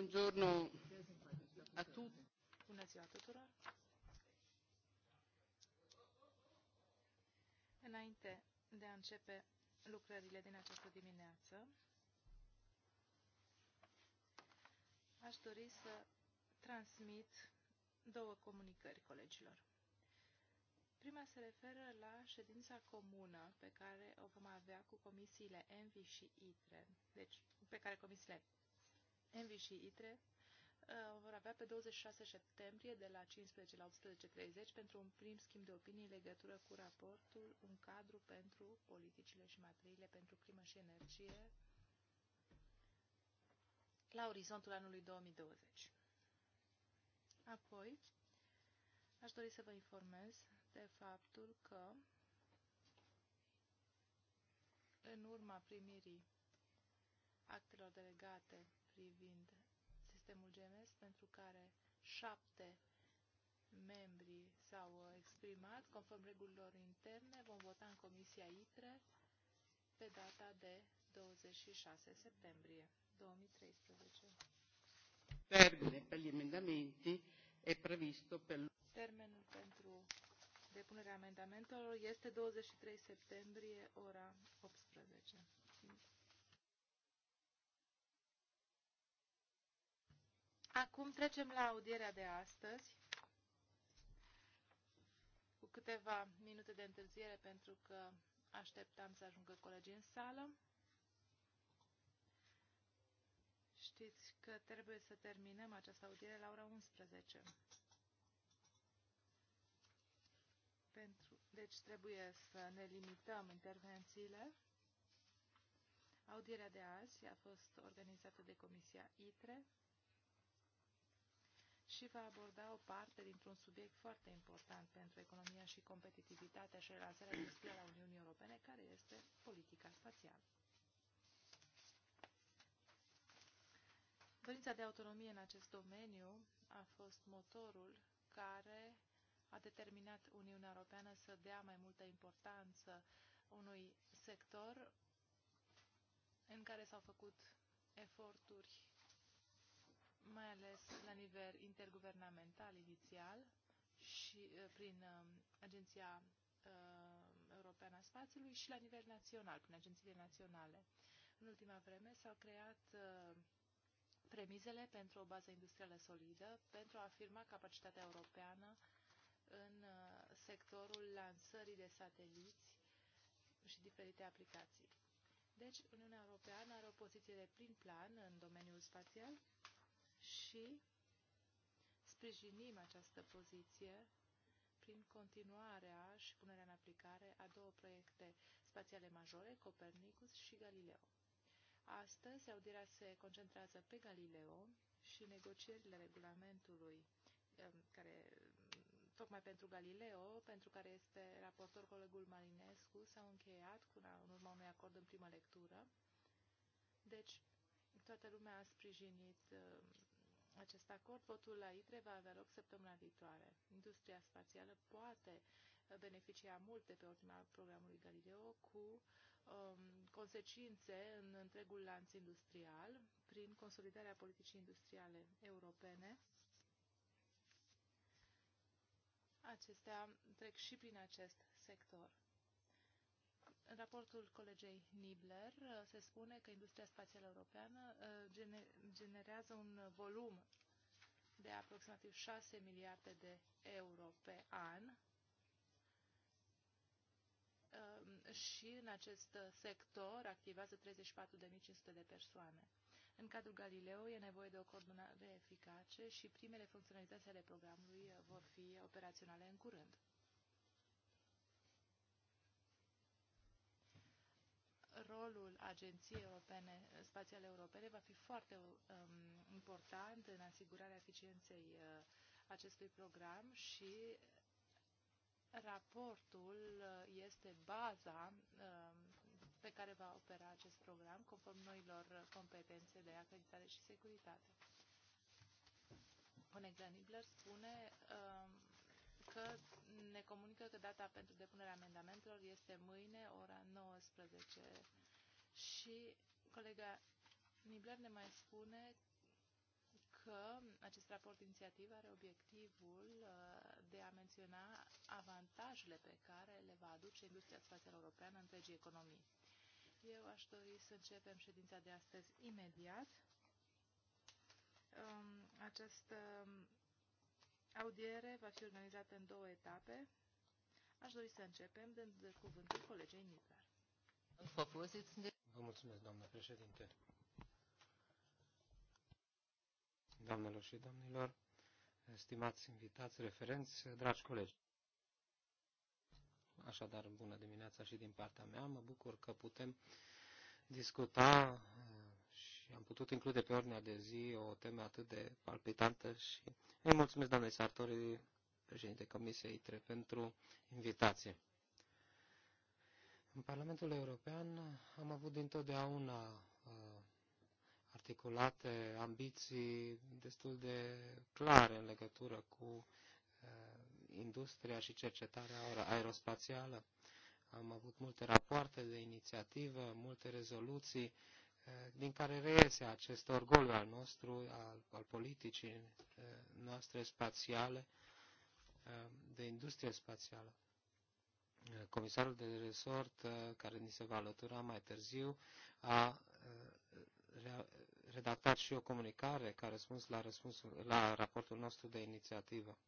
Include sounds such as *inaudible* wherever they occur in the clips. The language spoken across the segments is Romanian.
Buongiorno a tutti. Bună ziua tuturor. Înainte de a începe lucrările din această dimineață, aș dori să transmit două comunicări colegilor. Prima se referă la ședința comună pe care o vom avea cu comisiile ENVI și ITRE, deci pe care comisiile Envi și ITRE uh, vor avea pe 26 septembrie de la 15 la 18.30 pentru un prim schimb de opinii în legătură cu raportul Un cadru pentru politicile și materiile pentru climă și energie la orizontul anului 2020. Apoi, aș dori să vă informez de faptul că în urma primirii actelor delegate privind sistemul GMS, pentru care șapte membri s-au uh, exprimat conform regulilor interne. Vom vota în Comisia ITRE pe data de 26 septembrie 2013. Termine per gli emendamenti è previsto per... Termenul pentru depunerea amendamentelor este 23 septembrie, ora 18. Acum trecem la audierea de astăzi, cu câteva minute de întârziere pentru că așteptam să ajungă colegii în sală. Știți că trebuie să terminăm această audiere la ora 11. Pentru, deci trebuie să ne limităm intervențiile. Audierea de azi a fost organizată de Comisia ITRE și va aborda o parte dintr-un subiect foarte important pentru economia și competitivitatea și relansarea industrială a Uniunii Europene, care este politica spațială. Dorința de autonomie în acest domeniu a fost motorul care a determinat Uniunea Europeană să dea mai multă importanță unui sector în care s-au făcut eforturi mai ales la nivel interguvernamental inițial și uh, prin um, Agenția uh, Europeană a Spațiului și la nivel național, prin agențiile naționale. În ultima vreme s-au creat uh, premizele pentru o bază industrială solidă, pentru a afirma capacitatea europeană în sectorul lansării de sateliți și diferite aplicații. Deci, Uniunea Europeană are o poziție de plin plan în domeniul spațial și sprijinim această poziție prin continuarea și punerea în aplicare a două proiecte spațiale majore, Copernicus și Galileo. Astăzi, audirea se concentrează pe Galileo și negocierile regulamentului um, care um, tocmai pentru Galileo, pentru care este raportor colegul Marinescu, s-au încheiat cu una, în urma unui acord în primă lectură. Deci, toată lumea a sprijinit um, acest acord. Votul la ITRE va avea loc săptămâna viitoare. Industria spațială poate uh, beneficia mult de pe urma programului Galileo cu um, consecințe în întregul lanț industrial prin consolidarea politicii industriale europene. Acestea trec și prin acest sector în raportul colegei Nibler uh, se spune că industria spațială europeană uh, generează un volum de aproximativ 6 miliarde de euro pe an um, și în acest sector activează 34.500 de persoane. În cadrul Galileo e nevoie de o coordonare eficace și primele funcționalități ale programului uh, vor fi operaționale în curând. rolul Agenției Europene, Spațiale Europene va fi foarte um, important în asigurarea eficienței uh, acestui program și raportul uh, este baza uh, pe care va opera acest program conform noilor competențe de acreditare și securitate. Un Nibler spune Uh, că ne comunică că data pentru depunerea amendamentelor este mâine, ora 19. Și colega Nibler ne mai spune că acest raport inițiativ are obiectivul uh, de a menționa avantajele pe care le va aduce industria spațială europeană întregii economii. Eu aș dori să începem ședința de astăzi imediat. Um, această audiere va fi organizată în două etape. Aș dori să începem dând cuvântul colegei Nizar. Vă mulțumesc, doamnă președinte. Doamnelor și domnilor, stimați invitați, referenți, dragi colegi. Așadar, bună dimineața și din partea mea. Mă bucur că putem discuta și am putut include pe ordinea de zi o temă atât de palpitantă și îi mulțumesc doamnei Sartori, președinte Comisiei ITRE, pentru invitație. În Parlamentul European am avut dintotdeauna uh, articulate ambiții destul de clare în legătură cu uh, industria și cercetarea aerospațială. Am avut multe rapoarte de inițiativă, multe rezoluții din care reiese acest orgoliu al nostru, al, al politicii eh, noastre spațiale, eh, de industrie spațială. Eh, comisarul de resort, care ni se va alătura mai târziu, a redactat și o comunicare ca răspuns la, răspunsul, la raportul nostru de inițiativă.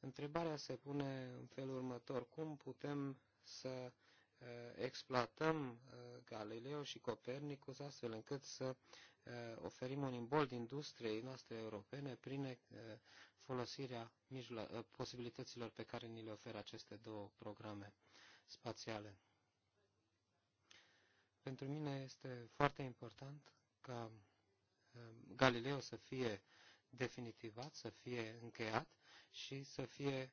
Întrebarea se pune în felul următor. Cum putem să Uh, exploatăm uh, Galileo și Copernicus astfel încât să uh, oferim un imbold industriei noastre europene prin folosirea posibilităților pe care ni le oferă aceste două programe spațiale. Pentru mine este foarte important ca Galileo să fie definitivat, să fie încheiat și să fie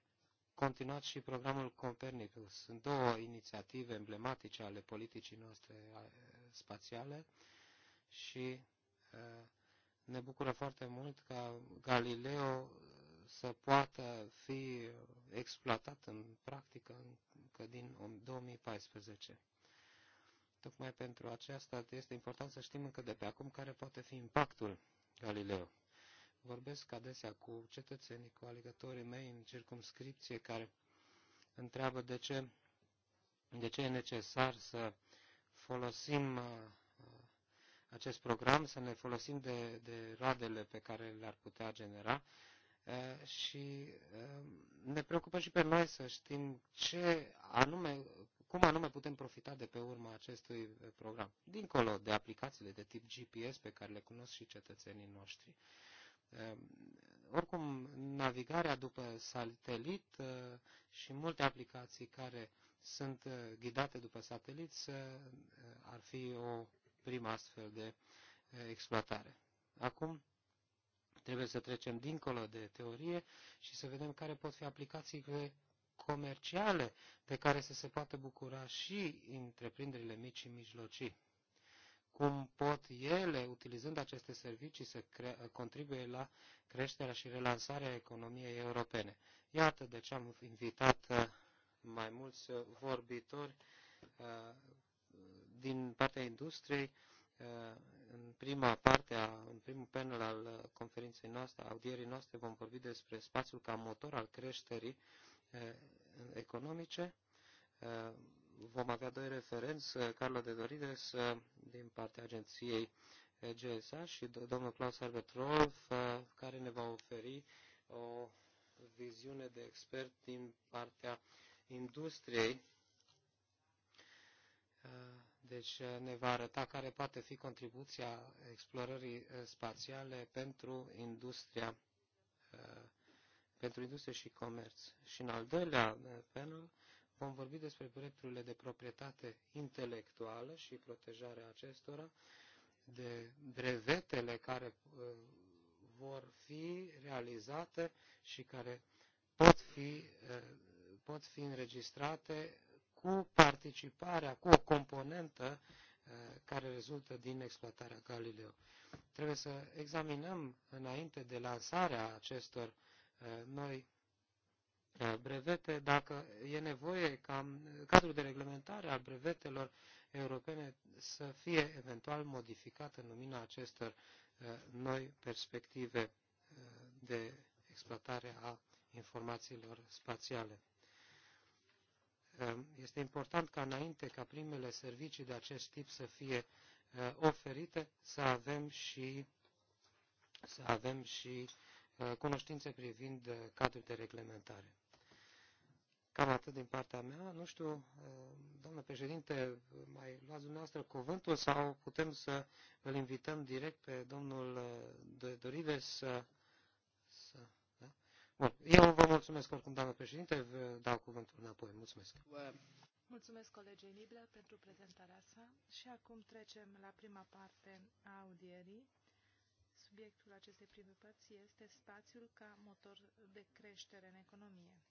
continuat și programul Copernicus. Sunt două inițiative emblematice ale politicii noastre spațiale și ne bucură foarte mult ca Galileo să poată fi exploatat în practică încă din 2014. Tocmai pentru aceasta este important să știm încă de pe acum care poate fi impactul Galileo vorbesc adesea cu cetățenii, cu alegătorii mei în circumscripție care întreabă de ce, de ce e necesar să folosim uh, acest program, să ne folosim de, de radele pe care le-ar putea genera uh, și uh, ne preocupă și pe noi să știm ce anume, cum anume putem profita de pe urma acestui program, dincolo de aplicațiile de tip GPS pe care le cunosc și cetățenii noștri. Ehm, oricum, navigarea după satelit uh, și multe aplicații care sunt uh, ghidate după satelit uh, ar fi o prima astfel de exploatare. Acum trebuie să trecem dincolo de teorie și să vedem care pot fi aplicațiile comerciale de care să se poată bucura și întreprinderile mici și mijlocii cum pot ele, utilizând aceste servicii, să contribuie la creșterea și relansarea economiei europene. Iată de ce am invitat uh, mai mulți uh, vorbitori uh, din partea industriei în prima parte, a, în primul panel al conferinței noastre, audierii noastre, vom vorbi despre spațiul ca motor al creșterii economice vom avea doi referenți, uh, Carlo de Dorides uh, din partea agenției GSA și domnul Klaus Herbert Rolf, uh, care ne va oferi o viziune de expert din partea industriei. Deci ne va arăta care poate fi contribuția explorării spațiale pentru industria, pentru industrie și comerț. Și în al doilea panel Vom vorbi despre drepturile de proprietate intelectuală și protejarea acestora, de brevetele care uh, vor fi realizate și care pot fi, uh, pot fi înregistrate cu participarea, cu o componentă uh, care rezultă din exploatarea Galileo. Trebuie să examinăm înainte de lansarea acestor noi Uh, brevete, dacă e nevoie ca uh, cadrul de reglementare al brevetelor europene să fie eventual modificat în lumina acestor uh, noi perspective de exploatare a informațiilor spațiale. Este important ca înainte ca primele servicii de acest tip să fie oferite, să avem și, să avem și cunoștințe privind cadrul de reglementare. Cam atât din partea mea. Nu știu, uh, doamnă președinte, mai luați dumneavoastră cuvântul sau putem să îl invităm direct pe domnul uh, Dorive să... să da? Bun. Eu vă mulțumesc oricum, doamnă președinte, vă dau cuvântul înapoi. Mulțumesc. Mulțumesc colegii Nibler pentru prezentarea sa și acum trecem la prima parte a audierii. Subiectul acestei prime părți este spațiul ca motor de creștere în economie.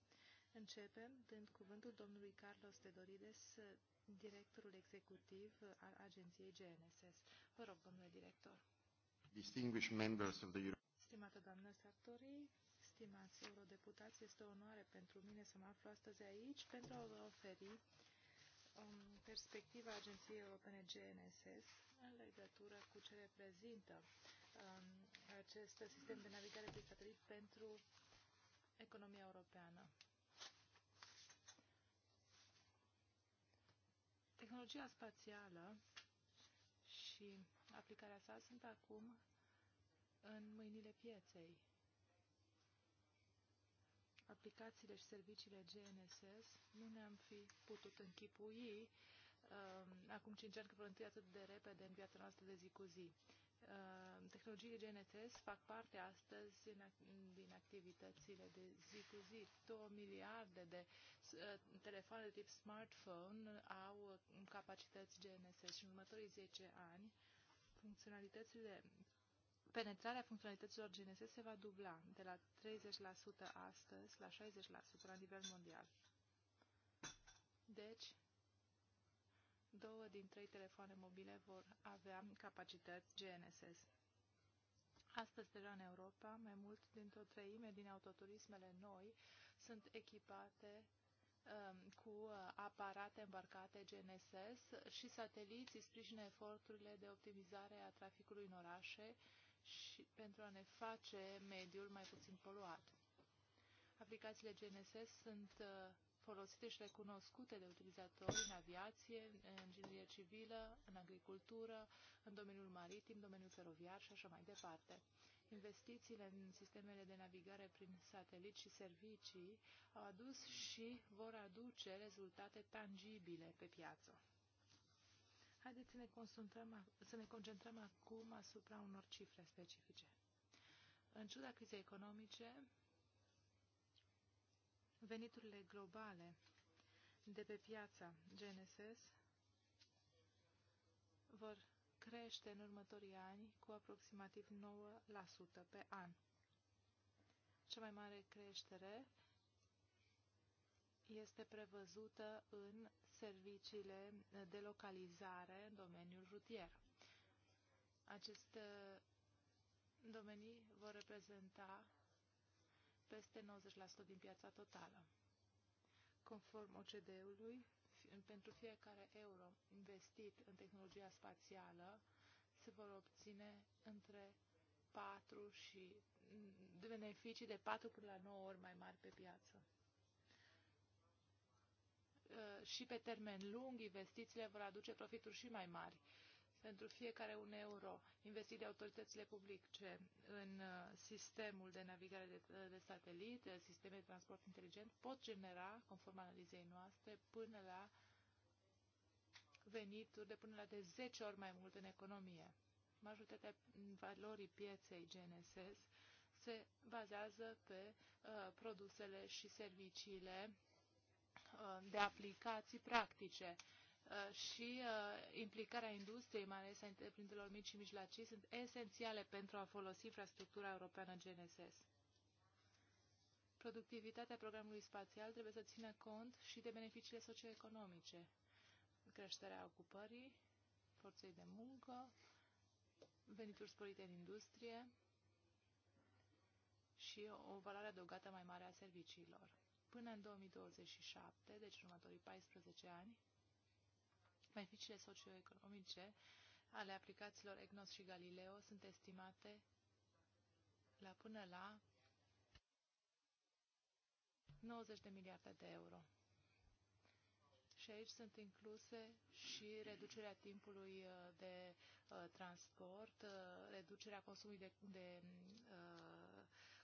Începem dând cuvântul domnului Carlos Tedorides, directorul executiv al agenției GNSS. Vă rog, domnule director. Distinguished members of the Euro Stimată doamnă Sartori, stimați eurodeputați, este o onoare pentru mine să mă aflu astăzi aici pentru a vă oferi um, perspectiva Agenției Europene GNSS în legătură cu ce reprezintă um, acest sistem de navigare de satelit pentru economia europeană. Tehnologia spațială și aplicarea sa sunt acum în mâinile pieței. Aplicațiile și serviciile GNSS nu ne-am fi putut închipui uh, acum 5 ani, că plăntui atât de repede în viața noastră de zi cu zi. Uh, tehnologiile GNSS fac parte astăzi din activitățile de zi cu zi. 2 miliarde de Uh, telefoane tip smartphone au capacități GNSS și în următorii 10 ani funcționalitățile penetrarea funcționalităților GNSS se va dubla de la 30% astăzi la 60% la nivel mondial. Deci, două din trei telefoane mobile vor avea capacități GNSS. Astăzi, deja în Europa, mai mult dintr-o treime din autoturismele noi sunt echipate Um, cu uh, aparate îmbarcate GNSS și sateliții sprijină eforturile de optimizare a traficului în orașe și pentru a ne face mediul mai puțin poluat. Aplicațiile GNSS sunt uh, folosite și recunoscute de utilizatori în aviație, în inginerie civilă, în agricultură, în domeniul maritim, domeniul feroviar și așa mai departe. Investițiile în sistemele de navigare prin satelit și servicii au adus și vor aduce rezultate tangibile pe piață. Haideți să ne, concentrăm, să ne concentrăm acum asupra unor cifre specifice. În ciuda crizei economice, veniturile globale de pe piața Genesis vor crește în următorii ani cu aproximativ 9% pe an. Cea mai mare creștere este prevăzută în serviciile de localizare în domeniul rutier. Aceste uh, domenii vor reprezenta peste 90% din piața totală. Conform OCDE-ului, pentru fiecare euro investit în tehnologia spațială se vor obține între 4 și beneficii de 4 până la 9 ori mai mari pe piață. Uh, și pe termen lung, investițiile vor aduce profituri și mai mari pentru fiecare un euro investit de autoritățile publice în uh, sistemul de navigare de, uh, de satelit, uh, sisteme de transport inteligent, pot genera, conform analizei noastre, până la venituri de până la de 10 ori mai mult în economie. Majoritatea valorii pieței GNSS se bazează pe uh, produsele și serviciile uh, de aplicații practice Uh, și uh, implicarea industriei, mai ales a întreprinderilor mici și mijlocii, sunt esențiale pentru a folosi infrastructura europeană GNSS. Productivitatea programului spațial trebuie să țină cont și de beneficiile socioeconomice, creșterea ocupării, forței de muncă, venituri sporite în industrie și o valoare adăugată mai mare a serviciilor. Până în 2027, deci următorii 14 ani, Beneficiile socioeconomice ale aplicațiilor EGNOS și Galileo sunt estimate la până la 90 de miliarde de euro. Și aici sunt incluse și reducerea timpului uh, de uh, transport, uh, reducerea consumului de, de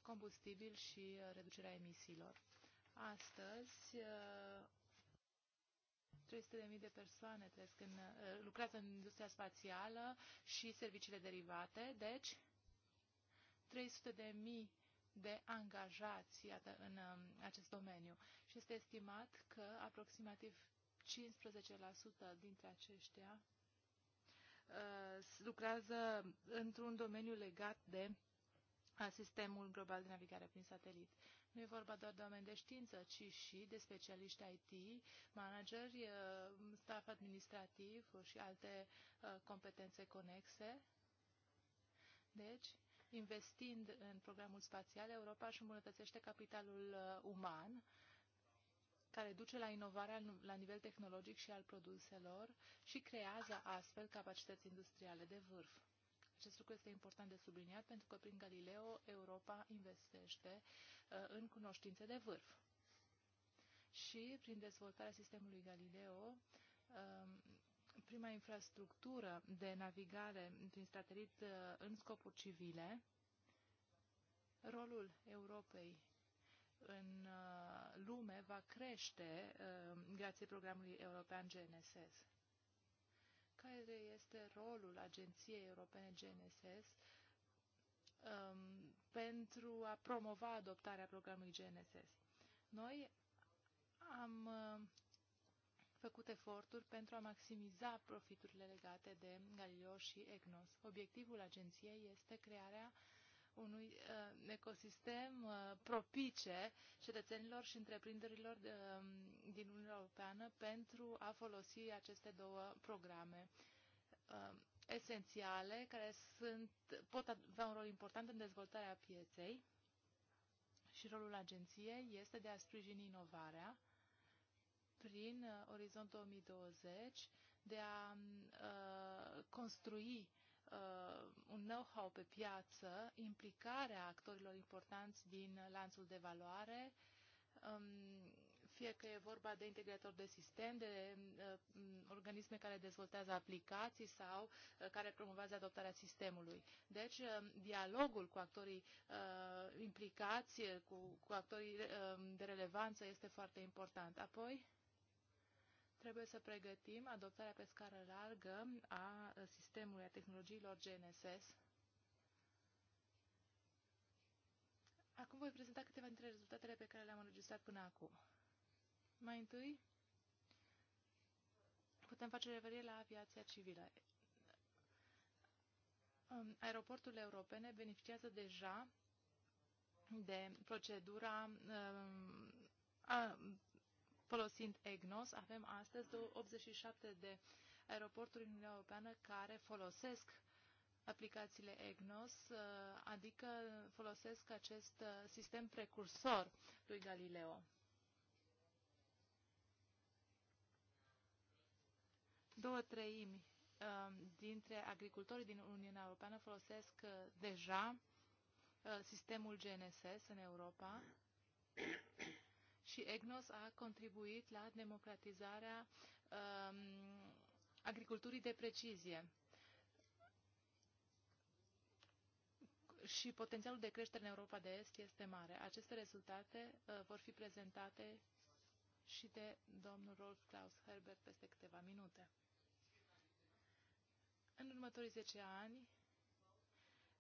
combustibil și reducerea emisiilor. Astăzi, 300.000 de persoane trăiesc în, uh, lucrează în industria spațială și serviciile derivate, deci 300.000 de angajați iată, în um, acest domeniu. Și este estimat că aproximativ 15% dintre aceștia uh, lucrează într-un domeniu legat de uh, sistemul global de navigare prin satelit. Nu e vorba doar de oameni de știință, ci și de specialiști IT, manageri, eh, staff administrativ și alte eh, competențe conexe. Deci, investind în programul spațial, Europa își îmbunătățește capitalul eh, uman, care duce la inovarea la nivel tehnologic și al produselor și creează astfel capacități industriale de vârf. Acest lucru este important de subliniat pentru că prin Galileo Europa investește uh, Uh, în cunoștințe de vârf. Și prin dezvoltarea sistemului Galileo, um, prima infrastructură de navigare prin satelit uh, în scopuri civile, rolul Europei în uh, lume va crește grație programului european GNSS. Care este rolul Agenției Europene GNSS pentru a promova adoptarea programului GNSS. Noi am uh, făcut eforturi pentru a maximiza profiturile legate de Galileo și EGNOS. Obiectivul agenției este crearea unui uh, ecosistem uh, propice cetățenilor și întreprinderilor uh, din Uniunea Europeană pentru a folosi aceste două programe uh, esențiale care sunt, pot avea un rol important în dezvoltarea pieței și rolul agenției este de a sprijini inovarea prin uh, Orizont 2020, de a uh, construi uh, un know-how pe piață, implicarea actorilor importanți din lanțul de valoare, um, fie că e vorba de integrator de sistem, de uh, organisme care dezvoltează aplicații sau uh, care promovează adoptarea sistemului. Deci, uh, dialogul cu actorii uh, implicați, uh, cu, cu actorii uh, de relevanță este foarte important. Apoi, trebuie să pregătim adoptarea pe scară largă a uh, sistemului, a tehnologiilor GNSS. Acum voi prezenta câteva dintre rezultatele pe care le-am înregistrat până acum. Mai întâi, putem face referire la aviația civilă. Um, aeroporturile europene beneficiază deja de procedura um, a, folosind EGNOS. Avem astăzi 87 de aeroporturi în Uniunea Europeană care folosesc aplicațiile EGNOS, uh, adică folosesc acest uh, sistem precursor lui Galileo. două treimi um, dintre agricultorii din Uniunea Europeană folosesc uh, deja uh, sistemul GNSS în Europa și EGNOS a contribuit la democratizarea um, agriculturii de precizie. și potențialul de creștere în Europa de Est este mare. Aceste rezultate uh, vor fi prezentate și de domnul Rolf Klaus Herbert peste câteva minute în următorii 10 ani,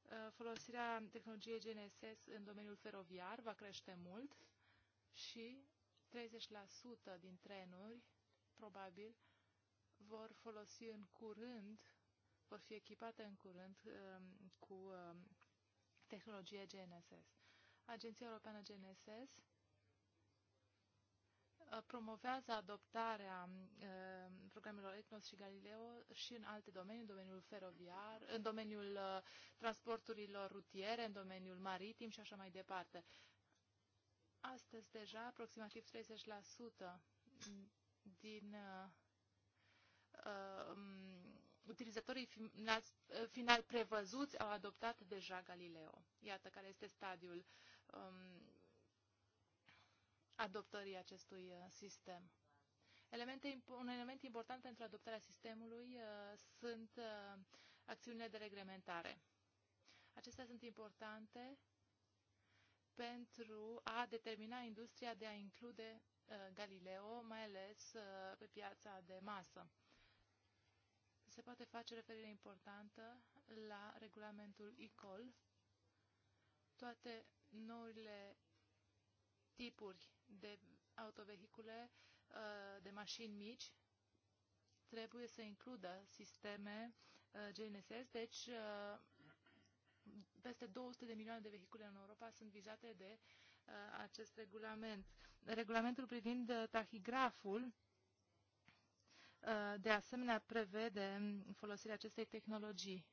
uh, folosirea tehnologiei GNSS în domeniul feroviar va crește mult și 30% din trenuri, probabil, vor folosi în curând, vor fi echipate în curând um, cu um, tehnologie GNSS. Agenția Europeană GNSS Uh, promovează adoptarea uh, programelor ETNOS și Galileo și în alte domenii, în domeniul feroviar, în domeniul uh, transporturilor rutiere, în domeniul maritim și așa mai departe. Astăzi deja aproximativ 30% din uh, um, utilizatorii final, final prevăzuți au adoptat deja Galileo. Iată care este stadiul um, adoptării acestui uh, sistem. Elemente, un element important pentru adoptarea sistemului uh, sunt uh, acțiunile de reglementare. Acestea sunt importante pentru a determina industria de a include Galileo, mai ales pe piața de masă. Se poate face referire importantă la regulamentul ICOL. Toate noile tipuri de autovehicule, uh, de mașini mici, trebuie să includă sisteme uh, GNSS, deci uh, peste 200 de milioane de vehicule în Europa sunt vizate de acest regulament. Regulamentul privind tahigraful de asemenea prevede um, folosirea acestei tehnologii.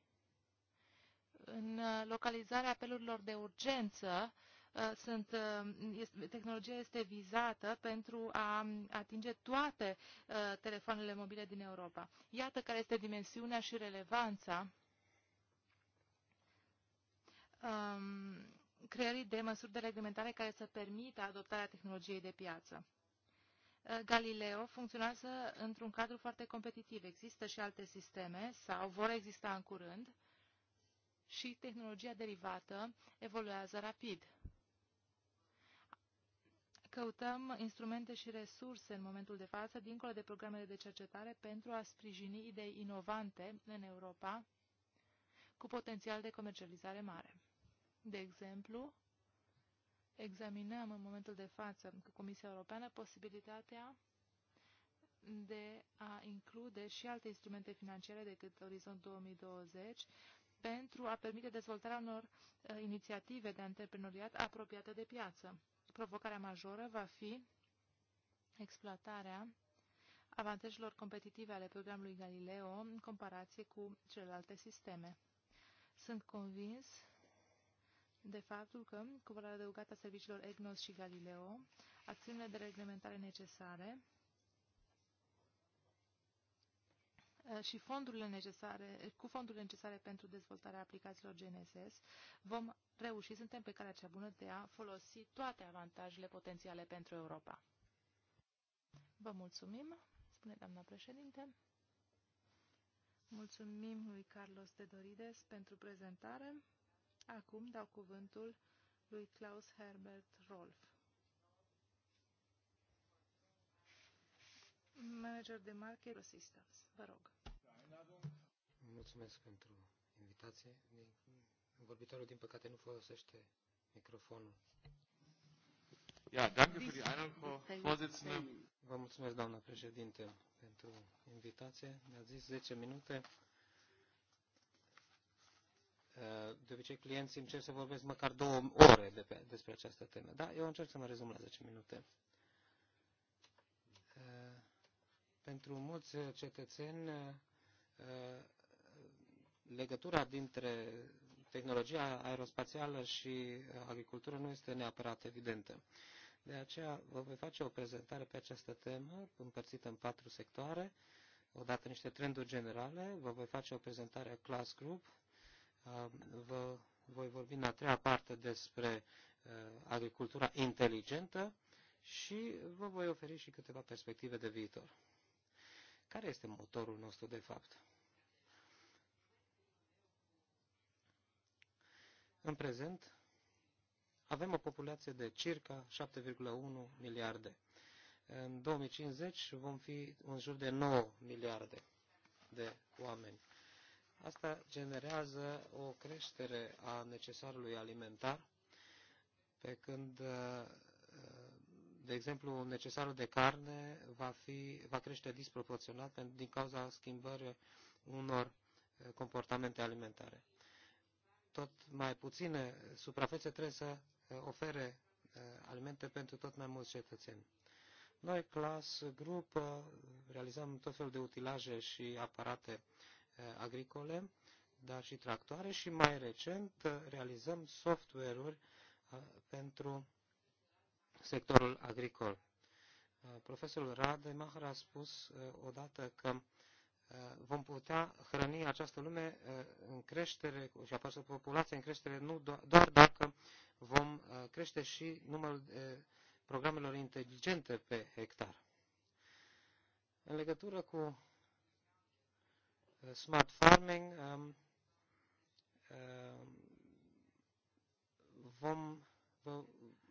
În localizarea apelurilor de urgență, Uh, sunt, uh, tehnologia este vizată pentru a um, atinge toate uh, telefoanele mobile din Europa. Iată care este dimensiunea și relevanța um, creării de măsuri de reglementare care să permită adoptarea tehnologiei de piață. Galileo funcționează într-un cadru foarte competitiv. Există și alte sisteme sau vor exista în curând și tehnologia derivată evoluează rapid căutăm instrumente și resurse în momentul de față, dincolo de programele de cercetare, pentru a sprijini idei inovante în Europa cu potențial de comercializare mare. De exemplu, examinăm în momentul de față cu Comisia Europeană posibilitatea de a include și alte instrumente financiare decât Orizont 2020 pentru a permite dezvoltarea unor uh, inițiative de antreprenoriat apropiate de piață provocarea majoră va fi exploatarea avantajelor competitive ale programului Galileo în comparație cu celelalte sisteme. Sunt convins de faptul că, cu valoarea adăugată a serviciilor EGNOS și Galileo, acțiunile de reglementare necesare Uh, și fondurile necesare, cu fondurile necesare pentru dezvoltarea aplicațiilor GNSS, vom reuși, suntem pe calea cea bună de a folosi toate avantajele potențiale pentru Europa. Vă mulțumim, spune doamna președinte. Mulțumim lui Carlos de Dorides pentru prezentare. Acum dau cuvântul lui Klaus Herbert Rolf. Manager de Market Systems. Vă rog mulțumesc pentru invitație. Vorbitorul, din păcate, nu folosește microfonul. Ja, danke für die Einladung, Frau Vorsitzende. Vă mulțumesc, doamna președinte, pentru invitație. Mi-a zis 10 minute. Eh, de obicei, clienții îmi cer să vorbesc măcar două ore de pe, despre această temă. Da, eu încerc să mă rezum la 10 minute. Eh, pentru mulți cetățeni, eh, legătura dintre tehnologia aerospațială și uh, agricultură nu este neapărat evidentă. De aceea vă voi face o prezentare pe această temă, împărțită în patru sectoare, odată niște trenduri generale, vă voi face o prezentare a class group, uh, vă voi vorbi în a treia parte despre uh, agricultura inteligentă și vă voi oferi și câteva perspective de viitor. Care este motorul nostru de fapt? În prezent, avem o populație de circa 7,1 miliarde. În 2050 vom fi în jur de 9 miliarde de oameni. Asta generează o creștere a necesarului alimentar, pe când, uh, de exemplu, necesarul de carne va, fi, va crește disproporționat din cauza schimbării unor uh, comportamente alimentare tot mai puține suprafețe trebuie să eh, ofere eh, alimente pentru tot mai mulți cetățeni. Noi, clas, grup, eh, realizăm tot fel de utilaje și aparate agricole, dar și tractoare și mai recent realizăm software-uri pentru sectorul agricol. Profesorul Rademacher a spus odată că Eh, vom putea hrăni această lume eh, în creștere și această populație în creștere nu doar dacă vom eh, crește și numărul programelor inteligente pe hectar. În legătură cu smart farming, ehm, ehm, vom, vă,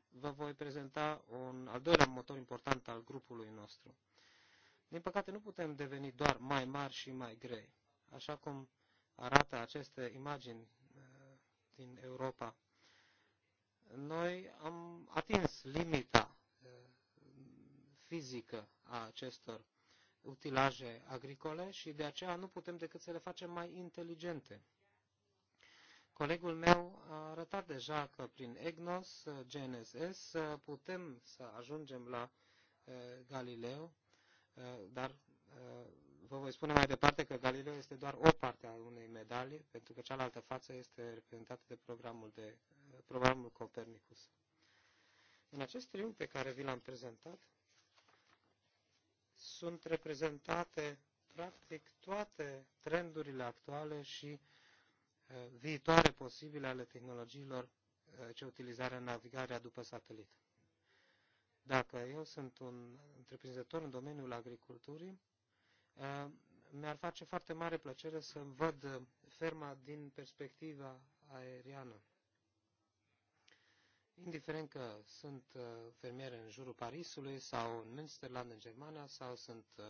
vă voi prezenta un al doilea motor important al grupului nostru. Din păcate, nu putem deveni doar mai mari și mai grei, așa cum arată aceste imagini uh, din Europa. Noi am atins limita uh, fizică a acestor utilaje agricole și de aceea nu putem decât să le facem mai inteligente. Colegul meu a arătat deja că prin EGNOS, uh, GNSS, putem să ajungem la Galileo Eh, dar eh, vă voi spune mai departe că Galileo este doar o parte a unei medalii, pentru că cealaltă față este reprezentată de programul, de, eh, programul Copernicus. În acest triunghi pe care vi l-am prezentat, sunt reprezentate practic toate trendurile actuale și viitoare posibile ale tehnologiilor ce utilizarea navigarea după satelit. Dacă eu sunt un întreprinzător în domeniul agriculturii, eh, mi-ar face foarte mare plăcere să văd ferma din perspectiva aeriană. Indiferent că sunt eh, fermier în jurul Parisului sau în Münsterland în Germania sau sunt eh,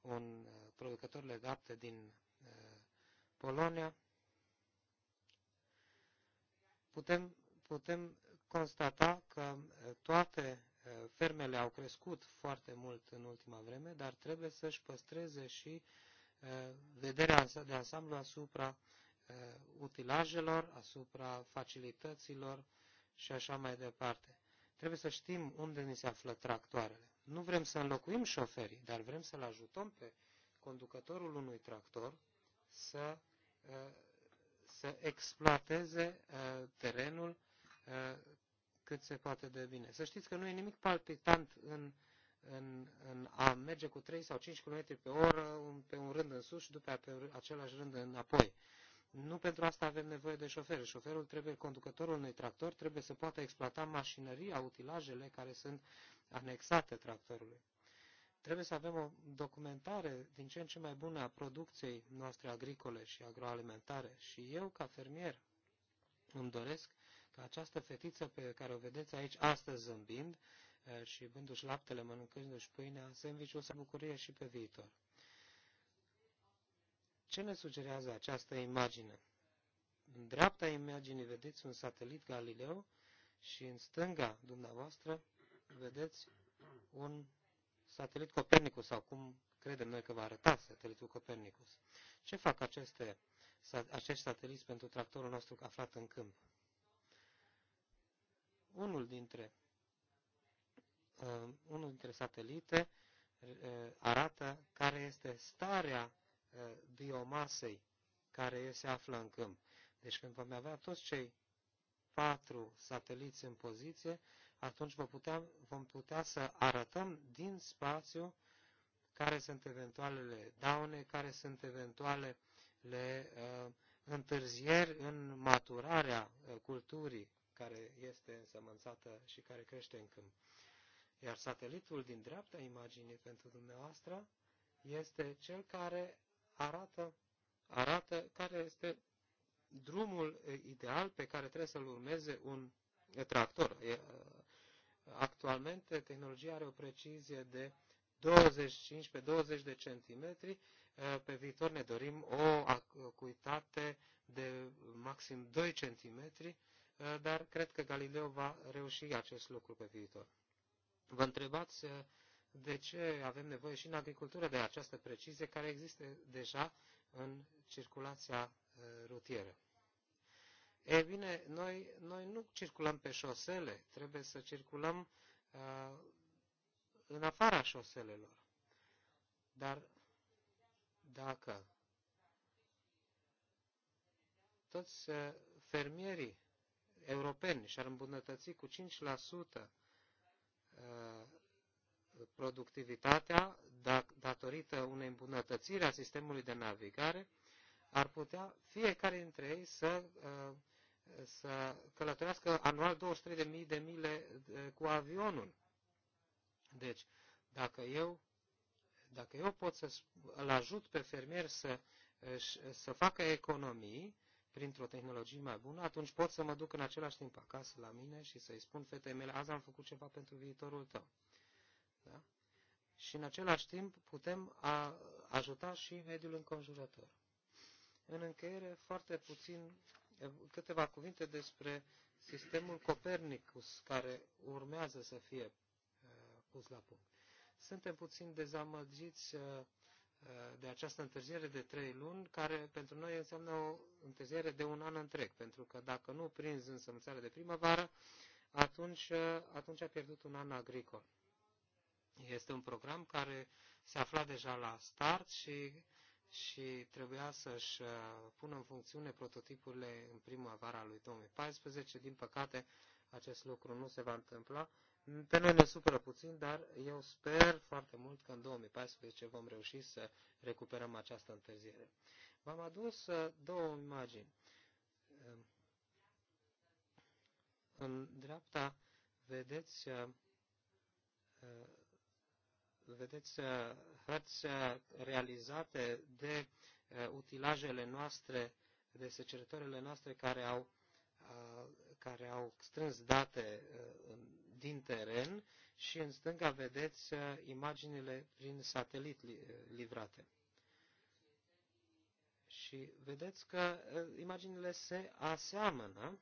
un producător de lapte din Polonia, putem, putem constata că toate Eh, fermele au crescut foarte mult în ultima vreme, dar trebuie să-și păstreze și eh, vederea de ansamblu asupra eh, utilajelor, asupra facilităților și așa mai departe. Trebuie să știm unde ni se află tractoarele. Nu vrem să înlocuim șoferii, dar vrem să-l ajutăm pe conducătorul unui tractor să, să exploateze terenul cât se poate de bine. Să știți că nu e nimic palpitant în, în, în a merge cu 3 sau 5 km pe oră pe un rând în sus și după aia pe același rând înapoi. Nu pentru asta avem nevoie de șofer. Șoferul trebuie, conducătorul unui tractor trebuie să poată exploata mașinăria, utilajele care sunt anexate tractorului. Trebuie să avem o documentare din ce în ce mai bună a producției noastre agricole și agroalimentare. Și eu, ca fermier, îmi doresc că această fetiță pe care o vedeți aici astăzi zâmbind și bându-și laptele, mănâncându-și pâinea, sandwich-ul să bucurie și pe viitor. Ce ne sugerează această imagine? În dreapta imaginii vedeți un satelit Galileo și în stânga dumneavoastră vedeți un satelit Copernicus sau cum credem noi că va arăta satelitul Copernicus. Ce fac aceste, acești sateliți pentru tractorul nostru aflat în câmp? unul dintre, uh, unul dintre satelite uh, arată care este starea uh, biomasei care se află în câmp. Deci când vom avea toți cei patru sateliți în poziție, atunci vom putea, vom putea să arătăm din spațiu care sunt eventualele daune, care sunt eventualele uh, întârzieri în maturarea uh, culturii care este însămânțată și care crește în câmp. Iar satelitul din dreapta imaginii pentru dumneavoastră este cel care arată, arată care este drumul ideal pe care trebuie să-l urmeze un tractor. Actualmente tehnologia are o precizie de 25 pe 20 de centimetri. Pe viitor ne dorim o acuitate de maxim 2 centimetri Eh, dar cred că Galileo va reuși acest lucru pe viitor. Vă întrebați eh, de ce avem nevoie și în agricultură de această precizie care există deja în circulația eh, rutieră. E bine, noi, noi nu circulăm pe șosele, trebuie să circulăm uh, în afara șoselelor. Dar dacă toți fermierii europeni și ar îmbunătăți cu 5% uh, productivitatea datorită unei îmbunătățiri a sistemului de navigare, ar putea fiecare dintre ei să, uh, să călătorească anual 23.000 de mile uh, cu avionul. Deci, dacă eu, dacă eu pot să îl ajut pe fermier să, să facă economii, printr-o tehnologie mai bună, atunci pot să mă duc în același timp acasă la mine și să-i spun fetei mele, azi am făcut ceva pentru viitorul tău. Da? Și în același timp putem a ajuta și mediul înconjurător. În încheiere, foarte puțin, eh, câteva cuvinte despre sistemul Copernicus, care urmează să fie uh, pus la punct. Suntem puțin dezamăgiți uh, Eh, de această întârziere de trei luni, care pentru noi înseamnă o întârziere de un an întreg, pentru că dacă nu prinzi sămânțarea de primăvară, atunci, eh, atunci a pierdut un an agricol. Este un program care se afla deja la start și, și trebuia să-și eh, pună în funcțiune prototipurile în primăvara lui 2014. Din păcate, acest lucru nu se va întâmpla pe noi ne supără puțin, dar eu sper foarte mult că în 2014 vom reuși să recuperăm această întârziere. V-am adus uh, două imagini. Um, în dreapta vedeți, uh, uh, vedeți hărți realizate de utilajele noastre, de secretările noastre care au, care au strâns date în din teren și în stânga vedeți uh, imaginile prin satelit uh, livrate. Și vedeți că uh, imaginile se aseamănă,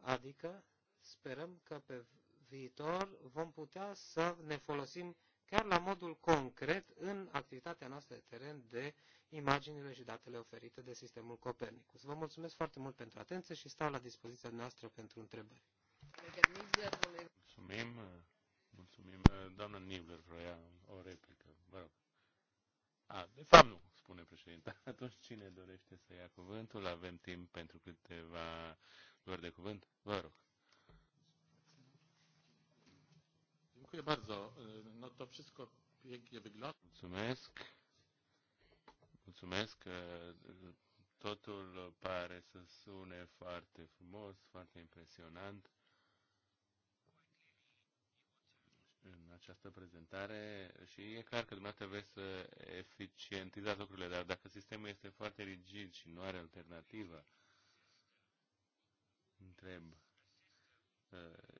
adică sperăm că pe viitor vom putea să ne folosim chiar la modul concret în activitatea noastră de teren de imaginile și datele oferite de sistemul Copernicus. Vă mulțumesc foarte mult pentru atenție și stau la dispoziția noastră pentru întrebări. Mulțumim. Uh, mulțumim. Uh, doamna Nibler vroia o replică. Vă rog. A, de fapt nu, spune președinte. *laughs* Atunci cine dorește să ia cuvântul? Avem timp pentru câteva luări de cuvânt. Vă rog. Dziękuję bardzo. No to wszystko pięknie wygląda. Mulțumesc. Mulțumesc. Totul pare să sune foarte frumos, foarte impresionant. în această prezentare și e clar că dumneavoastră vreți să eficientizați lucrurile, dar dacă sistemul este foarte rigid și nu are alternativă, întreb, uh,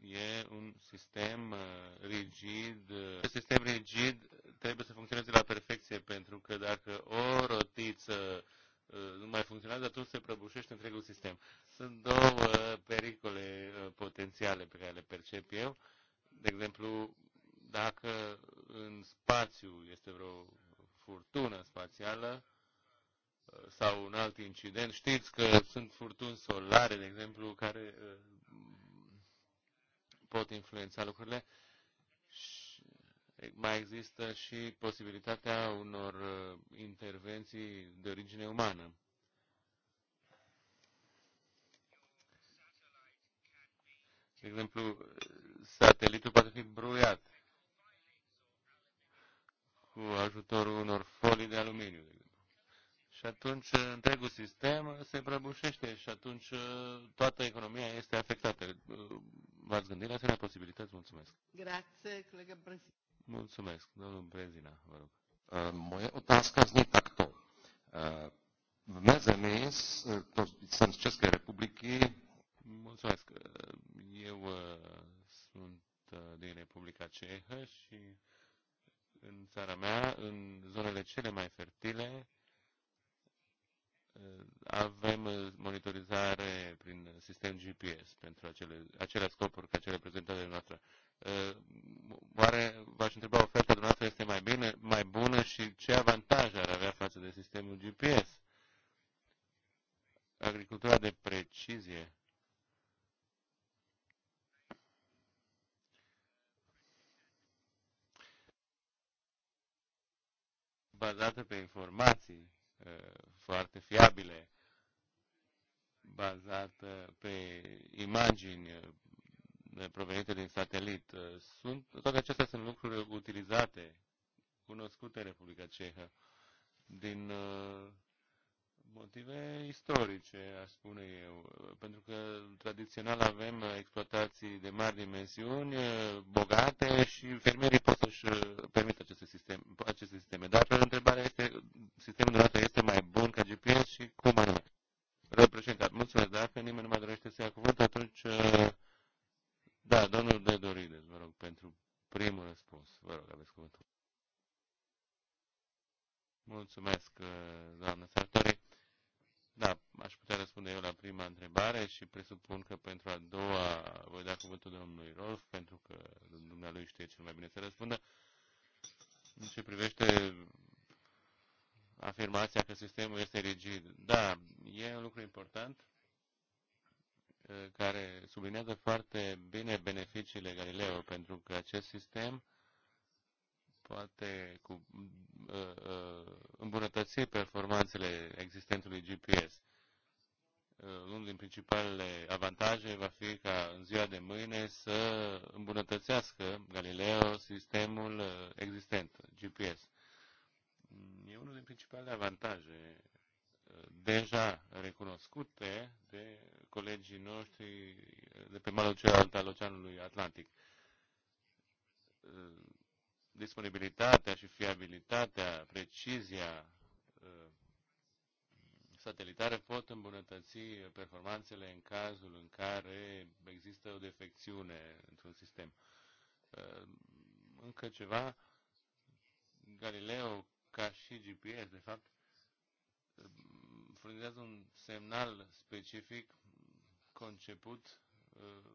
e un sistem uh, rigid, uh, un sistem rigid trebuie să funcționeze la perfecție, pentru că dacă o rotiță nu mai funcționează, atunci se prăbușește întregul sistem. Sunt două pericole potențiale pe care le percep eu de exemplu, dacă în spațiu este vreo furtună spațială uh, sau un alt incident, știți că sunt furtuni solare, de exemplu, care uh, pot influența lucrurile. Și mai există și posibilitatea unor uh, intervenții de origine umană. De exemplu, satelitul poate fi bruiat cu ajutorul unor folii de aluminiu, de exemplu. Și atunci uh, întregul sistem uh, se prăbușește și atunci uh, toată economia este afectată. V-ați gândit la asemenea posibilități? Mulțumesc. Grazie, colega Brezina. Mulțumesc, domnul Brezina, vă rog. Moje otázka zní takto. V mé zemi, to jsem z České republiky. Mulțumesc. Eu sunt uh, din Republica Cehă și în țara mea, în zonele cele mai fertile, uh, avem uh, monitorizare prin sistem GPS pentru acele, acele scopuri ca cele prezentate de noastră. Oare v-aș întreba oferta dumneavoastră este mai, bine, mai bună și ce avantaje ar avea față de sistemul GPS? Agricultura de precizie bazată pe informații uh, foarte fiabile, bazată pe imagini uh, provenite din satelit. Uh, sunt, toate acestea sunt lucruri utilizate, cunoscute în Republica Cehă. Din motive istorice, aș spune eu, pentru că tradițional avem exploatații de mari dimensiuni, eh, bogate și fermierii pot să-și eh, permită aceste, sistem, aceste sisteme. Dar întrebarea este, sistemul de dată este mai bun ca GPS și cum anume? Reprezentat. Mulțumesc, dacă nimeni nu mai dorește să ia cuvânt, atunci, eh, da, domnul de Dorides, vă rog, pentru primul răspuns. Vă rog, aveți cuvântul. Mulțumesc, doamnă Sartori. Da, aș putea răspunde eu la prima întrebare și presupun că pentru a doua voi da cuvântul domnului Rolf, pentru că dumnealui știe cel mai bine să răspundă. În ce privește afirmația că sistemul este rigid. Da, e un lucru important eh, care sublinează foarte bine beneficiile Galileo, pentru că acest sistem poate cu, uh, uh, îmbunătăți performanțele existentului GPS. Uh, unul din principalele avantaje va fi ca în ziua de mâine să îmbunătățească Galileo sistemul uh, existent, GPS. Mm, e unul din principalele avantaje uh, deja recunoscute de colegii noștri uh, de pe malul celălalt al Oceanului Atlantic uh, disponibilitatea și fiabilitatea, precizia uh, satelitare pot îmbunătăți performanțele în cazul în care există o defecțiune într-un sistem. Uh, încă ceva, Galileo, ca și GPS, de fapt, furnizează un semnal specific conceput uh,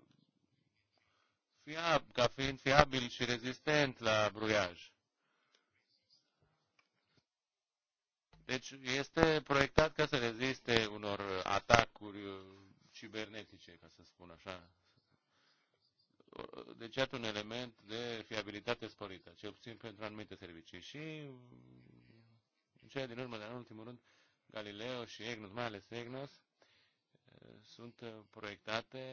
fiab, ca fiind fiabil și rezistent la bruiaj. Deci este proiectat ca să reziste unor atacuri uh, cibernetice, ca să spun așa. Deci iată un element de fiabilitate sporită, cel puțin pentru anumite servicii. Și în cele din urmă, dar în ultimul rând, Galileo și EGNOS, mai ales EGNOS, uh, sunt uh, proiectate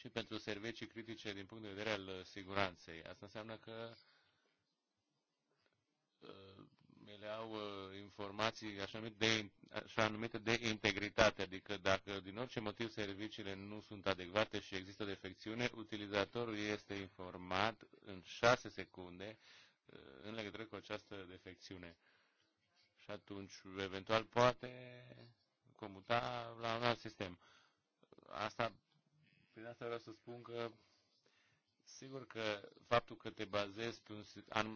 și pentru servicii critice din punct de vedere al uh, siguranței. Asta înseamnă că uh, ele au uh, informații așa numite, de, așa numite de integritate, adică dacă din orice motiv serviciile nu sunt adecvate și există defecțiune, utilizatorul este informat în 6 secunde în legătură cu această defecțiune. Și atunci, eventual, poate comuta la un alt sistem. Asta prin asta vreau să spun că Sigur că faptul că te bazezi pe un,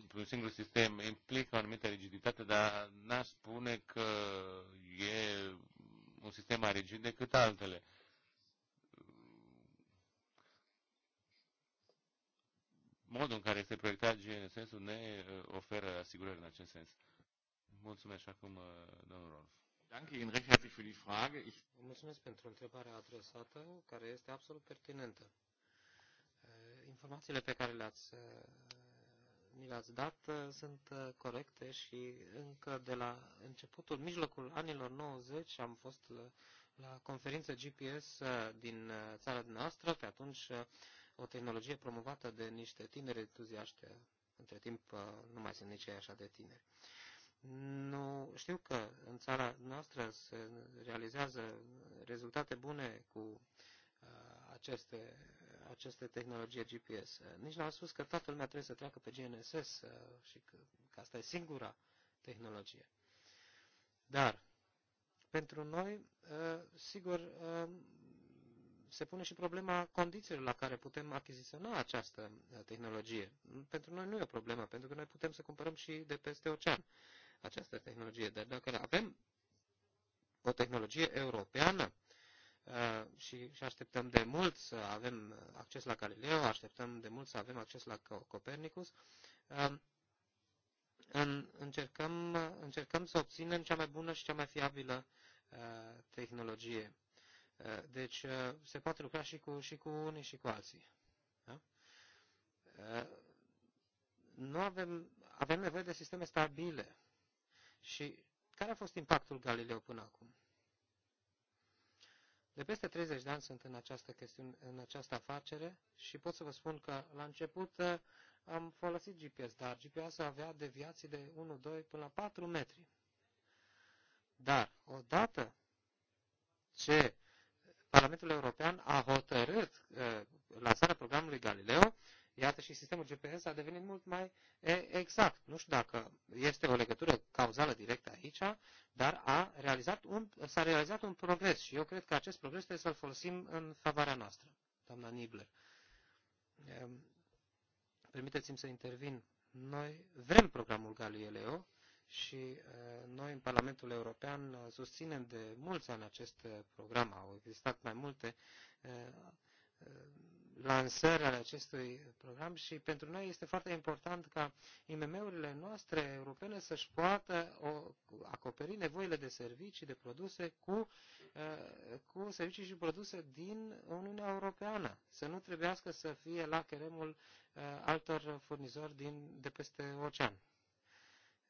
pe un singur sistem implică o anumită rigiditate, dar n-aș spune că e un sistem mai rigid decât altele. Modul în care este proiectat GNSS-ul ne uh, oferă asigurări în acest sens. Mulțumesc acum, uh, domnul Rolf. Mulțumesc pentru întrebarea adresată, care este absolut pertinentă. Informațiile pe care le-ați mi le-ați dat sunt corecte și încă de la începutul, mijlocul anilor 90 am fost la, la conferință GPS din țara noastră, pe atunci o tehnologie promovată de niște tineri entuziaști, între timp nu mai sunt nici ei așa de tineri. Uh, nu, știu că în țara noastră se realizează rezultate bune cu uh, aceste, aceste tehnologie GPS. Nici n-am spus că toată lumea trebuie să treacă pe GNSS uh, și că, că asta e singura tehnologie. Dar, pentru noi, uh, sigur, se pune și problema condițiilor la care putem achiziționa această tehnologie. Pentru noi nu e o problemă, pentru că noi putem să cumpărăm și de peste ocean această tehnologie. Dar dacă avem o tehnologie europeană uh, și, și așteptăm de mult să avem acces la Galileo, așteptăm de mult să avem acces la Copernicus, uh, încercăm, încercăm să obținem cea mai bună și cea mai fiabilă uh, tehnologie. Deci se poate lucra și cu, și cu unii și cu alții. Da? Nu avem, avem nevoie de sisteme stabile. Și care a fost impactul Galileo până acum? De peste 30 de ani sunt în această, chestiune, în această afacere și pot să vă spun că la început uh, am folosit GPS, dar GPS avea deviații de 1, 2 până la 4 metri. Dar odată ce Parlamentul European a hotărât uh, lansarea programului Galileo, Iată și sistemul GPS a devenit mult mai exact. Nu știu dacă este o legătură cauzală directă aici, dar a realizat un, s-a realizat un progres și eu cred că acest progres trebuie să-l folosim în favoarea noastră, doamna Nibler. Ehm, permiteți-mi să intervin. Noi vrem programul Galileo și noi în Parlamentul European susținem de mulți ani acest program. Au existat mai multe lansări ale acestui program și pentru noi este foarte important ca IMM-urile noastre europene să-și poată o, acoperi nevoile de servicii, de produse cu, uh, cu servicii și produse din Uniunea Europeană, să nu trebuiască să fie la cheremul uh, altor furnizori din, de peste ocean.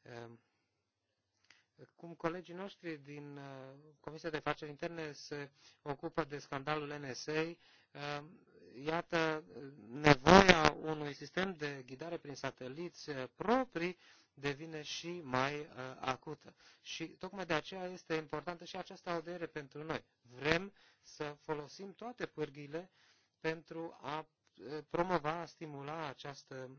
Uh, cum colegii noștri din Comisia de Afaceri Interne se ocupă de scandalul NSA, iată, nevoia unui sistem de ghidare prin sateliți eh, proprii devine și mai uh, acută. Și tocmai de aceea este importantă și această audiere pentru noi. Vrem să folosim toate pârghile pentru a eh, promova, a stimula această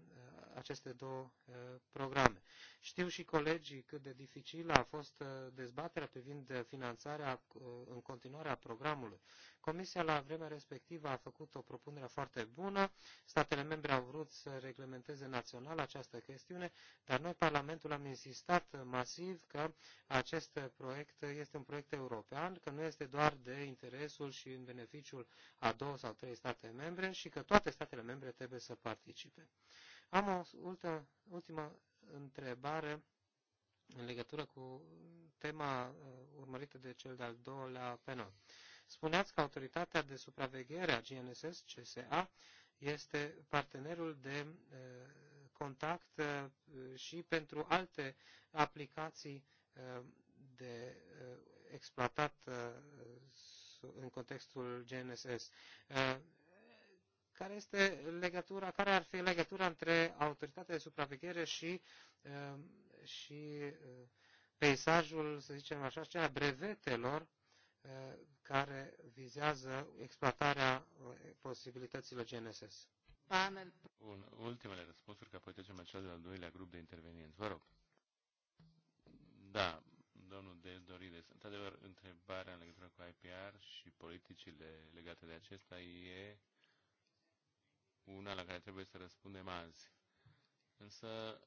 aceste două uh, programe. Știu și colegii cât de dificilă a fost uh, dezbaterea privind uh, finanțarea în continuare a programului. Comisia la vremea respectivă a făcut o propunere foarte bună, statele membre au vrut să reglementeze național această chestiune, dar noi, Parlamentul, am insistat masiv că acest proiect este un proiect european, că nu este doar de interesul și în beneficiul a două sau trei state membre și că toate statele membre trebuie să participe. Am o ultă, ultimă întrebare în legătură cu tema uh, urmărită de cel de-al doilea penal. Spuneați că autoritatea de supraveghere a GNSS, CSA, este partenerul de uh, contact uh, și pentru alte aplicații de exploatat în contextul GNSS care este legătura, care ar fi legătura între autoritatea de supraveghere și, uh, și uh, peisajul, să zicem așa, cea brevetelor uh, care vizează exploatarea posibilităților GNSS. Panel. Bun, ultimele răspunsuri, că apoi trecem la cel de-al doilea grup de intervenienți. Vă rog. Da, domnul de Dorides, într-adevăr, întrebarea în legătură cu IPR și politicile legate de acesta e una la care trebuie să răspundem azi. Însă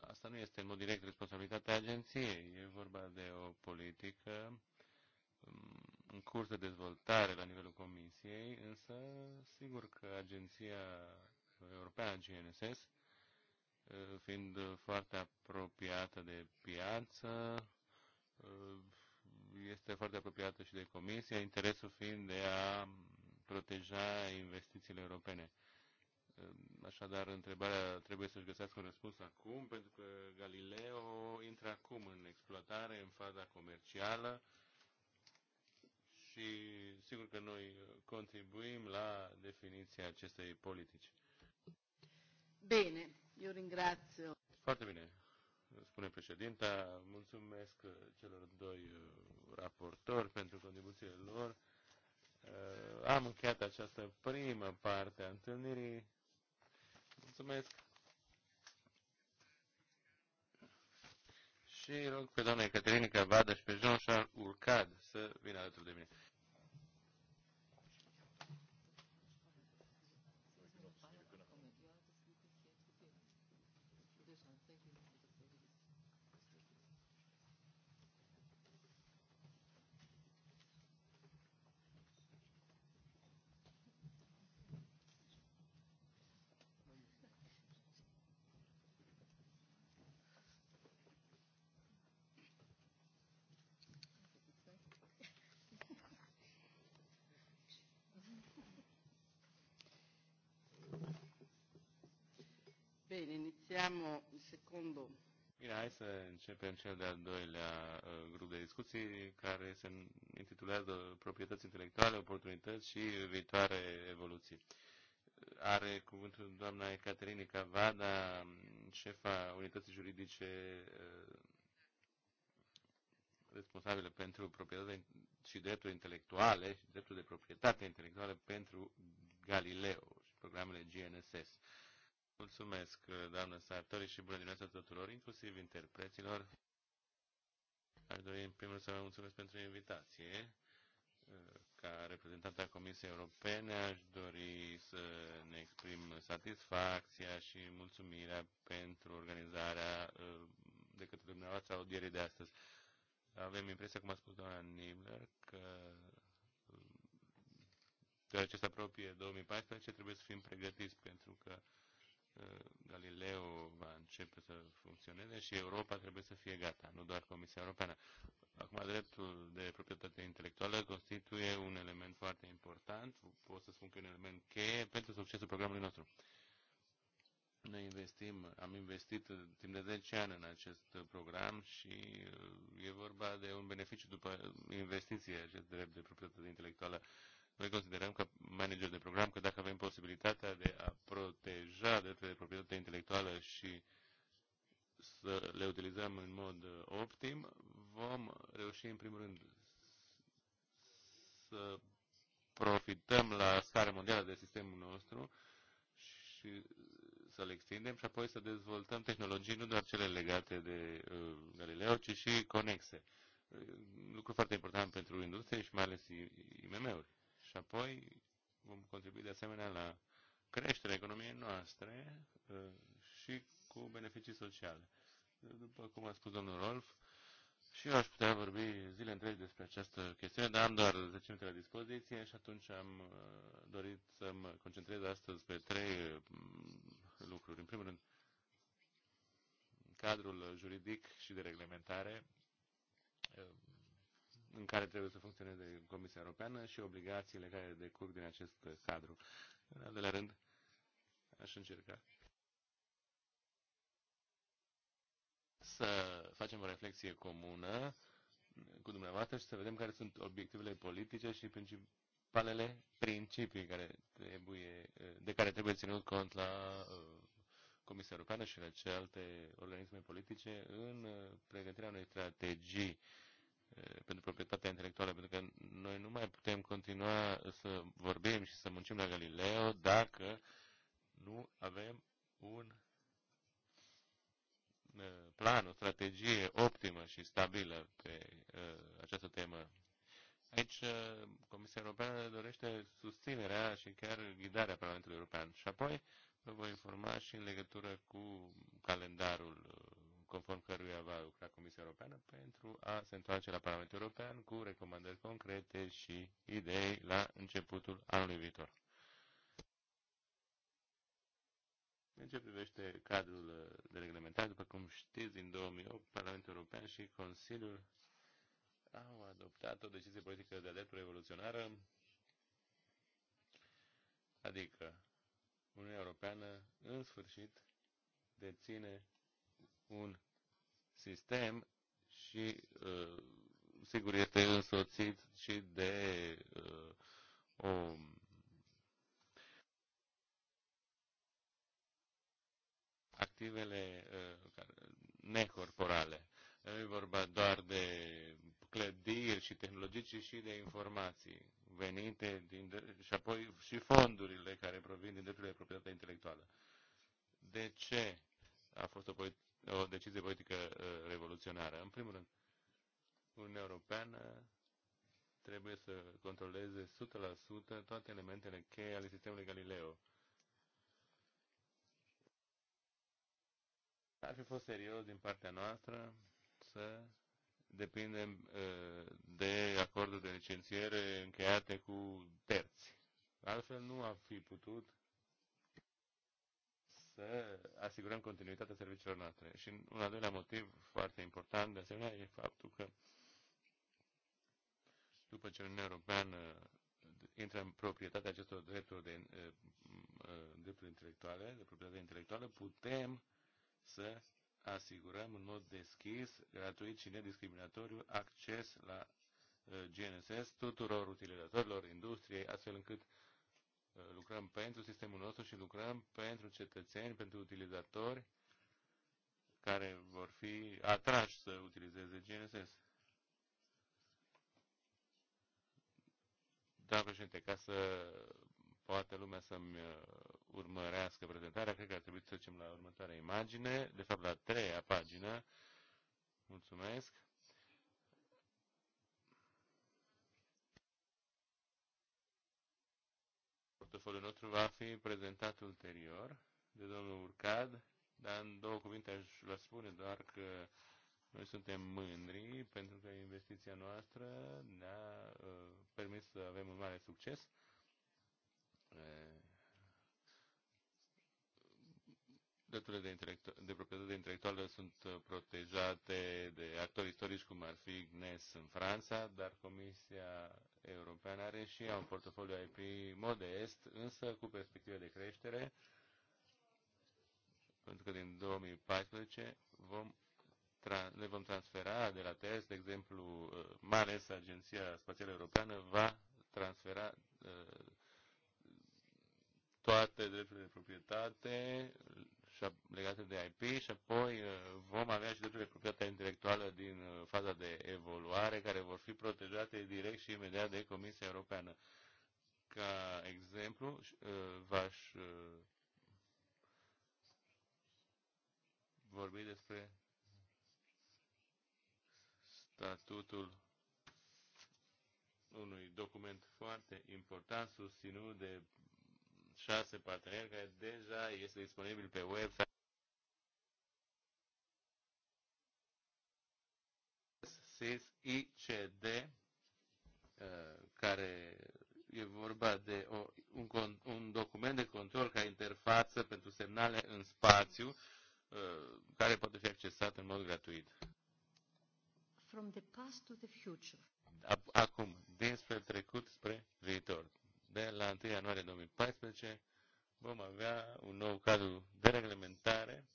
asta nu este în mod direct responsabilitatea agenției. E vorba de o politică um, în curs de dezvoltare la nivelul Comisiei, însă sigur că Agenția Europeană GNSS, uh, fiind foarte apropiată de piață, uh, este foarte apropiată și de Comisie, interesul fiind de a proteja investițiile europene. Ehm, așadar, întrebarea trebuie să-și găsească un răspuns acum, pentru că Galileo intră acum în exploatare, în faza comercială și sigur că noi contribuim la definiția acestei politici. Bine, eu ringrazio. Foarte bine, spune președinta. Mulțumesc celor doi uh, raportori pentru contribuțiile lor. Uh, am încheiat această primă parte a întâlnirii. Mulțumesc! Și rog pe doamna Ecaterina vadă și pe Jean-Charles Urcad să vină alături de mine. Bine, inițiamo il secondo. Bine, hai să începem cel de-al doilea uh, grup de discuții care se intitulează Proprietăți intelectuale, oportunități și viitoare evoluții. Are cuvântul doamna Ecaterini Cavada, șefa unității juridice uh, responsabilă pentru proprietate și drepturi intelectuale și dreptul de proprietate intelectuală pentru Galileo și programele GNSS. Mulțumesc, doamnă Sartori, și bună dimineața tuturor, inclusiv interpreților. Aș dori, în primul rând, să vă mulțumesc pentru invitație. Ca reprezentant al Comisiei Europene, aș dori să ne exprim satisfacția și mulțumirea pentru organizarea uh, de către dumneavoastră audierii de astăzi. Avem impresia, cum a spus doamna Nibler, că că ce se apropie 2014 trebuie să fim pregătiți pentru că Galileo va începe să funcționeze și Europa trebuie să fie gata, nu doar Comisia Europeană. Acum, dreptul de proprietate intelectuală constituie un element foarte important, pot să spun că un element cheie pentru succesul programului nostru. Noi investim, am investit timp de 10 ani în acest program și uh, e vorba de un beneficiu după investiție, acest drept de proprietate intelectuală. Uh, noi considerăm că manager de program, că dacă avem posibilitatea de a proteja drepturile de proprietate intelectuală și să le utilizăm în mod uh, optim, vom reuși în primul rând să profităm la scară mondială de sistemul nostru și să le extindem și apoi să dezvoltăm tehnologii, nu doar cele legate de uh, Galileo, ci și conexe. Lucru foarte important pentru industrie și mai ales IMM-uri. Și apoi vom contribui de asemenea la creșterea economiei noastre uh, și cu beneficii sociale. După cum a spus domnul Rolf, și eu aș putea vorbi zile întregi despre această chestiune, dar am doar 10 minute la dispoziție și atunci am uh, dorit să mă concentrez astăzi pe trei mm, lucruri. În primul rând, cadrul juridic și de reglementare uh, în care trebuie să funcționeze Comisia Europeană și obligațiile care decurg din acest cadru. În al doilea rând, aș încerca să facem o reflexie comună cu dumneavoastră și să vedem care sunt obiectivele politice și principalele principii care trebuie, de care trebuie ținut cont la uh, Comisia Europeană și la celelalte organisme politice în uh, pregătirea unei strategii Eh, pentru proprietatea intelectuală, pentru că noi nu mai putem continua să vorbim și să muncim la Galileo dacă nu avem un eh, plan, o strategie optimă și stabilă pe eh, această temă. Aici Comisia Europeană dorește susținerea și chiar ghidarea Parlamentului European. Și apoi vă voi informa și în legătură cu calendarul conform căruia va lucra Comisia Europeană, pentru a se întoarce la Parlamentul European cu recomandări concrete și idei la începutul anului viitor. În ce privește cadrul uh, de reglementare, după cum știți, din 2008, Parlamentul European și Consiliul au adoptat o decizie politică de-a dreptul revoluționară, adică Uniunea Europeană, în sfârșit, deține un sistem și, uh, sigur, este însoțit și de uh, o activele uh, necorporale. Nu e vorba doar de clădiri și tehnologii, ci și de informații venite din, și apoi și fondurile care provin din drepturile de proprietate intelectuală. De ce a fost o o decizie politică uh, revoluționară. În primul rând, Uniunea Europeană trebuie să controleze 100% toate elementele cheie ale sistemului Galileo. Ar fi fost serios din partea noastră să depindem uh, de acorduri de licențiere încheiate cu terți. Altfel nu am fi putut să asigurăm continuitatea serviciilor noastre. Și un al doilea motiv foarte important, de asemenea, e faptul că după ce Uniunea Europeană uh, intră în proprietatea acestor drepturi, de, uh, uh, drepturi intelectuale, de proprietate intelectuală, putem să asigurăm în mod deschis, gratuit și nediscriminatoriu acces la GNSS tuturor utilizatorilor industriei, astfel încât Uh, lucrăm pentru sistemul nostru și lucrăm pentru cetățeni, pentru utilizatori care vor fi atrași să utilizeze GNSS. Da, președinte, ca să poată lumea să-mi uh, urmărească prezentarea, cred că ar trebui să trecem la următoarea imagine, de fapt la a treia pagină. Mulțumesc. portofoliul nostru va fi prezentat ulterior de domnul Urcad, dar în două cuvinte aș vă spune doar că noi suntem mândri pentru că investiția noastră ne-a uh, permis să avem un mare succes. Uh, drepturile de, de proprietate intelectuală sunt uh, protejate de actori istorici cum ar fi Gnes în Franța, dar și au un portofoliu IP modest, însă cu perspective de creștere, pentru că din 2014 vom le vom transfera de la TES, de exemplu, uh, mai ales Agenția Spațială Europeană va transfera uh, toate drepturile de proprietate legate de IP și apoi uh, vom avea și drepturile de proprietate intelectuală din uh, faza de evoluare care vor fi protejate direct și imediat de Comisia Europeană. Ca exemplu, uh, v-aș vorbi despre statutul unui document foarte important susținut de 6 parteneri care deja este disponibil pe website. SIS ICD, uh, care e vorba de o, un, un document de control ca interfață pentru semnale în spațiu, uh, care poate fi accesat în mod gratuit. From the past to the future. Acum, dinspre trecut spre viitor de la 1 ianuarie 2014 vom avea un nou cadru de reglementare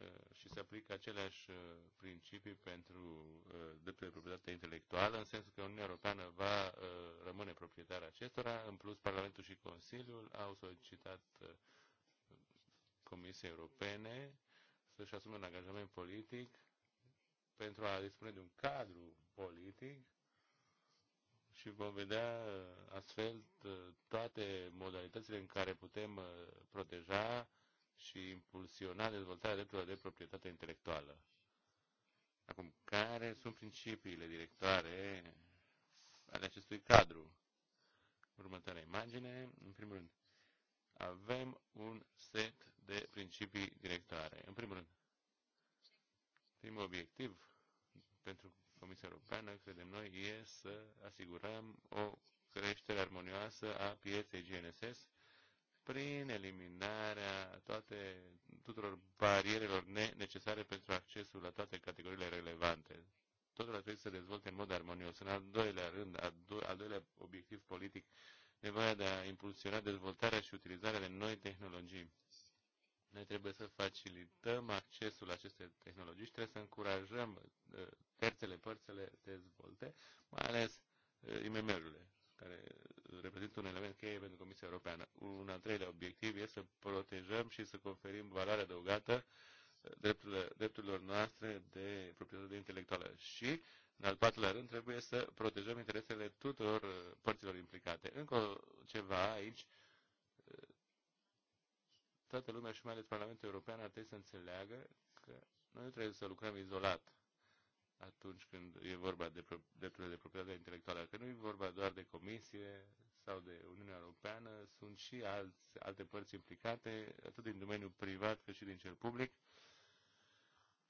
uh, și se aplică aceleași uh, principii pentru uh, drepturile de proprietate intelectuală, în sensul că Uniunea Europeană va rămâne proprietară acestora. În plus, Parlamentul și Consiliul au solicitat Comisiei Europene să-și asume un angajament politic pentru a dispune de un cadru politic și vom vedea uh, astfel toate modalitățile în care putem uh, proteja și impulsiona dezvoltarea drepturilor de proprietate intelectuală. Acum, care sunt principiile directoare ale acestui cadru? Următoarea imagine, în primul rând, avem un set de principii directoare. În primul rând, primul obiectiv pentru Comisia Europeană, credem noi, e să asigurăm o creștere armonioasă a pieței GNSS prin eliminarea toate, tuturor barierelor ne necesare pentru accesul la toate categoriile relevante. Totul trebuie să se dezvolte în mod armonios. În al doilea rând, al, do al doilea obiectiv politic, nevoia de a impulsiona dezvoltarea și utilizarea de noi tehnologii. Noi trebuie să facilităm accesul la aceste tehnologii și trebuie să încurajăm ă, terțele părți să le dezvolte, mai ales eh, IMM-urile, care reprezintă un element cheie pentru Comisia Europeană. Un al treilea obiectiv este să protejăm și să conferim valoare adăugată eh, drepturilor, drepturilor noastre de proprietate intelectuală și, în al patrulea rând, trebuie să protejăm interesele tuturor eh, părților implicate. Încă ceva aici, toată lumea și mai ales Parlamentul European ar trebui să înțeleagă că noi nu trebuie să lucrăm izolat atunci când e vorba de drepturile de proprietate intelectuală, că nu e vorba doar de Comisie sau de Uniunea Europeană, sunt și alți, alte părți implicate, atât din domeniul privat cât și din cel public.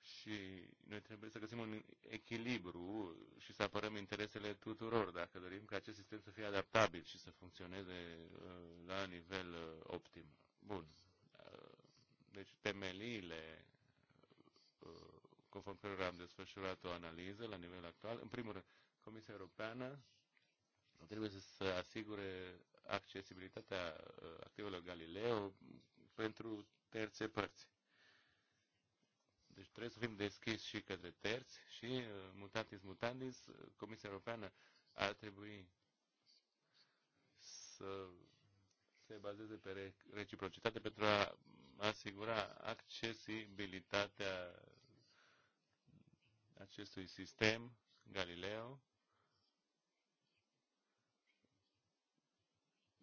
Și noi trebuie să găsim un echilibru și să apărăm interesele tuturor, dacă dorim ca acest sistem să fie adaptabil și să funcționeze uh, la nivel uh, optim. Bun. Uh, deci temeliile conform cărora am desfășurat o analiză la nivel actual. În primul rând, Comisia Europeană trebuie să se asigure accesibilitatea uh, activelor Galileo pentru terțe părți. Deci trebuie să fim deschiși și către terți și, uh, mutatis mutandis, uh, Comisia Europeană ar trebui să se bazeze pe reciprocitate pentru a asigura accesibilitatea acestui sistem Galileo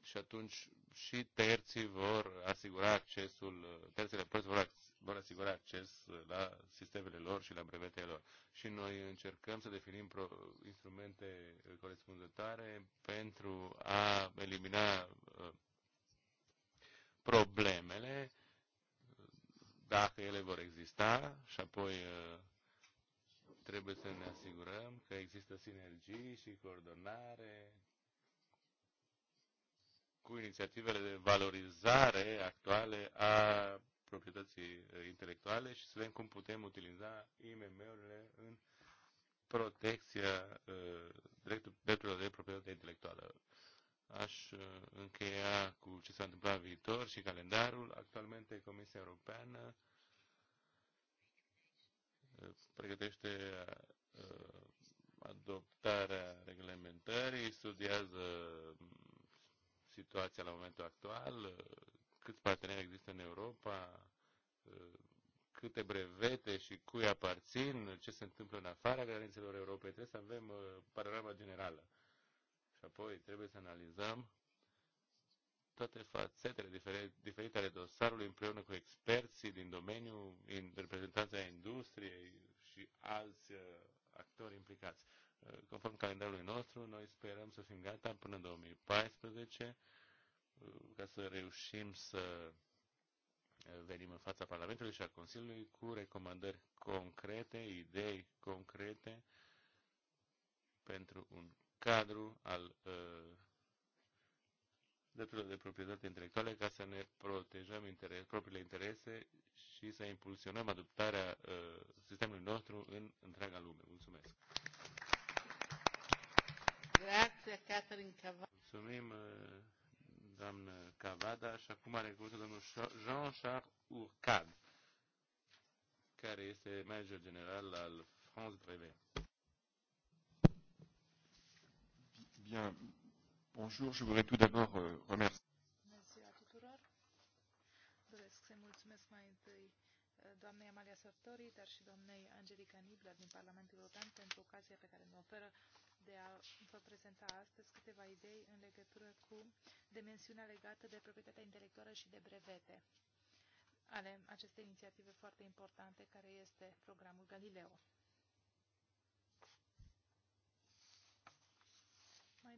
și atunci și terții vor asigura accesul, terțele părți vor, vor asigura acces la sistemele lor și la brevetele lor. Și noi încercăm să definim pro, instrumente corespunzătoare pentru a elimina uh, problemele, dacă ele vor exista, și apoi uh, trebuie să ne asigurăm că există sinergii și coordonare cu inițiativele de valorizare actuale a proprietății uh, intelectuale și să vedem cum putem utiliza IMM-urile în protecția uh, drepturilor de proprietate intelectuală. Aș uh, încheia cu ce s-a întâmplat în viitor și calendarul. Actualmente Comisia Europeană pregătește uh, adoptarea reglementării, studiază mm, situația la momentul actual, uh, câți parteneri există în Europa, uh, câte brevete și cui aparțin, ce se întâmplă în afara granițelor europene, Trebuie să avem panorama generală. Și apoi trebuie să analizăm toate fațetele diferite ale dosarului împreună cu experții din domeniu, în reprezentanța industriei și alți uh, actori implicați. Uh, conform calendarului nostru, noi sperăm să fim gata până în 2014 uh, ca să reușim să venim în fața Parlamentului și a Consiliului cu recomandări concrete, idei concrete pentru un cadru al uh, drepturile de proprietate intelectuale ca să ne protejăm interes, propriile interese și să impulsionăm adoptarea uh, sistemului nostru în întreaga lume. Mulțumesc! Grazie, Catherine Cavada. Mulțumim, uh, doamnă Cavada. Și acum are cuvântul domnul Jean-Charles Urcad, care este manager general al France Brevet. Bien, Bonjour, je voudrais tout d'abord euh, remercier. Bună ziua tuturor. Doresc să mulțumesc mai doamnei Amalia Sartori, dar și doamnei Angelica Nibla din Parlamentul European pentru ocazia pe care ne oferă de a vă prezenta astăzi câteva idei în legătură cu dimensiunea legată de proprietatea intelectuală și de brevete ale acestei inițiative foarte importante care este programul Galileo.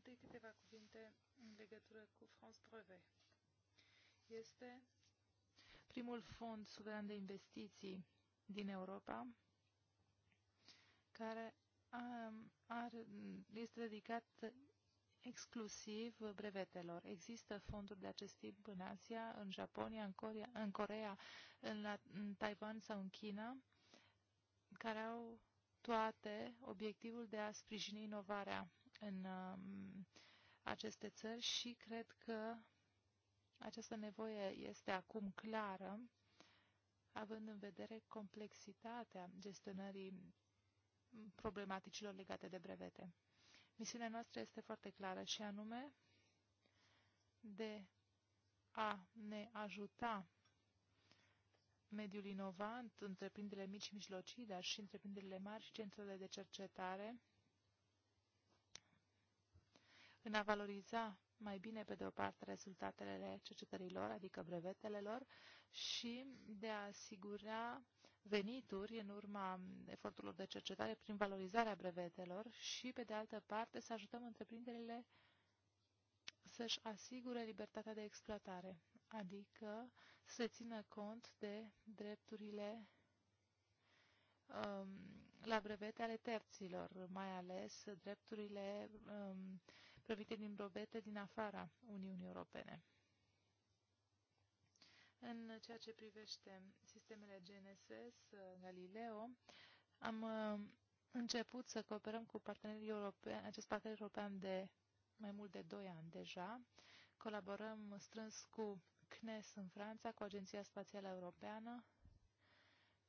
întâi câteva cuvinte în legătură cu France Brevet. Este primul fond suveran de investiții din Europa, care are, este dedicat exclusiv brevetelor. Există fonduri de acest tip în Asia, în Japonia, în Corea, în, Corea, în, la, în Taiwan sau în China, care au toate obiectivul de a sprijini inovarea în um, aceste țări și cred că această nevoie este acum clară, având în vedere complexitatea gestionării problematicilor legate de brevete. Misiunea noastră este foarte clară și anume de a ne ajuta mediul inovant, întreprinderile mici și mijlocii, dar și întreprinderile mari și centrele de cercetare în a valoriza mai bine, pe de o parte, rezultatele cercetărilor, adică brevetele lor, și de a asigura venituri în urma eforturilor de cercetare prin valorizarea brevetelor și, pe de altă parte, să ajutăm întreprinderile să-și asigure libertatea de exploatare, adică să țină cont de drepturile um, la brevete ale terților, mai ales drepturile um, lovite din robete din afara Uniunii Europene. În ceea ce privește sistemele GNSS, uh, Galileo, am uh, început să cooperăm cu partenerii europeni, acest partener european de mai mult de 2 ani deja. Colaborăm strâns cu CNES în Franța, cu Agenția Spațială Europeană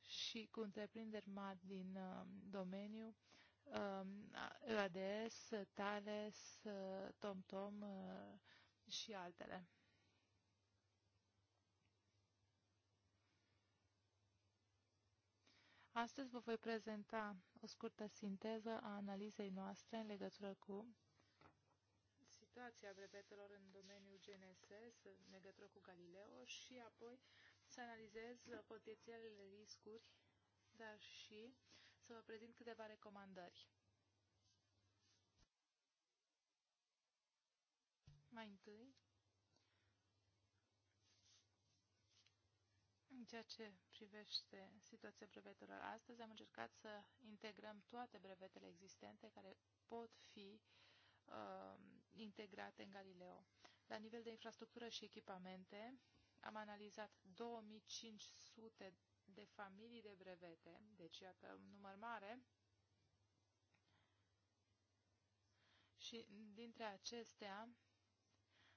și cu întreprinderi mari din uh, domeniu, EADS, um, Tales, TomTom uh, și altele. Astăzi vă voi prezenta o scurtă sinteză a analizei noastre în legătură cu situația brevetelor în domeniul GNSS, în legătură cu Galileo și apoi să analizez potențialele riscuri, dar și să prezint câteva recomandări. Mai întâi, În ceea ce privește situația brevetelor astăzi, am încercat să integrăm toate brevetele existente care pot fi uh, integrate în Galileo. La nivel de infrastructură și echipamente, am analizat 2500 de familii de brevete, deci iată un număr mare, și dintre acestea,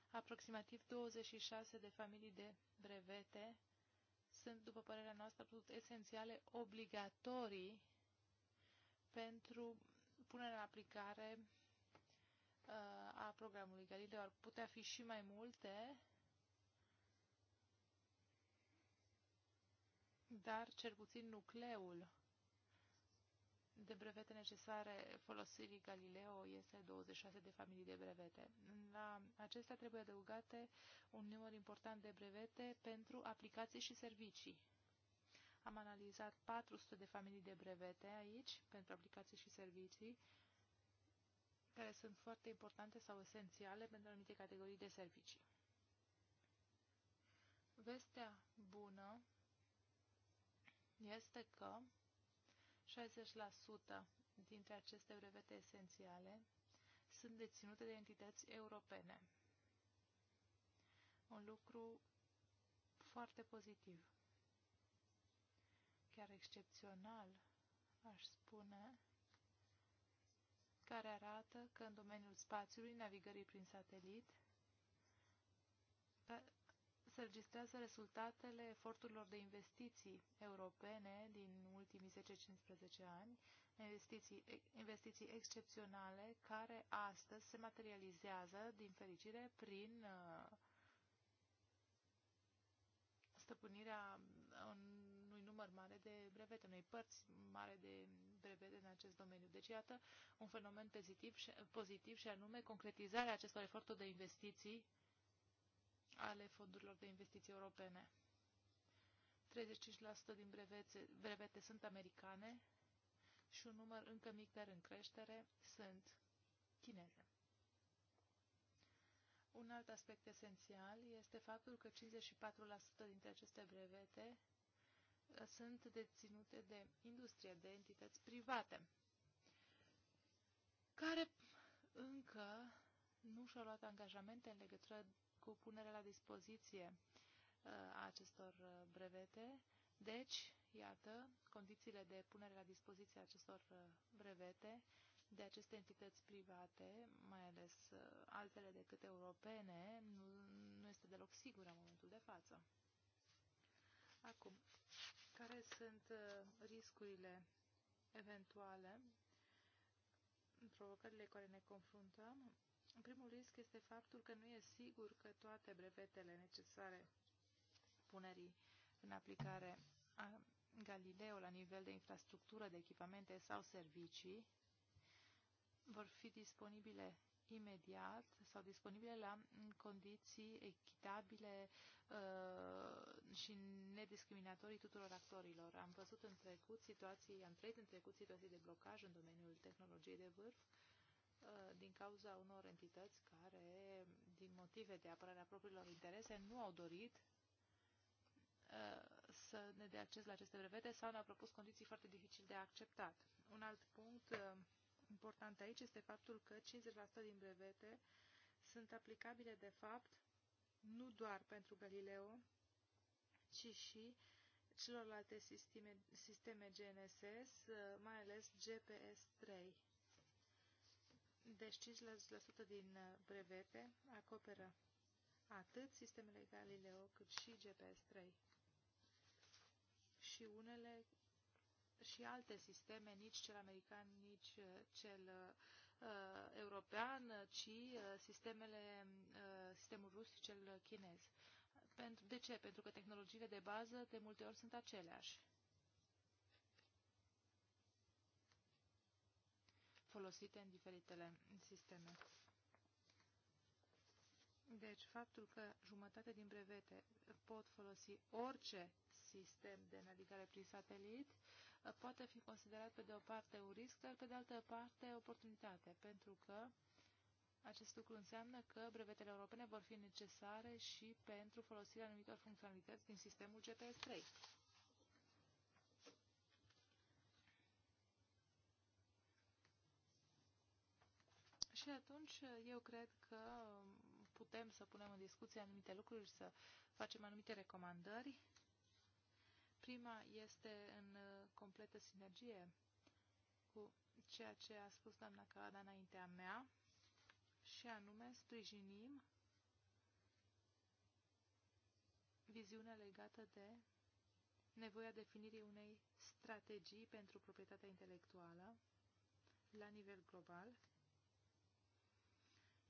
aproximativ 26 de familii de brevete sunt, după părerea noastră, absolut esențiale, obligatorii pentru punerea în aplicare uh, a programului Galileo. Ar putea fi și mai multe, dar cel puțin nucleul de brevete necesare folosirii Galileo este 26 de familii de brevete. La acestea trebuie adăugate un număr important de brevete pentru aplicații și servicii. Am analizat 400 de familii de brevete aici, pentru aplicații și servicii, care sunt foarte importante sau esențiale pentru anumite categorii de servicii. Vestea bună este că 60% dintre aceste brevete esențiale sunt deținute de entități europene. Un lucru foarte pozitiv, chiar excepțional, aș spune, care arată că în domeniul spațiului, navigării prin satelit, se registrează rezultatele eforturilor de investiții europene din ultimii 10-15 ani, investiții, investiții excepționale care astăzi se materializează, din fericire, prin uh, stăpânirea unui număr mare de brevete, unei părți mare de brevete în acest domeniu. Deci, iată un fenomen pozitiv și, pozitiv și anume concretizarea acestor eforturi de investiții ale fondurilor de investiții europene. 35% din brevete, brevete sunt americane și un număr încă mic, dar în creștere, sunt chineze. Un alt aspect esențial este faptul că 54% dintre aceste brevete uh, sunt deținute de industrie, de entități private, care încă nu și-au luat angajamente în legătură cu punerea la dispoziție uh, a acestor uh, brevete. Deci, iată, condițiile de punere la dispoziție a acestor uh, brevete de aceste entități private, mai ales altele decât europene, nu, nu este deloc sigură în momentul de față. Acum, care sunt riscurile eventuale, provocările cu care ne confruntăm? primul risc este faptul că nu e sigur că toate brevetele necesare punerii în aplicare a Galileo la nivel de infrastructură, de echipamente sau servicii vor fi disponibile imediat sau disponibile la condiții echitabile uh, și nediscriminatorii tuturor actorilor. Am văzut în trecut situații, am trăit în trecut situații de blocaj în domeniul tehnologiei de vârf Uh, din cauza unor entități care, din motive de apărare a propriilor interese, nu au dorit uh, să ne dea acces la aceste brevete sau ne-au propus condiții foarte dificil de acceptat. Un alt punct uh, important aici este faptul că 50% din brevete sunt aplicabile, de fapt, nu doar pentru Galileo, ci și celorlalte sisteme, sisteme GNSS, mai ales GPS-3. Deci 5% din uh, brevete acoperă atât sistemele Galileo cât și GPS-3 și unele și alte sisteme, nici cel american, nici uh, cel uh, uh, european, ci uh, sistemele, uh, sistemul rus și cel chinez. Pentru, de ce? Pentru că tehnologiile de bază de multe ori sunt aceleași. folosite în diferitele sisteme. Deci, faptul că jumătate din brevete pot folosi orice sistem de navigare prin satelit poate fi considerat pe de o parte un risc, dar pe de altă parte oportunitate, pentru că acest lucru înseamnă că brevetele europene vor fi necesare și pentru folosirea anumitor funcționalități din sistemul GPS-3. Și atunci eu cred că putem să punem în discuție anumite lucruri, și să facem anumite recomandări. Prima este în completă sinergie cu ceea ce a spus doamna Cavada înaintea mea și anume sprijinim viziunea legată de nevoia definirii unei strategii pentru proprietatea intelectuală la nivel global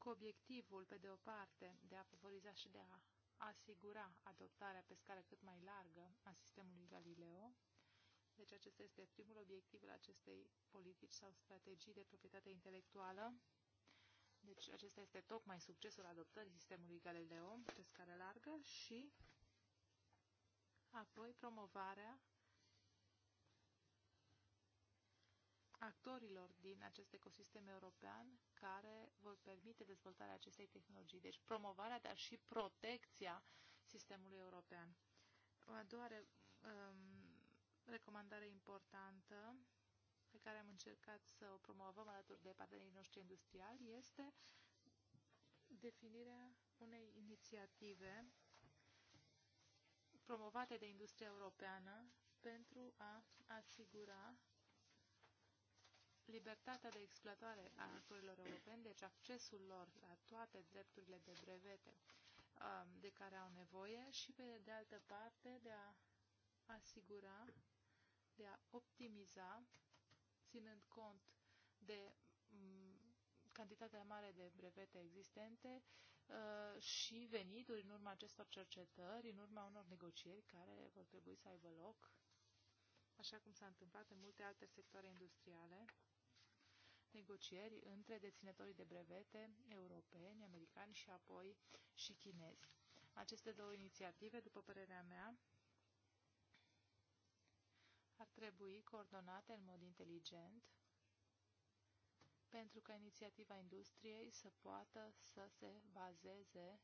cu obiectivul, pe de o parte, de a favoriza și de a asigura adoptarea pe scară cât mai largă a sistemului Galileo, deci acesta este primul obiectiv al acestei politici sau strategii de proprietate intelectuală. Deci acesta este tocmai succesul adoptării sistemului Galileo pe scară largă și apoi promovarea actorilor din acest ecosistem european care vor permite dezvoltarea acestei tehnologii. Deci promovarea, dar și protecția sistemului european. O a doua re, um, recomandare importantă pe care am încercat să o promovăm alături de partenerii noștri industriali este definirea unei inițiative promovate de industria europeană pentru a asigura libertatea de exploatare a naturilor europene, deci accesul lor la toate drepturile de brevete um, de care au nevoie și, pe de altă parte, de a asigura, de a optimiza, ținând cont de mm, cantitatea mare de brevete existente uh, și venituri în urma acestor cercetări, în urma unor negocieri care vor trebui să aibă loc, așa cum s-a întâmplat în multe alte sectoare industriale negocieri între deținătorii de brevete europeni, americani și apoi și chinezi. Aceste două inițiative, după părerea mea, ar trebui coordonate în mod inteligent pentru ca inițiativa industriei să poată să se bazeze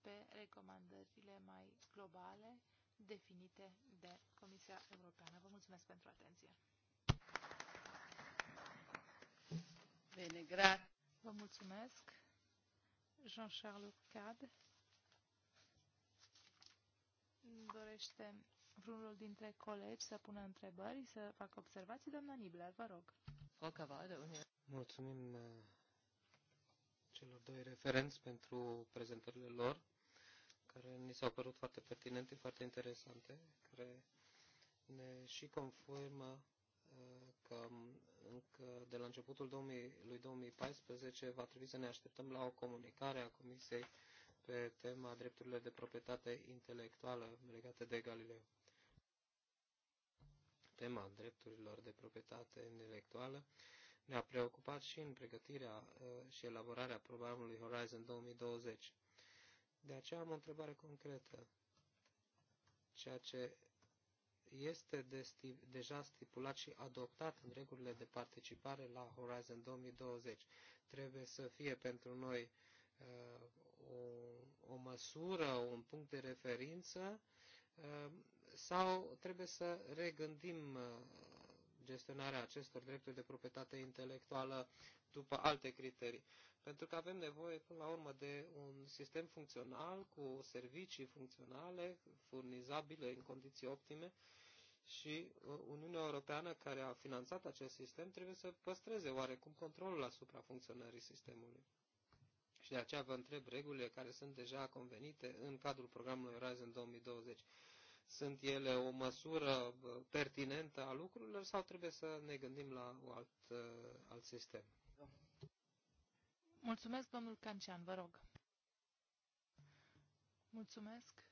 pe recomandările mai globale definite de Comisia Europeană. Vă mulțumesc pentru atenție. Bine, grazie. Vă mulțumesc. Jean-Charles Cad. Dorește vreunul dintre colegi să pună întrebări, să facă observații? Doamna Nibler, vă rog. Mulțumim uh, celor doi referenți pentru prezentările lor, care ni s-au părut foarte pertinente, foarte interesante, care ne și confirmă uh, că um, încă de la începutul 2000, lui 2014 va trebui să ne așteptăm la o comunicare a Comisiei pe tema drepturilor de proprietate intelectuală legate de Galileo. Tema drepturilor de proprietate intelectuală ne-a preocupat și în pregătirea uh, și elaborarea programului Horizon 2020. De aceea am o întrebare concretă. Ceea ce este deja stipulat și adoptat în regulile de participare la Horizon 2020. Trebuie să fie pentru noi uh, o, o măsură, un punct de referință uh, sau trebuie să regândim uh, gestionarea acestor drepturi de proprietate intelectuală după alte criterii. Pentru că avem nevoie, până la urmă, de un sistem funcțional cu servicii funcționale, furnizabile în condiții optime și uh, Uniunea Europeană, care a finanțat acest sistem, trebuie să păstreze oarecum controlul asupra funcționării sistemului. Și de aceea vă întreb regulile care sunt deja convenite în cadrul programului Horizon 2020. Sunt ele o măsură uh, pertinentă a lucrurilor sau trebuie să ne gândim la un alt, uh, alt sistem? Mulțumesc, domnul Cancian, vă rog. Mulțumesc.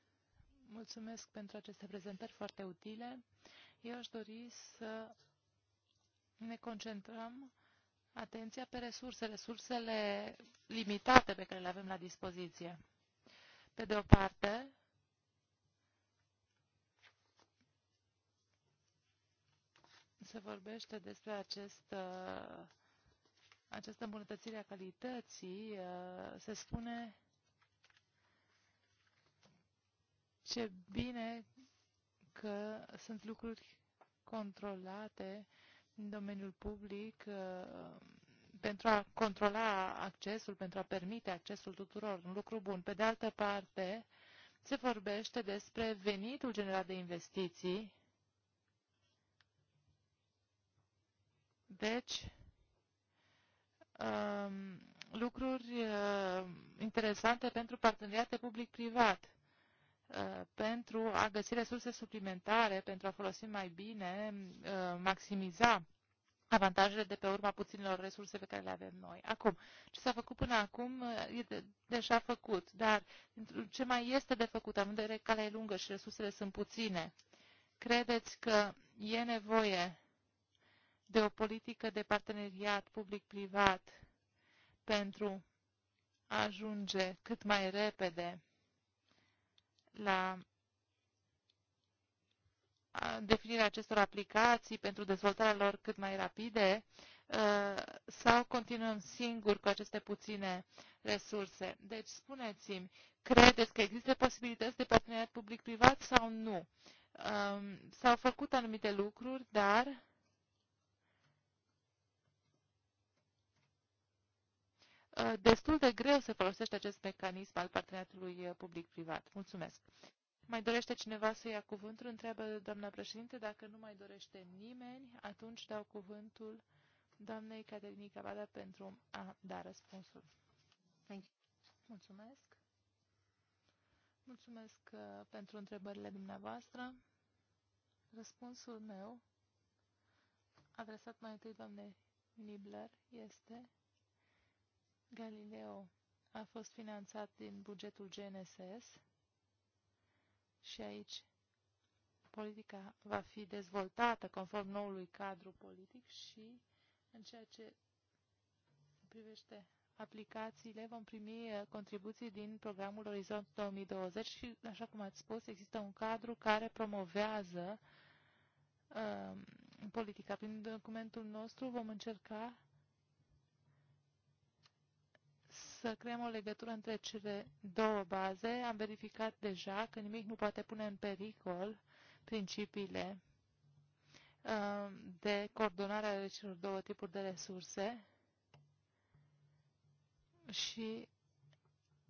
Mulțumesc pentru aceste prezentări foarte utile eu aș dori să ne concentrăm atenția pe resurse, resursele limitate pe care le avem la dispoziție. Pe de o parte, se vorbește despre acest, uh, această îmbunătățire a calității. Uh, se spune ce bine că sunt lucruri controlate în domeniul public uh, pentru a controla accesul, pentru a permite accesul tuturor, un lucru bun. Pe de altă parte, se vorbește despre venitul generat de investiții. Deci, um, lucruri uh, interesante pentru parteneriate public-privat. Uh, pentru a găsi resurse suplimentare, pentru a folosi mai bine, uh, maximiza avantajele de pe urma puținilor resurse pe care le avem noi. Acum, ce s-a făcut până acum uh, e de, deja făcut, dar ce mai este de făcut, având în vedere calea e lungă și resursele sunt puține, credeți că e nevoie de o politică de parteneriat public-privat pentru a ajunge cât mai repede la definirea acestor aplicații pentru dezvoltarea lor cât mai rapide sau continuăm singuri cu aceste puține resurse. Deci spuneți-mi, credeți că există posibilități de parteneriat public-privat sau nu? S-au făcut anumite lucruri, dar Uh, destul de greu se folosește acest mecanism al parteneriatului uh, public-privat. Mulțumesc. Mai dorește cineva să ia cuvântul? Întreabă doamna președinte. Dacă nu mai dorește nimeni, atunci dau cuvântul doamnei Caterinii Cavada pentru a da răspunsul. Thank you. Mulțumesc. Mulțumesc uh, pentru întrebările dumneavoastră. Răspunsul meu, adresat mai întâi doamnei Nibler, este Galileo a fost finanțat din bugetul GNSS și aici politica va fi dezvoltată conform noului cadru politic și în ceea ce privește aplicațiile, vom primi uh, contribuții din programul Orizont 2020 și, așa cum ați spus, există un cadru care promovează uh, politica. Prin documentul nostru vom încerca să creăm o legătură între cele două baze. Am verificat deja că nimic nu poate pune în pericol principiile uh, de coordonare ale celor două tipuri de resurse și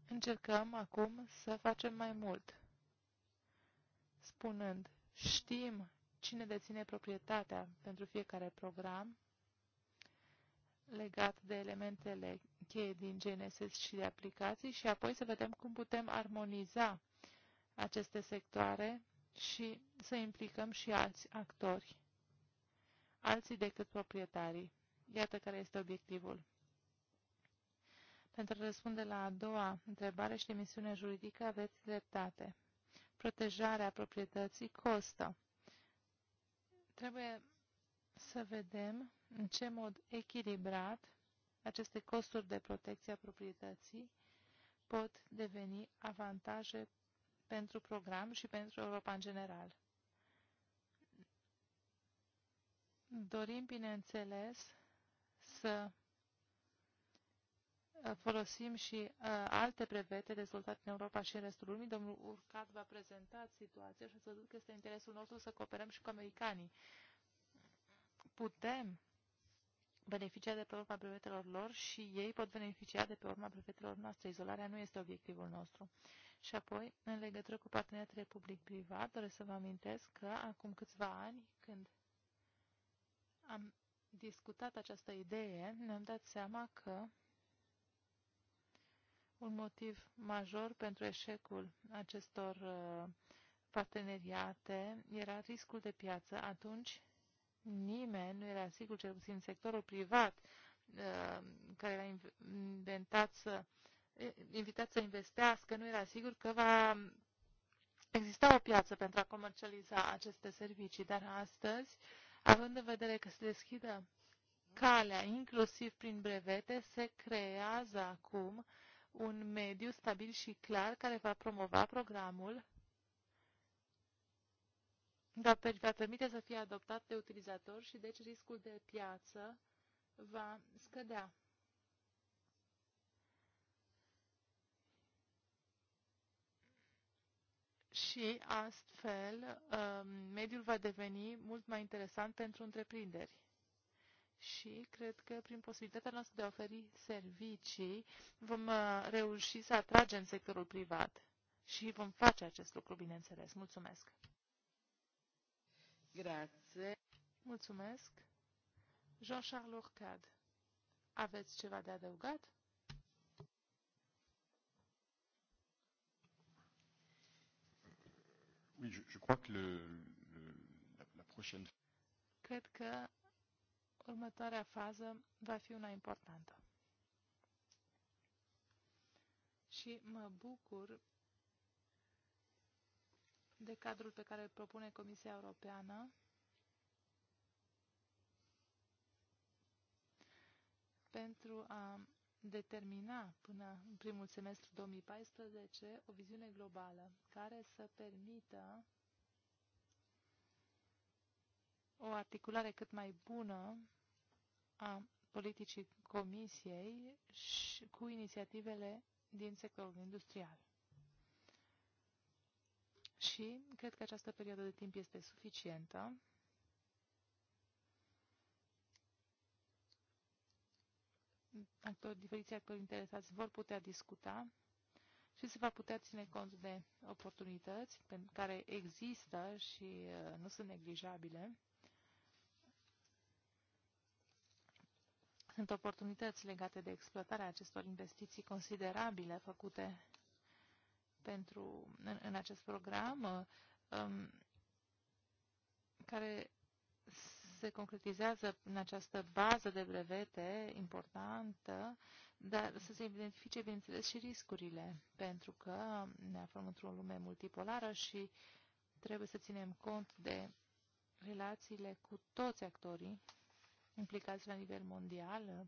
încercăm acum să facem mai mult, spunând știm cine deține proprietatea pentru fiecare program legat de elementele cheie din Genesis și de aplicații și apoi să vedem cum putem armoniza aceste sectoare și să implicăm și alți actori, alții decât proprietarii. Iată care este obiectivul. Pentru a răspunde la a doua întrebare și emisiune juridică, aveți dreptate. Protejarea proprietății costă. Trebuie să vedem în ce mod echilibrat aceste costuri de protecție a proprietății pot deveni avantaje pentru program și pentru Europa în general. Dorim, bineînțeles, să uh, folosim și uh, alte prevete dezvoltate în Europa și în restul lumii. Domnul Urcat va prezenta situația și să văzut că este interesul nostru să cooperăm și cu americanii. Putem beneficia de pe urma brevetelor lor și ei pot beneficia de pe urma brevetelor noastre. Izolarea nu este obiectivul nostru. Și apoi, în legătură cu parteneriatele public-privat, doresc să vă amintesc că acum câțiva ani, când am discutat această idee, ne-am dat seama că un motiv major pentru eșecul acestor uh, parteneriate era riscul de piață. Atunci nimeni nu era sigur, cel puțin sectorul privat, uh, care l-a inventat să, invitat să investească, nu era sigur că va exista o piață pentru a comercializa aceste servicii. Dar astăzi, având în vedere că se deschidă calea, inclusiv prin brevete, se creează acum un mediu stabil și clar care va promova programul va permite să fie adoptat de utilizator și deci riscul de piață va scădea. și astfel um, mediul va deveni mult mai interesant pentru întreprinderi. Și cred că prin posibilitatea noastră de a oferi servicii vom uh, reuși să atragem sectorul privat și vom face acest lucru, bineînțeles. Mulțumesc! Grazie. Mulțumesc. Jean-Charles Orcad, aveți ceva de adăugat? Oui, je, je crois que le, le, la, la prochaine... Cred că următoarea fază va fi una importantă. Și mă bucur de cadrul pe care îl propune Comisia Europeană. pentru a determina până în primul semestru 2014 o viziune globală care să permită o articulare cât mai bună a politicii Comisiei și cu inițiativele din sectorul industrial. Și cred că această perioadă de timp este suficientă. Actori, diferiți actori interesați vor putea discuta și se va putea ține cont de oportunități care există și uh, nu sunt neglijabile. Sunt oportunități legate de exploatarea acestor investiții considerabile făcute pentru, în, în acest program uh, um, care se concretizează în această bază de brevete importantă, dar să se identifice, bineînțeles, și riscurile, pentru că ne aflăm într-o lume multipolară și trebuie să ținem cont de relațiile cu toți actorii implicați la nivel mondial uh,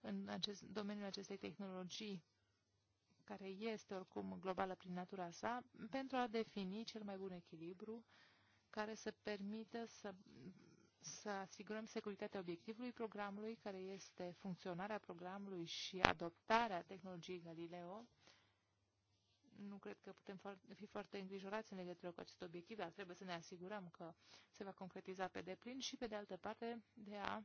în acest, domeniul acestei tehnologii care este oricum globală prin natura sa, pentru a defini cel mai bun echilibru care să permită să, să asigurăm securitatea obiectivului programului, care este funcționarea programului și adoptarea tehnologiei Galileo. Nu cred că putem fi foarte îngrijorați în legătură cu acest obiectiv, dar trebuie să ne asigurăm că se va concretiza pe deplin și, pe de altă parte, de a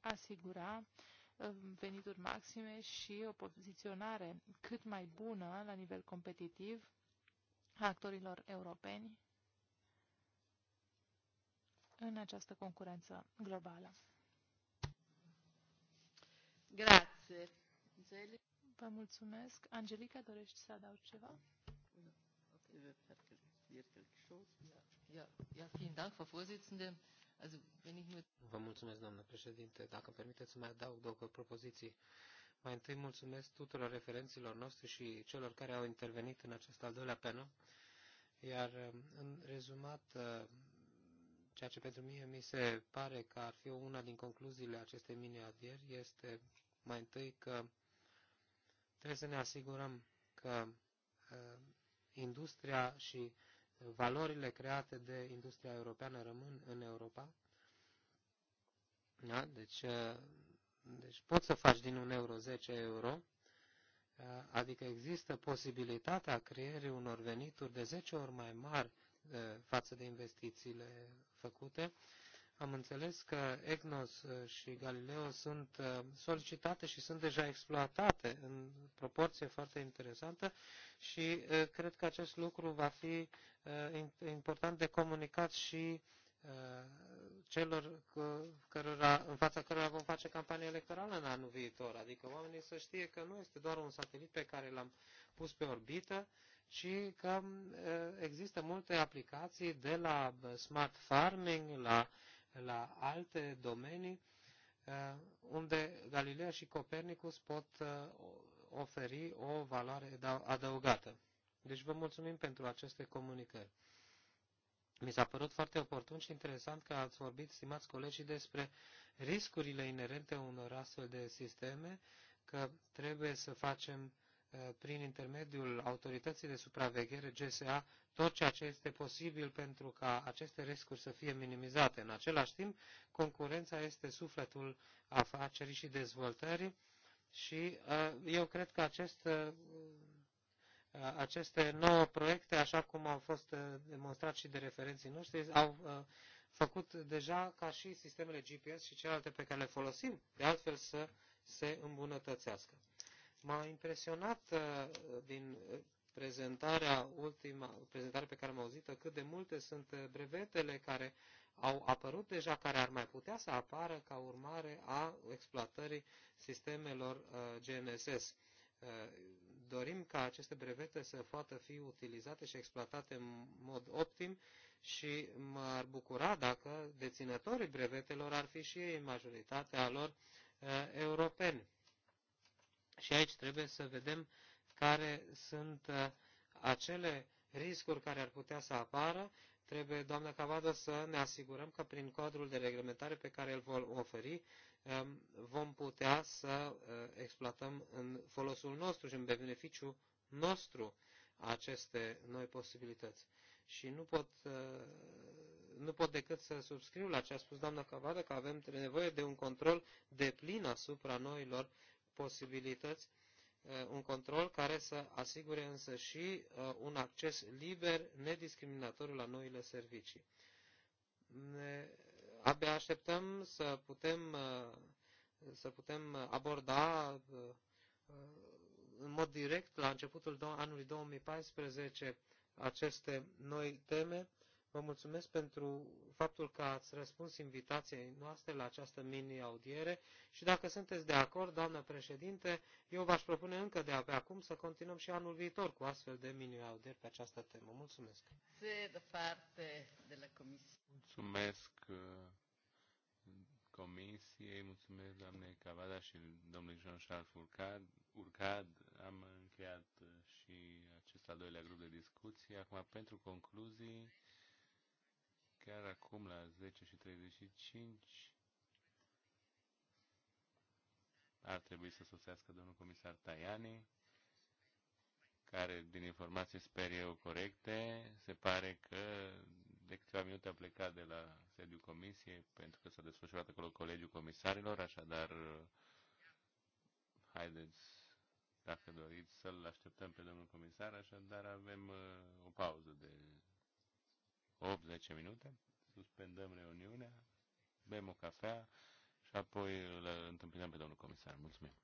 asigura uh, Um, venituri maxime și o poziționare cât mai bună la nivel competitiv a actorilor europeni în această concurență globală. Grazie. Vă mulțumesc. Angelica, dorești să adaug ceva? Ja, vielen Dank, Frau Vorsitzende. Vă mulțumesc, doamnă președinte. Dacă permiteți să mai adaug două propoziții. Mai întâi mulțumesc tuturor referenților noștri și celor care au intervenit în acest al doilea panel. Iar în rezumat, ceea ce pentru mine mi se pare că ar fi una din concluziile acestei mini-adieri este mai întâi că trebuie să ne asigurăm că uh, industria și valorile create de industria europeană rămân în Europa. Da? Deci, uh, deci poți să faci din un euro 10 euro, uh, adică există posibilitatea creierii unor venituri de 10 ori mai mari uh, față de investițiile făcute. Am înțeles că EGNOS și Galileo sunt solicitate și sunt deja exploatate în proporție foarte interesantă și cred că acest lucru va fi Uh, important de comunicat și uh, celor cărora, în fața cărora vom face campanie electorală în anul viitor. Adică oamenii să știe că nu este doar un satelit pe care l-am pus pe orbită, ci că uh, există multe aplicații de la smart farming la, la alte domenii unde Galileo și Copernicus pot oferi o valoare adăugată. Deci vă mulțumim pentru aceste comunicări. Mi s-a părut foarte oportun și interesant că ați vorbit, stimați colegi, despre riscurile inerente unor astfel de sisteme, că trebuie să facem uh, prin intermediul autorității de supraveghere GSA tot ceea ce este posibil pentru ca aceste riscuri să fie minimizate. În același timp, concurența este sufletul afacerii și dezvoltării și uh, eu cred că acest uh, Uh, aceste nouă proiecte, așa cum au fost uh, demonstrat și de referenții noștri, au uh, făcut deja ca și sistemele GPS și celelalte pe care le folosim, de altfel să se îmbunătățească. M-a impresionat din prezentarea ultima, prezentarea pe care am auzit-o, cât de multe sunt brevetele care au apărut deja, care ar mai putea să apară ca urmare a exploatării sistemelor GNSS dorim ca aceste brevete să poată fi utilizate și exploatate în mod optim și m-ar bucura dacă deținătorii brevetelor ar fi și ei majoritatea lor uh, europeni. Și aici trebuie să vedem care sunt uh, acele riscuri care ar putea să apară. Trebuie, doamnă Cavada, să ne asigurăm că prin codul de reglementare pe care îl vom oferi, Ehm, vom putea să eh, exploatăm în folosul nostru și în beneficiu nostru aceste noi posibilități. Și nu pot, eh, nu pot decât să subscriu la ce a spus doamna Cavada, că avem nevoie de un control de plin asupra noilor posibilități, eh, un control care să asigure însă și un acces liber, nediscriminatoriu la noile servicii. Ne Abia așteptăm să putem, uh, să putem aborda uh, în mod direct la începutul anului 2014 aceste noi teme Vă mulțumesc pentru faptul că ați răspuns invitației noastre la această mini-audiere și dacă sunteți de acord, doamnă președinte, eu v-aș propune încă de pe acum să continuăm și anul viitor cu astfel de mini-audieri pe această temă. Mulțumesc! de parte de la comisie. Mulțumesc uh, comisiei, mulțumesc doamnei Cavada și domnului Jean-Charles Urcad. Urcad. Am încheiat uh, și acest al doilea grup de discuții. Acum, pentru concluzii, chiar acum la 10 și 35 ar trebui să sosească domnul comisar Tajani, care, din informații sper eu corecte, se pare că de câteva minute a plecat de la sediul comisiei, pentru că s-a desfășurat acolo colegiul comisarilor, așadar, haideți, dacă doriți, să-l așteptăm pe domnul comisar, așadar avem uh, o pauză de 8-10 minute, suspendăm reuniunea, bem o cafea și apoi îl întâmpinăm pe domnul comisar. Mulțumim!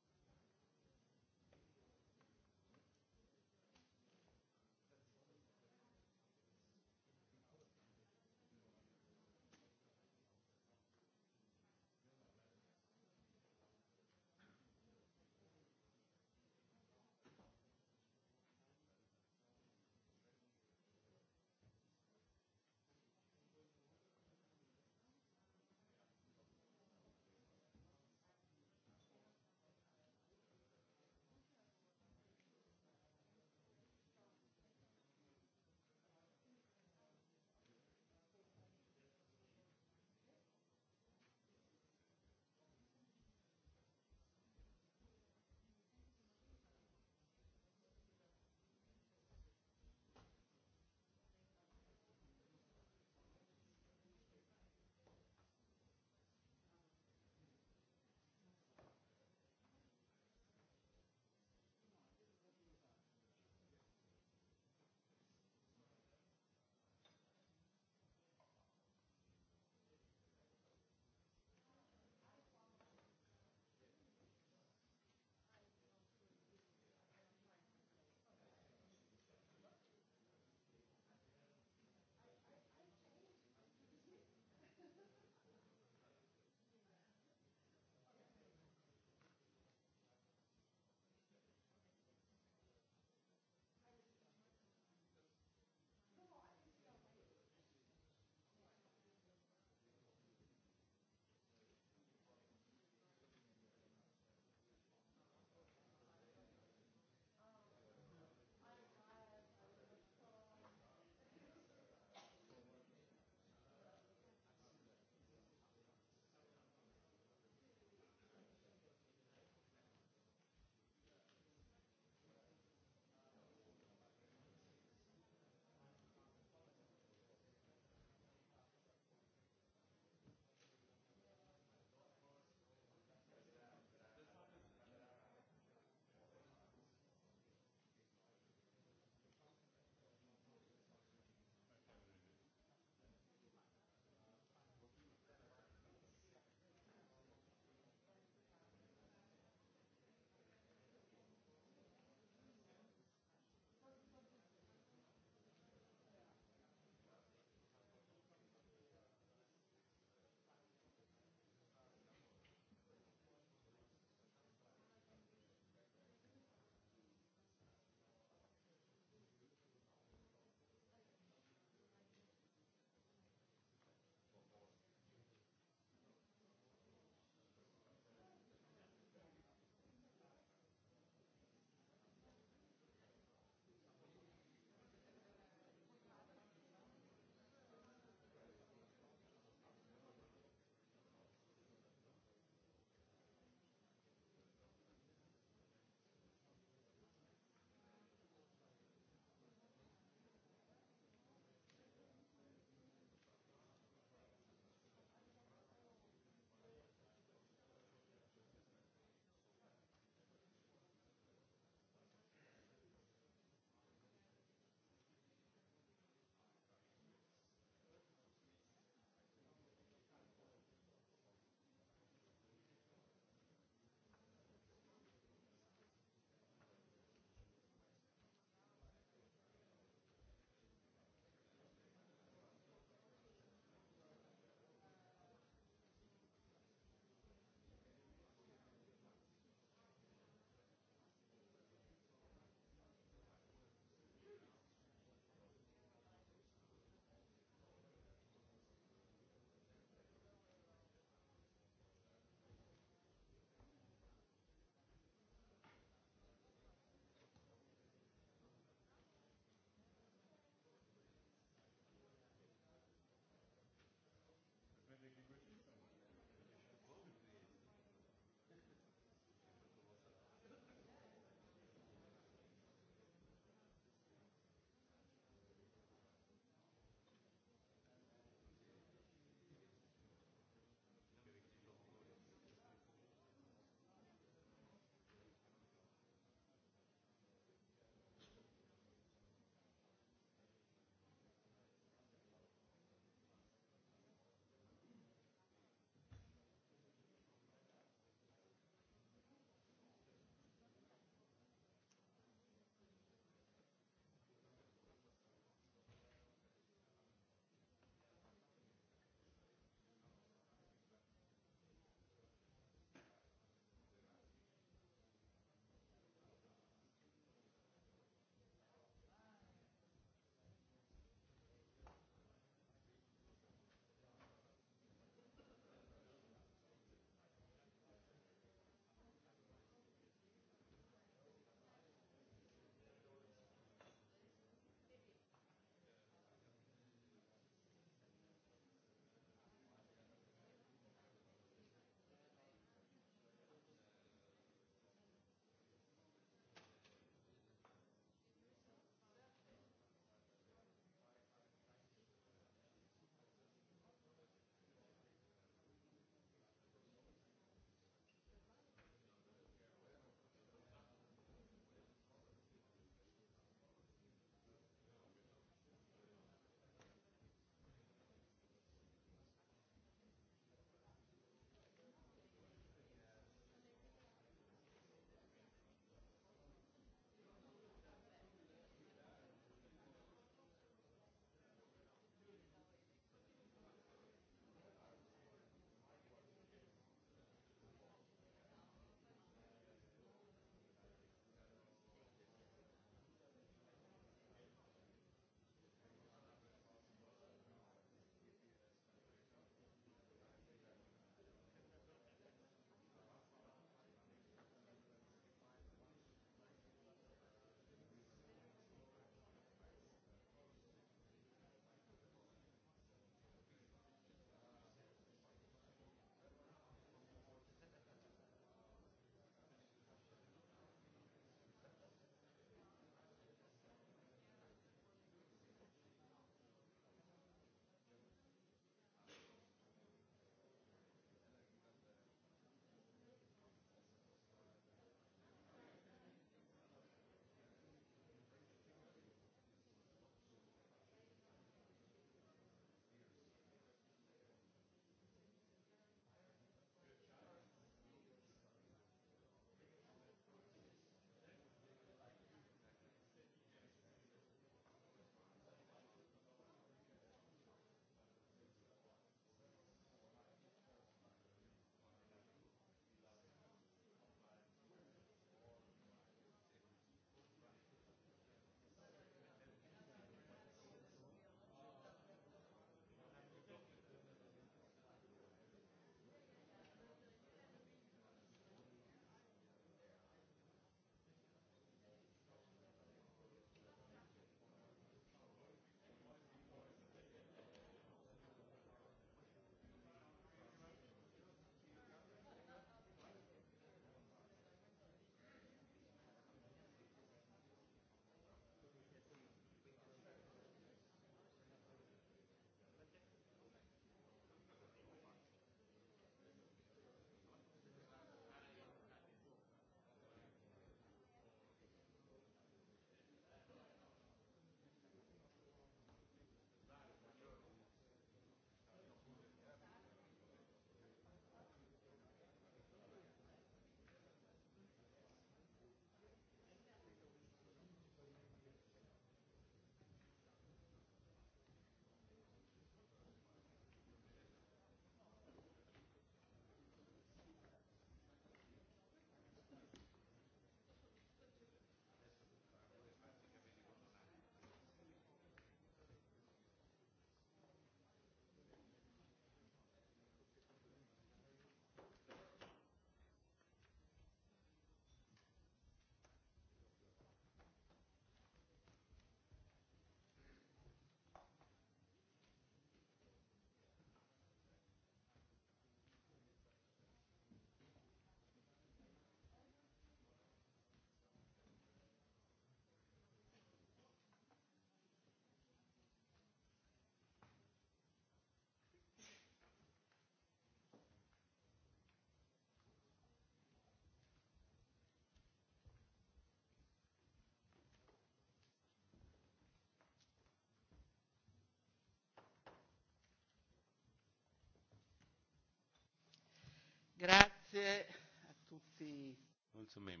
Grazie a tutti. Mulțumim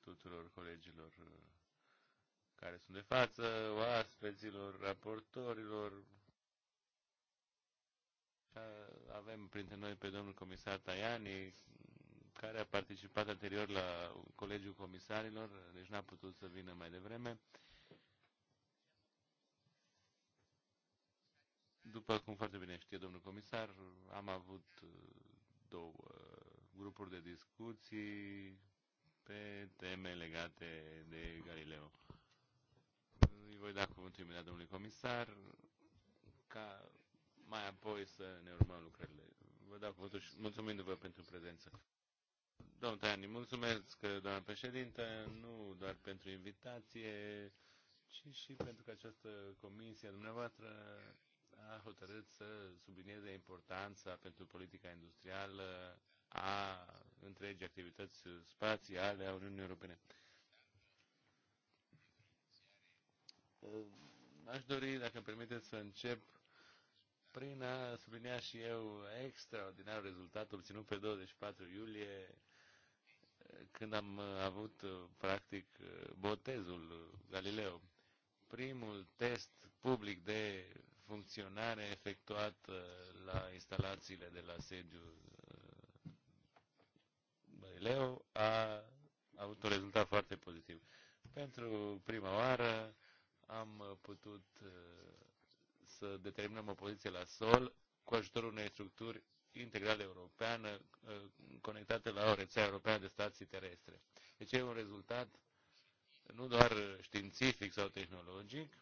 tuturor colegilor uh, care sunt de față, oaspeților, raportorilor. Avem printre noi pe domnul comisar Tajani, care a participat anterior la Colegiul Comisarilor, deci n-a putut să vină mai devreme. După cum foarte bine știe domnul comisar, am avut uh, două uh, grupuri de discuții pe teme legate de Galileo. Îi voi da cuvântul imediat domnului comisar ca mai apoi să ne urmăm lucrările. Vă dau cuvântul și mulțumindu-vă pentru prezență. Domnul Tani, mulțumesc, doamna președintă, nu doar pentru invitație, ci și pentru că această comisie dumneavoastră a hotărât să sublinieze importanța pentru politica industrială a întregii activități spațiale a Uniunii Europene. Uh, aș dori, dacă îmi permiteți, să încep prin a sublinia și eu extraordinarul rezultat obținut pe 24 iulie, când am avut, uh, practic, uh, botezul Galileo. Primul test public de funcționare efectuată la instalațiile de la sediu uh, Băileu a avut un rezultat foarte pozitiv. Pentru prima oară am putut uh, să determinăm o poziție la sol cu ajutorul unei structuri integrale europeană uh, conectate la o rețea europeană de stații terestre. Deci e un rezultat nu doar științific sau tehnologic,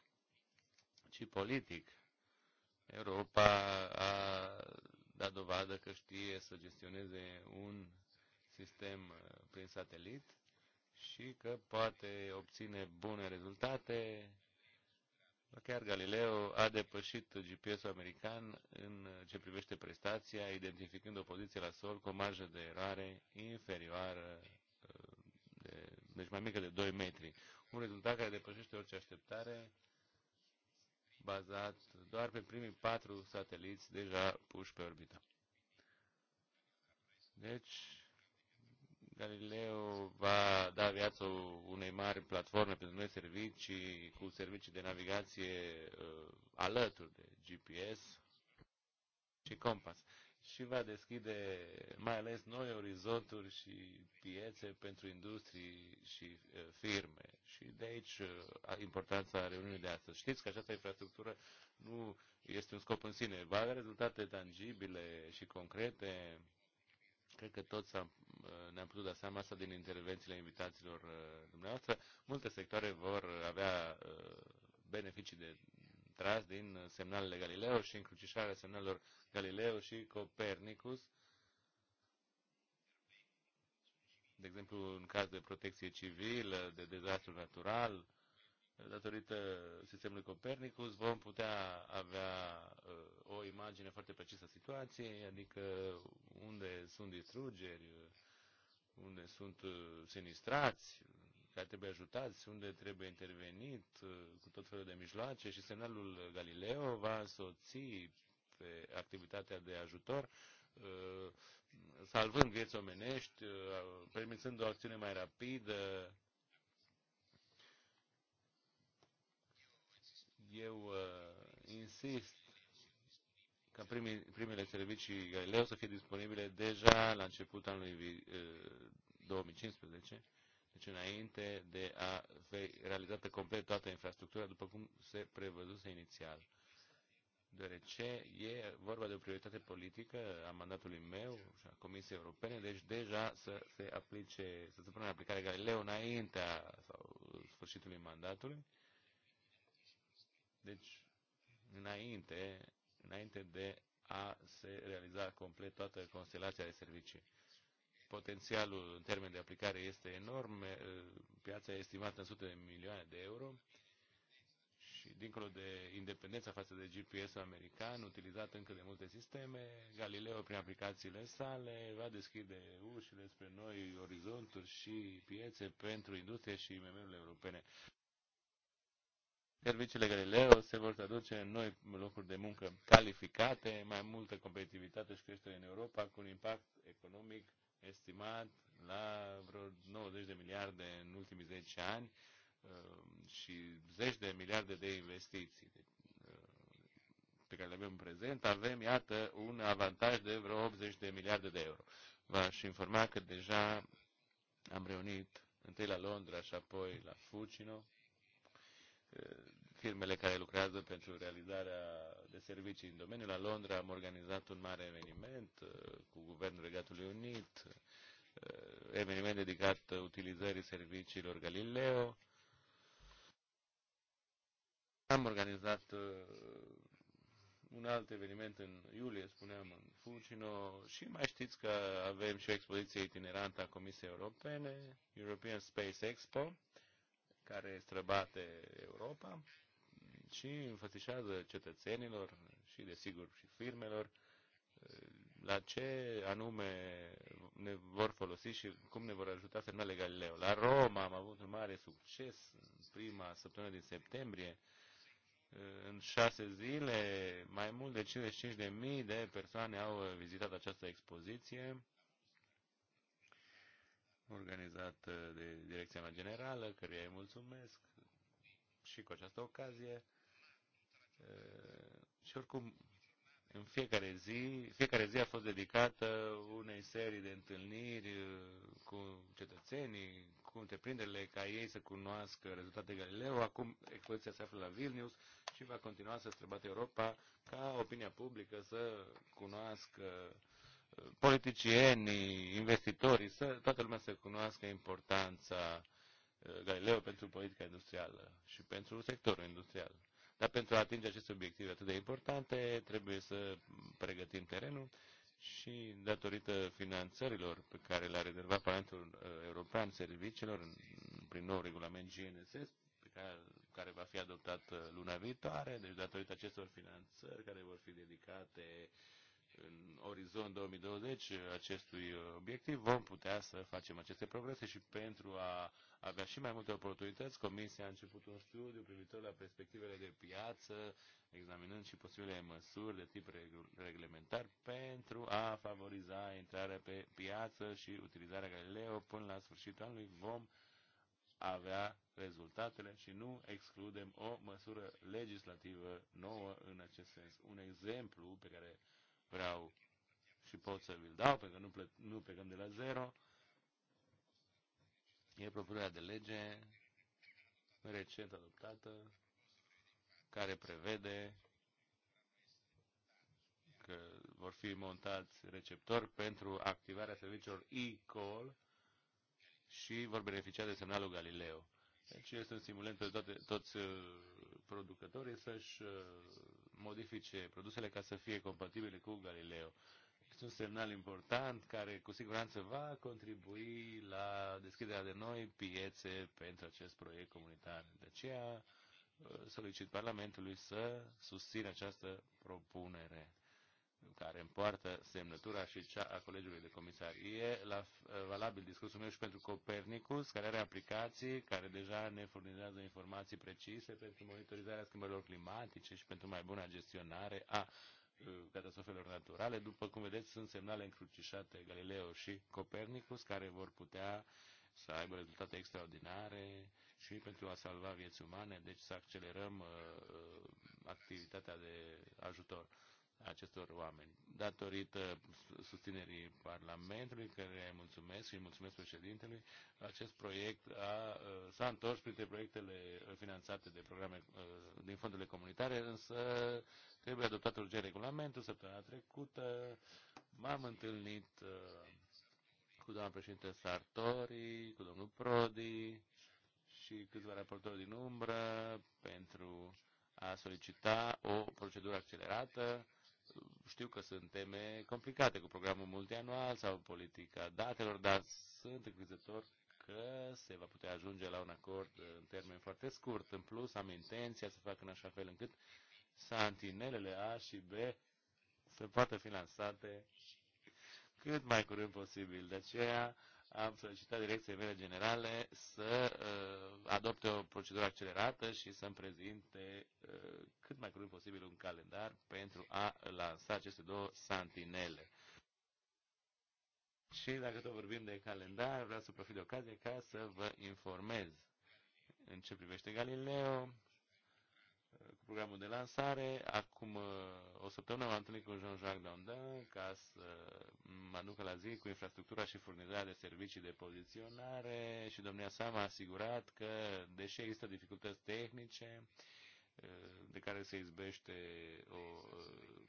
ci politic. Europa a dat dovadă că știe să gestioneze un sistem uh, prin satelit și că poate obține bune rezultate. Chiar Galileo a depășit GPS-ul american în ce privește prestația, identificând o poziție la sol cu o marjă de eroare inferioară, uh, de, deci mai mică de 2 metri. Un rezultat care depășește orice așteptare bazat doar pe primii patru sateliți deja puși pe orbită. Deci, Galileo va da viață unei mari platforme pentru noi servicii, cu servicii de navigație uh, alături de GPS și compas și va deschide mai ales noi orizonturi și piețe pentru industrii și uh, firme. Și de aici uh, importanța reuniunii de astăzi. Știți că această infrastructură nu este un scop în sine, va avea rezultate tangibile și concrete. Cred că toți am, uh, ne-am putut da seama asta din intervențiile invitaților dumneavoastră. Multe sectoare vor avea beneficii de tras din semnalele Galileo și încrucișarea semnalelor Galileo și Copernicus, de exemplu în caz de protecție civilă, de dezastru natural, datorită sistemului Copernicus vom putea avea uh, o imagine foarte precisă a situației, adică unde sunt distrugeri, unde sunt uh, sinistrați, care trebuie ajutați, unde trebuie intervenit uh, cu tot felul de mijloace și semnalul Galileo va soți aceste, activitatea de ajutor, uh, salvând vieți omenești, uh, permițând o acțiune mai rapidă. Eu uh, insist ca primii, primele servicii Galileo să fie disponibile deja la începutul anului 2015, deci înainte de a fi realizată complet toată infrastructura, după cum se prevăzuse inițial deoarece e vorba de o prioritate politică a mandatului meu și a Comisiei Europene, deci deja să se aplice, să se pună în aplicare Galileo înaintea sau sfârșitului mandatului. Deci, înainte, înainte de a se realiza complet toată constelația de servicii. Potențialul în termen de aplicare este enorm, piața este estimată în sute de milioane de euro și dincolo de independența față de GPS-ul american, utilizat încă de multe sisteme, Galileo, prin aplicațiile sale, va deschide ușile spre noi orizonturi și piețe pentru industrie și imm europene. Serviciile Galileo se vor traduce în noi locuri de muncă calificate, mai multă competitivitate și creștere în Europa, cu un impact economic estimat la vreo 90 de miliarde în ultimii 10 ani, Uh, și zeci de miliarde de investiții deci, uh, pe care le avem în prezent, avem, iată, un avantaj de vreo 80 de miliarde de euro. V-aș informa că deja am reunit întâi la Londra și apoi la Fucino uh, firmele care lucrează pentru realizarea de servicii în domeniul La Londra am organizat un mare eveniment cu Guvernul Regatului Unit, eveniment dedicat utilizării serviciilor Galileo, am organizat uh, un alt eveniment în iulie, spuneam, în Funcino și mai știți că avem și o expoziție itinerantă a Comisiei Europene, European Space Expo, care străbate Europa și înfățișează cetățenilor și, desigur, și firmelor uh, la ce anume ne vor folosi și cum ne vor ajuta semnale Galileo. La Roma am avut un mare succes în prima săptămână din septembrie, în șase zile, mai mult de 55.000 de persoane au vizitat această expoziție organizată de Direcția mea Generală, căruia îi mulțumesc și cu această ocazie. Și oricum, în fiecare zi, fiecare zi a fost dedicată unei serii de întâlniri cu cetățenii, cu întreprinderile ca ei să cunoască rezultatele Galileo. Acum expoziția se află la Vilnius și va continua să străbate Europa ca opinia publică să cunoască uh, politicienii, investitorii, să, toată lumea să cunoască importanța uh, Galileo pentru politica industrială și pentru sectorul industrial. Dar pentru a atinge aceste obiective atât de importante, trebuie să pregătim terenul și datorită finanțărilor pe care le-a rezervat Parlamentul uh, European serviciilor prin nou regulament GNSS, care va fi adoptat uh, luna viitoare, deci datorită acestor finanțări care vor fi dedicate uh, în orizont 2020 acestui obiectiv, vom putea să facem aceste progrese și pentru a avea și mai multe oportunități, Comisia a început un studiu privitor la perspectivele de piață, examinând și posibile măsuri de tip reglementar pentru a favoriza intrarea pe piață și utilizarea Galileo până la sfârșitul anului. Vom avea rezultatele și nu excludem o măsură legislativă nouă în acest sens. Un exemplu pe care vreau și pot să vi-l dau, pentru că nu, nu plecăm de la zero. E propunerea de lege recent adoptată care prevede că vor fi montați receptori pentru activarea serviciilor e-call și vor beneficia de semnalul Galileo. Deci este un stimulant pentru toate, toți uh, producătorii să-și uh, modifice produsele ca să fie compatibile cu Galileo. Este un semnal important care cu siguranță va contribui la deschiderea de noi piețe pentru acest proiect comunitar. De aceea solicit Parlamentului să susțină această propunere care împoartă semnătura și cea a colegiului de comisari. E la, eh, valabil discursul meu și pentru Copernicus, care are aplicații, care deja ne furnizează informații precise pentru monitorizarea schimbărilor climatice și pentru mai bună gestionare a eh, catastrofelor naturale. După cum vedeți, sunt semnale încrucișate Galileo și Copernicus, care vor putea să aibă rezultate extraordinare și pentru a salva vieți umane, deci să accelerăm uh, activitatea de ajutor acestor oameni. Datorită susținerii Parlamentului, care mulțumesc și mulțumesc președintelui, acest proiect a, uh, s-a întors printre proiectele finanțate de programe uh, din fondurile comunitare, însă trebuie adoptat urgent regulamentul. Săptămâna trecută m-am întâlnit uh, cu doamna președinte Sartori, cu domnul Prodi și câțiva raportori din umbră pentru a solicita o procedură accelerată știu că sunt teme complicate cu programul multianual sau politica datelor, dar sunt încrezător că se va putea ajunge la un acord în termen foarte scurt. În plus, am intenția să fac în așa fel încât santinelele A și B să poată fi lansate cât mai curând posibil. De aceea, am solicitat direcției mele generale să uh, adopte o procedură accelerată și să-mi prezinte uh, cât mai curând posibil un calendar pentru a lansa aceste două santinele. Și dacă tot vorbim de calendar, vreau să profit de ocazie ca să vă informez în ce privește Galileo, programul de lansare. Acum uh, o săptămână m-am întâlnit cu Jean-Jacques Dandin ca să mă ducă la zi cu infrastructura și furnizarea de servicii de poziționare și domnia sa m-a asigurat că, deși există dificultăți tehnice uh, de care se izbește o uh,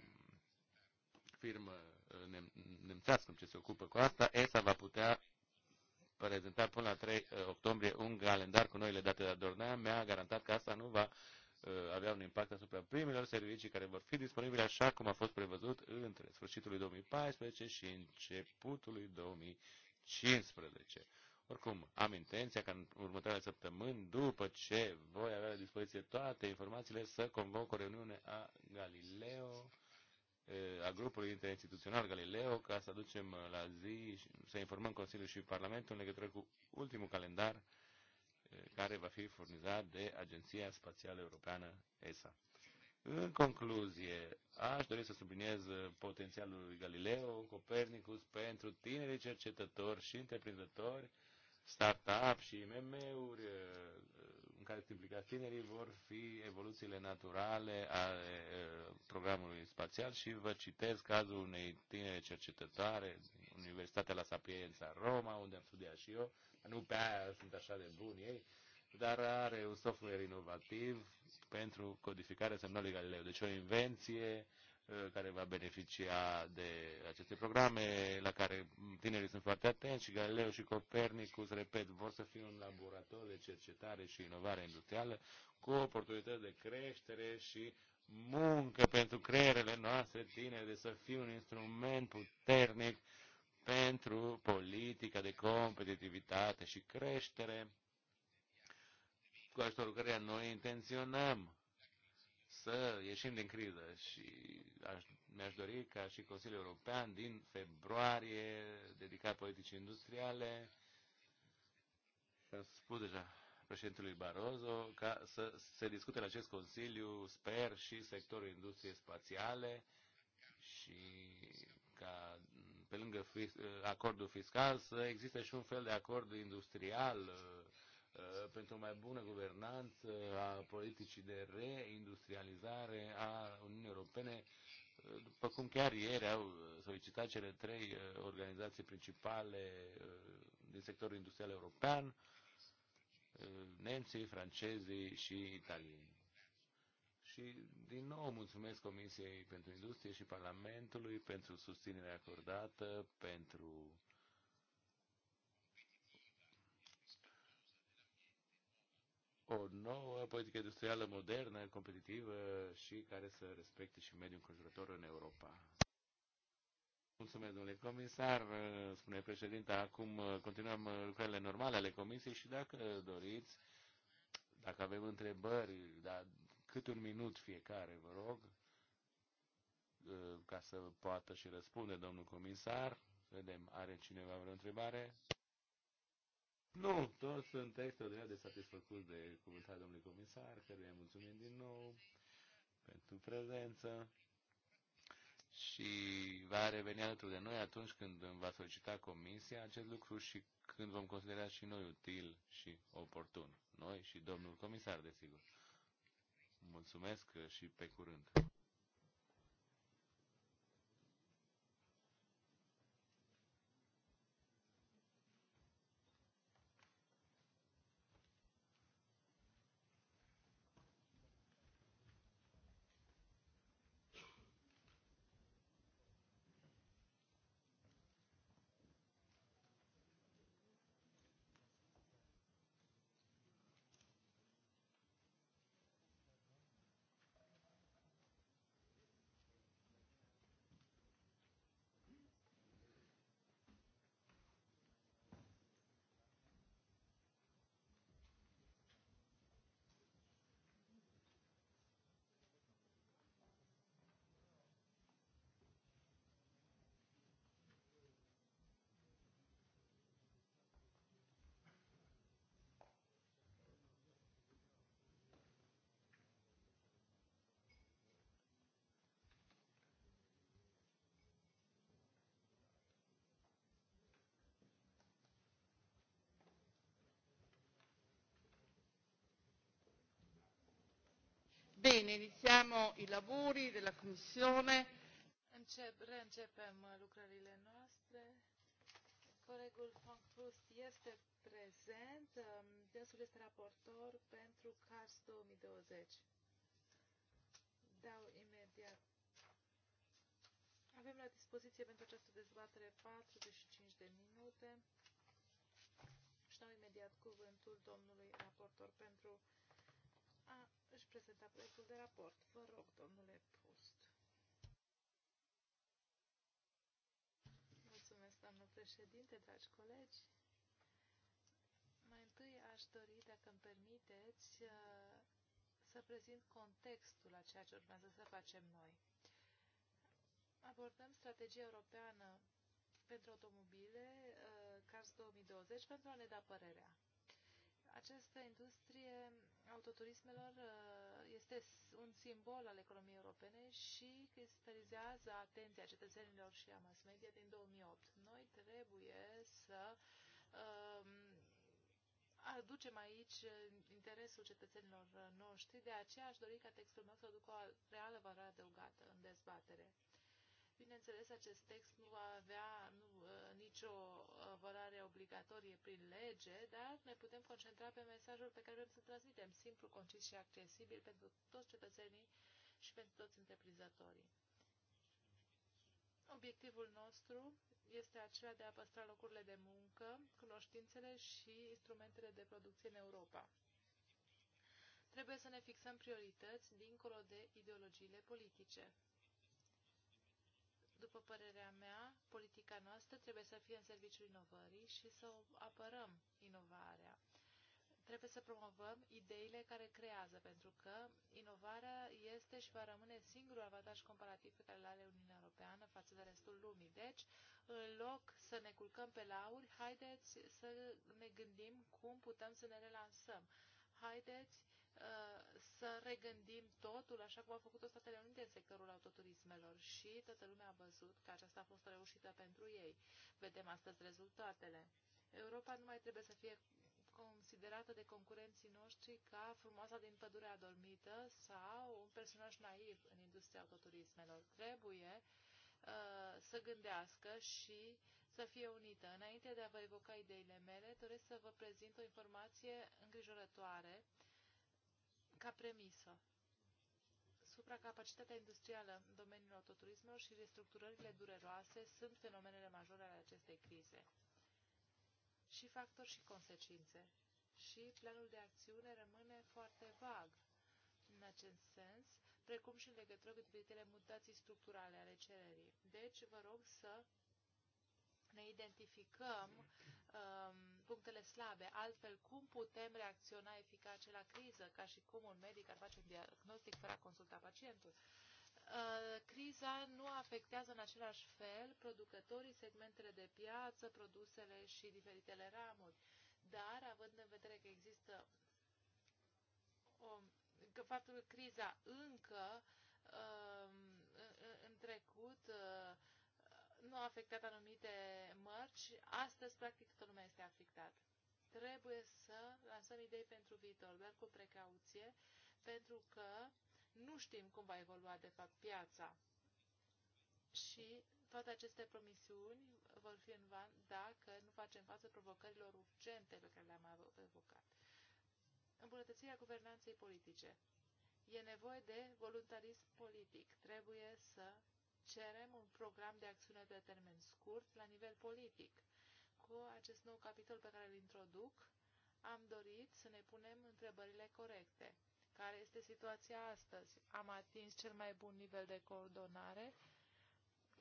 firmă nemțească ce se ocupă cu asta, ESA va putea prezenta până la 3 octombrie un calendar cu noile date de adornare. Mi-a garantat că asta nu va uh, Uh, avea un impact asupra primelor servicii care vor fi disponibile așa cum a fost prevăzut între sfârșitul lui 2014 și începutul lui 2015. Oricum, am intenția ca în următoarele săptămâni, după ce voi avea la dispoziție toate informațiile, să convoc o reuniune a Galileo, uh, a grupului interinstituțional Galileo, ca să aducem la zi, să informăm Consiliul și Parlamentul în legătură cu ultimul calendar care va fi furnizat de Agenția Spațială Europeană ESA. În concluzie, aș dori să subliniez potențialul lui Galileo, Copernicus pentru tinerii cercetători și întreprinzători, start-up și IMM-uri uh, în care sunt implicați tinerii vor fi evoluțiile naturale ale uh, programului spațial și vă citesc cazul unei tinere cercetătoare Universitatea La Sapienza Roma, unde am studiat și eu, nu pe aia sunt așa de buni ei, dar are un software inovativ pentru codificarea semnului Galileu. Deci o invenție uh, care va beneficia de aceste programe, la care tinerii sunt foarte atenți și Galileo și Copernicus, repet, vor să fie un laborator de cercetare și inovare industrială cu oportunități de creștere și muncă pentru creierele noastre tinere, să fie un instrument puternic uh, pentru politica de competitivitate și creștere, cu ajutorul căreia noi intenționăm să ieșim din criză și aș, mi-aș dori ca și Consiliul European din februarie, dedicat politicii industriale, s-a spus deja președintelui Barroso, ca să se discute la acest Consiliu, sper, și sectorul industriei spațiale și pe lângă uh, acordul fiscal, să existe și un fel de acord industrial uh, uh, pentru o mai bună guvernanță a politicii de reindustrializare a Uniunii Europene, după cum chiar ieri au solicitat cele trei organizații principale din sectorul industrial european, nemții, francezii și italieni. Și din nou mulțumesc Comisiei pentru Industrie și Parlamentului pentru susținerea acordată, pentru o nouă politică industrială modernă, competitivă și care să respecte și mediul înconjurător în Europa. Mulțumesc, domnule comisar, spune președinta. Acum uh, continuăm uh, lucrările normale ale comisiei și dacă doriți, dacă avem întrebări, da, câte un minut fiecare, vă rog, uh, ca să poată și răspunde domnul comisar. Vedem, are cineva vreo întrebare? Nu, toți sunt extraordinar de satisfăcut de cuvântarea domnului comisar, căruia mulțumim din nou pentru prezență și va reveni alături de noi atunci când va solicita comisia acest lucru și când vom considera și noi util și oportun. Noi și domnul comisar, desigur. Mulțumesc și pe curând! Bine, iniziamo i lavori della Commissione. reîncepem uh, lucrările noastre. Colegul Frank este prezent. Um, dânsul este raportor pentru CARS 2020. Dau imediat. Avem la dispoziție pentru această dezbatere 45 de minute. Și dau imediat cuvântul domnului raportor pentru își prezenta proiectul de raport. Vă rog, domnule Post. Mulțumesc, doamnă președinte, dragi colegi. Mai întâi aș dori, dacă îmi permiteți, uh, să prezint contextul a ceea ce urmează să facem noi. Abordăm strategia europeană pentru automobile, uh, CARS 2020, pentru a ne da părerea. Această industrie autoturismelor uh, este un simbol al economiei europene și cristalizează atenția cetățenilor și a mass media din 2008. Noi trebuie să um, aducem aici uh, interesul cetățenilor uh, noștri, de aceea aș dori ca textul meu să aducă o reală valoare adăugată în dezbatere. Bineînțeles, acest text nu va avea nu, uh, nicio valoare obligatorie prin lege, dar ne putem concentra pe mesajul pe care vrem să-l transmitem, simplu, concis și accesibil pentru toți cetățenii și pentru toți întreprinzătorii. Obiectivul nostru este acela de a păstra locurile de muncă, cunoștințele și instrumentele de producție în Europa. Trebuie să ne fixăm priorități dincolo de ideologiile politice. După părerea mea, politica noastră trebuie să fie în serviciul inovării și să apărăm inovarea. Trebuie să promovăm ideile care creează, pentru că inovarea este și va rămâne singurul avantaj comparativ pe care îl are Uniunea Europeană față de restul lumii. Deci, în loc să ne culcăm pe lauri, haideți să ne gândim cum putem să ne relansăm. Haideți uh, să regândim totul, așa cum au făcut-o Statele Unite în sectorul autoturismelor și toată lumea a văzut că aceasta a fost o reușită pentru ei. Vedem astăzi rezultatele. Europa nu mai trebuie să fie considerată de concurenții noștri ca frumoasa din pădurea adormită sau un personaj naiv în industria autoturismelor. Trebuie uh, să gândească și să fie unită. Înainte de a vă evoca ideile mele, doresc să vă prezint o informație îngrijorătoare ca premisă. Supracapacitatea industrială în domeniul autoturismelor și restructurările dureroase sunt fenomenele majore ale acestei crize. Și factori și consecințe. Și planul de acțiune rămâne foarte vag în acest sens, precum și în legătură cu diferitele mutații structurale ale cererii. Deci, vă rog să ne identificăm um, punctele slabe. Altfel, cum putem reacționa eficace la criză, ca și cum un medic ar face un diagnostic fără a consulta pacientul? Uh, criza nu afectează în același fel producătorii, segmentele de piață, produsele și diferitele ramuri. Dar, având în vedere că există o, că faptul că criza încă uh, în trecut uh, nu a afectat anumite mărci, astăzi practic toată lumea este afectată. Trebuie să lansăm idei pentru viitor, dar cu precauție, pentru că nu știm cum va evolua de fapt piața. Și toate aceste promisiuni vor fi în van dacă nu facem față provocărilor urgente pe care le-am evocat. Îmbunătățirea guvernanței politice. E nevoie de voluntarism politic. Trebuie să cerem un program de acțiune pe termen scurt la nivel politic. Cu acest nou capitol pe care îl introduc, am dorit să ne punem întrebările corecte. Care este situația astăzi? Am atins cel mai bun nivel de coordonare?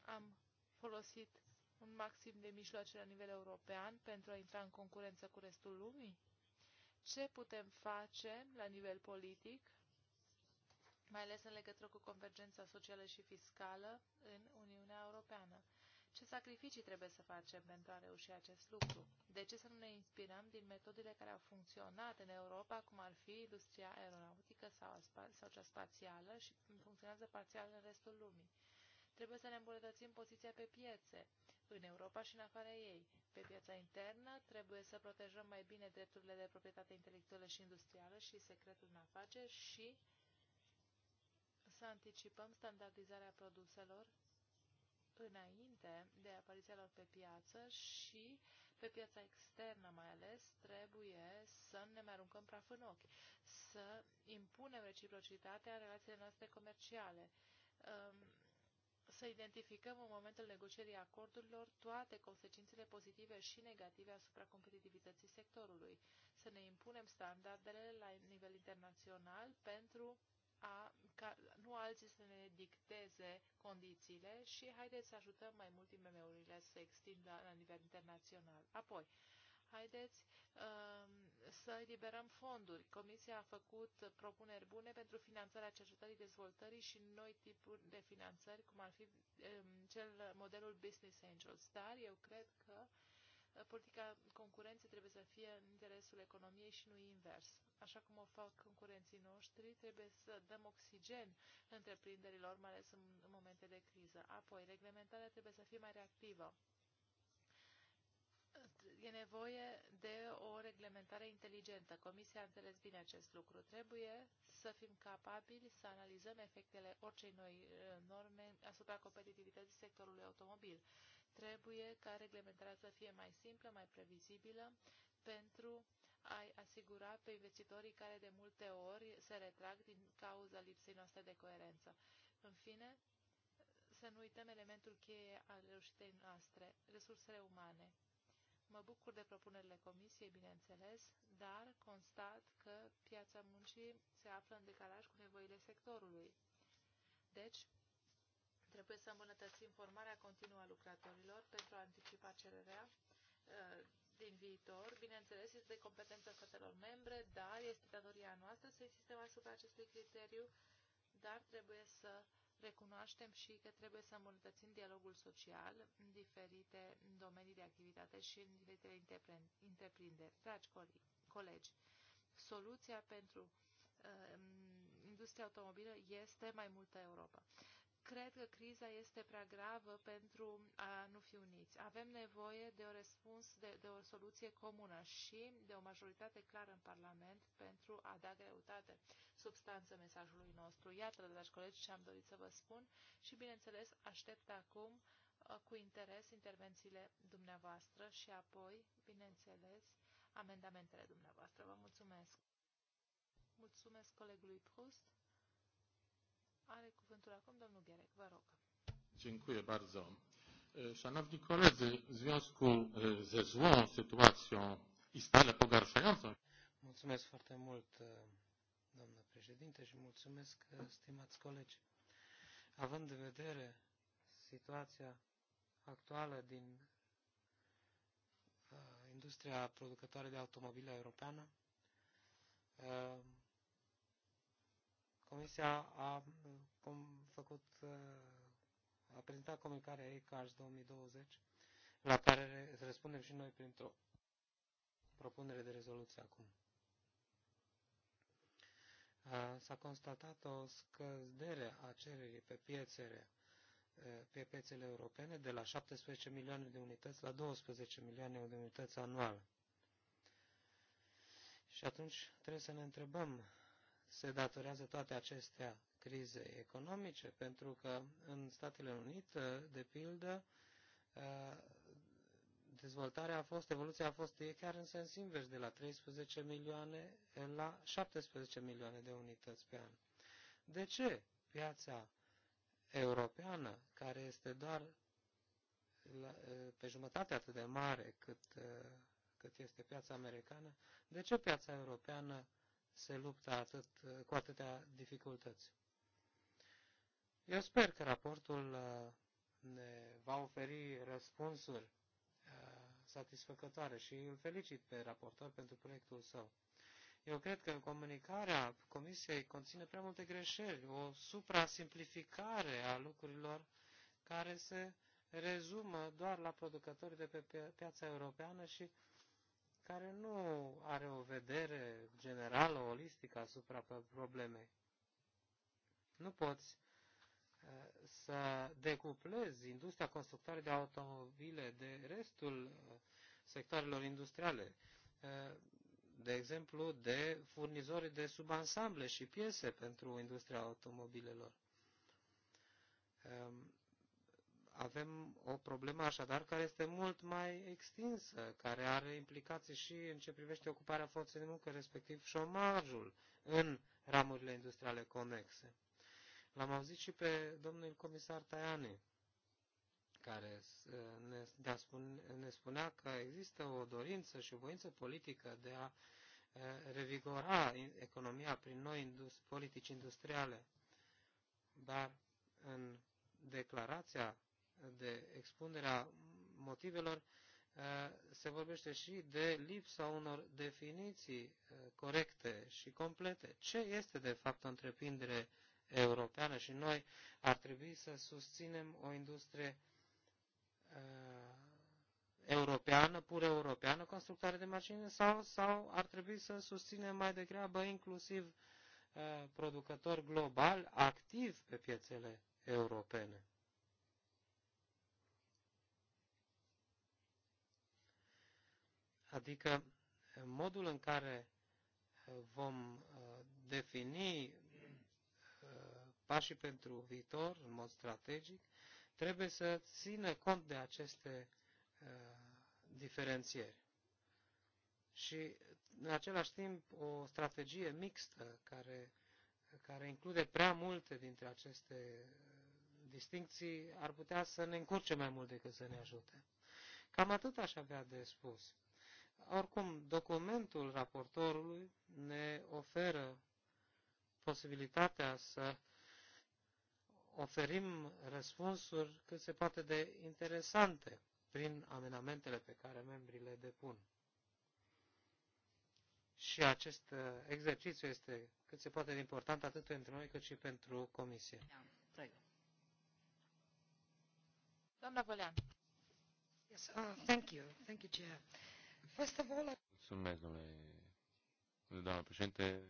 Am folosit un maxim de mijloace la nivel european pentru a intra în concurență cu restul lumii? Ce putem face la nivel politic mai ales în legătură cu convergența socială și fiscală în Uniunea Europeană. Ce sacrificii trebuie să facem pentru a reuși acest lucru? De ce să nu ne inspirăm din metodele care au funcționat în Europa, cum ar fi industria aeronautică sau, sau cea spațială și funcționează parțial în restul lumii? Trebuie să ne îmbunătățim poziția pe piețe, în Europa și în afara ei. Pe piața internă trebuie să protejăm mai bine drepturile de proprietate intelectuală și industrială și secretul în afaceri și să anticipăm standardizarea produselor înainte de apariția lor pe piață și pe piața externă mai ales, trebuie să ne mai aruncăm praf în ochi, să impunem reciprocitatea în relațiile noastre comerciale, um, să identificăm în momentul negocierii acordurilor toate consecințele pozitive și negative asupra competitivității sectorului, să ne impunem standardele la nivel internațional pentru a, ca nu alții să ne dicteze condițiile și haideți să ajutăm mai mult IMM-urile să se extindă la, nivel internațional. Apoi, haideți uh, să eliberăm fonduri. Comisia a făcut propuneri bune pentru finanțarea cercetării, dezvoltării și noi tipuri de finanțări, cum ar fi um, cel modelul Business Angels. Dar eu cred că uh, politica concurenței trebuie să fie în interesul economiei și nu invers. Așa cum o fac concurenții noștri, trebuie să dăm oxigen întreprinderilor, mai ales în, în momente de criză. Apoi, reglementarea trebuie să fie mai reactivă. E nevoie de o reglementare inteligentă. Comisia a înțeles bine acest lucru. Trebuie să fim capabili să analizăm efectele oricei noi eh, norme asupra competitivității sectorului automobil Trebuie ca reglementarea să fie mai simplă, mai previzibilă, pentru a asigura pe investitorii care de multe ori se retrag din cauza lipsei noastre de coerență. În fine, să nu uităm elementul cheie al reușitei noastre, resursele umane. Mă bucur de propunerile comisiei, bineînțeles, dar constat că piața muncii se află în decalaj cu nevoile sectorului. Deci, Trebuie să îmbunătățim formarea continuă a lucrătorilor pentru a anticipa cererea uh, din viitor. Bineînțeles, este de competența statelor membre, dar este datoria noastră să insistăm asupra acestui criteriu, dar trebuie să recunoaștem și că trebuie să îmbunătățim dialogul social în diferite domenii de activitate și în diferite întreprinderi. Dragi colegi, soluția pentru uh, industria automobilă este mai multă Europa cred că criza este prea gravă pentru a nu fi uniți. Avem nevoie de o răspuns, de, de o soluție comună și de o majoritate clară în Parlament pentru a da greutate, substanță mesajului nostru. Iată, dragi colegi, ce am dorit să vă spun și, bineînțeles, aștept acum uh, cu interes intervențiile dumneavoastră și apoi, bineînțeles, amendamentele dumneavoastră. Vă mulțumesc! Mulțumesc colegului Proust! Are cuvântul acum domnul Gherec, vă rog. Dziękuję bardzo. Szanowni koledzy, w związku ze złą sytuacją i stale pogarszającą Mulțumesc foarte mult, doamnă președinte, și mulțumesc, stimați colegi. Având în vedere situația actuală din industria producătoare de automobile europeană, Comisia a făcut uh, a prezentat comunicarea ECARS 2020, la care răspundem și noi printr-o propunere de rezoluție acum. Uh, s-a constatat o scădere a cererii pe piețele, uh, pe piețele europene de la 17 milioane de unități la 12 milioane de unități anual. Și atunci trebuie să ne întrebăm se datorează toate acestea crizei economice, pentru că în Statele Unite, de pildă, uh, dezvoltarea a fost, evoluția a fost chiar în sens invers, de la 13 milioane la 17 milioane de unități pe an. De ce piața europeană, care este doar la, uh, pe jumătate atât de mare cât, uh, cât este piața americană, de ce piața europeană se luptă atât, cu atâtea dificultăți. Eu sper că raportul uh, ne va oferi răspunsuri uh, satisfăcătoare și îl felicit pe raportor pentru proiectul său. Eu cred că comunicarea Comisiei conține prea multe greșeli, o suprasimplificare a lucrurilor care se rezumă doar la producătorii de pe piața europeană și care nu are o vedere generală, olistică asupra problemei. Nu poți uh, să decuplezi industria constructoare de automobile de restul uh, sectoarelor industriale, uh, de exemplu, de furnizori de subansamble și piese pentru industria automobilelor. Um, avem o problemă așadar care este mult mai extinsă, care are implicații și în ce privește ocuparea forței de muncă, respectiv șomajul în ramurile industriale conexe. L-am auzit și pe domnul comisar Tajani, care uh, ne, spune, ne spunea că există o dorință și o voință politică de a uh, revigora economia prin noi politici industriale. Dar în declarația de expunerea motivelor, uh, se vorbește și de lipsa unor definiții uh, corecte și complete. Ce este, de fapt, o întreprindere europeană și noi ar trebui să susținem o industrie uh, europeană, pur europeană, constructoare de mașini sau, sau ar trebui să susținem mai degrabă inclusiv producători global activ pe piețele europene. adică modul în care uh, vom uh, defini uh, pașii pentru viitor în mod strategic, trebuie să țină cont de aceste diferențieri. Și, în același timp, o strategie mixtă care, care include prea multe dintre aceste distincții ar putea să ne încurce mai mult decât să ne ajute. Cam atât aș avea de spus. Oricum, documentul raportorului ne oferă posibilitatea să oferim răspunsuri cât se poate de interesante prin amenamentele pe care membrii le depun. Și acest uh, exercițiu este cât se poate de important atât pentru noi cât și pentru Comisie. Da, Doamna Vălean. Yes, uh, thank you. Thank you, Chair. First of all, Mulțumesc, domnule doamnă președinte.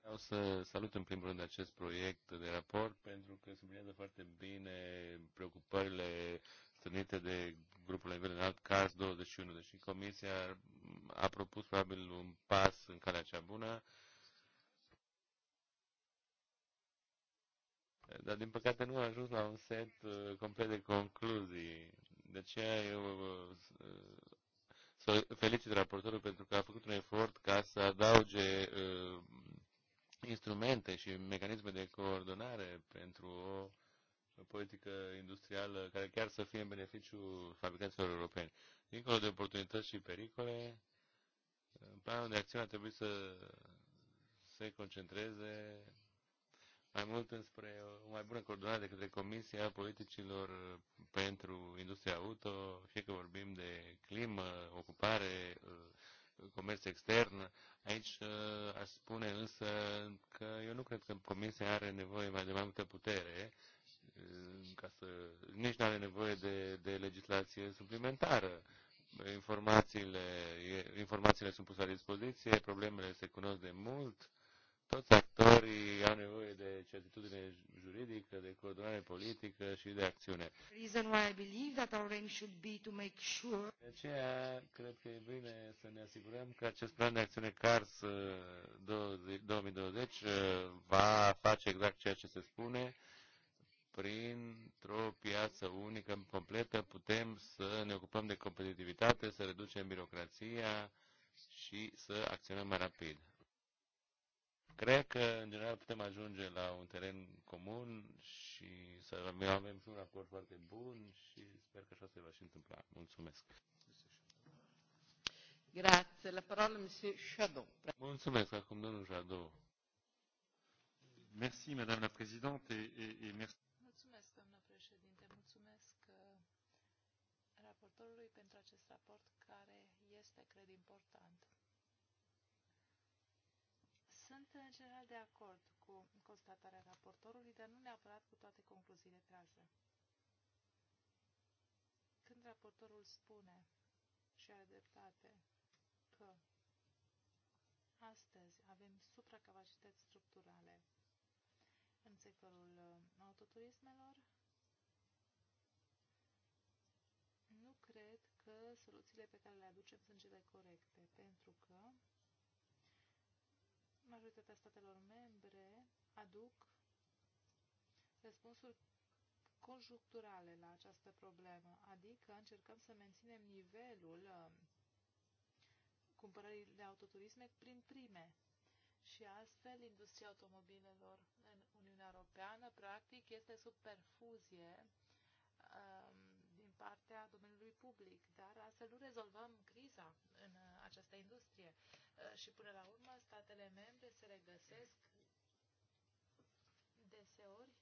Vreau să salut în primul rând acest proiect de raport pentru că sublinează foarte bine preocupările stârnite de grupul la nivel înalt, CARS 21, deși Comisia a propus probabil un pas în calea cea bună. Dar, din păcate, nu a ajuns la un set uh, complet de concluzii. De aceea eu uh, felicit raportorul pentru că a făcut un efort ca să adauge uh, instrumente și mecanisme de coordonare pentru o politică industrială care chiar să fie în beneficiu fabricanților europeni. Dincolo de oportunități și pericole, uh, planul de acțiune ar trebui să se concentreze mai mult înspre o mai bună coordonare de către Comisia Politicilor pentru Industria Auto, fie că vorbim de climă, ocupare, comerț extern. Aici uh, aș spune însă că eu nu cred că Comisia are nevoie mai de mai multă putere, uh, ca să, nici nu are nevoie de, de legislație suplimentară. Informațiile, informațiile sunt puse la dispoziție, problemele se cunosc de mult, toți actorii au nevoie de certitudine juridică, de coordonare politică și de acțiune. De aceea, cred că e bine să ne asigurăm că acest plan de acțiune CARS 2020 uh, uh, va face exact ceea ce se spune. Printr-o piață unică completă putem să ne ocupăm de competitivitate, să reducem birocrația și să acționăm mai rapid. Cred că, în general, putem ajunge la un teren comun și să avem și un acord foarte bun și sper că așa se va și întâmpla. Mulțumesc! Grazie. La parola Monsieur Shadow. Mulțumesc. Acum domnul Shadow. Merci, Madame la Présidente, et, et, et merci. Mulțumesc, domnule președinte. Mulțumesc uh, raportorului pentru acest raport care este, cred, important Sunt în general de acord cu constatarea raportorului, dar nu neapărat cu toate concluziile trase. Când raportorul spune și are dreptate că astăzi avem supracapacități structurale în sectorul uh, autoturismelor, nu cred că soluțiile pe care le aducem sunt cele corecte, pentru că majoritatea statelor membre aduc răspunsuri conjuncturale la această problemă, adică încercăm să menținem nivelul uh, cumpărării de autoturisme prin prime. Și astfel, industria automobilelor în Uniunea Europeană, practic, este sub perfuzie um, din partea domeniului public, dar astfel nu rezolvăm criza în uh, această industrie. Uh, și până la urmă statele membre se regăsesc deseori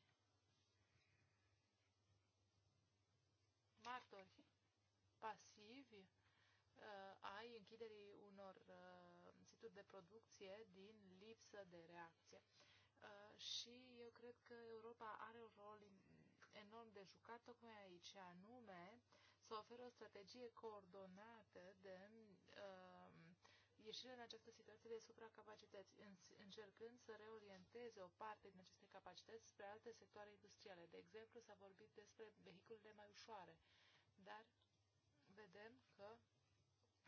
martori pasivi uh, ai închiderii unor uh, situri de producție din lipsă de reacție. Uh, și eu cred că Europa are un rol enorm de jucat tocmai aici, anume să oferă o strategie coordonată de uh, ieșire în această situație de supracapacități, încercând să reorienteze o parte din aceste capacități spre alte sectoare industriale. De exemplu, s-a vorbit despre vehiculele mai ușoare, dar vedem că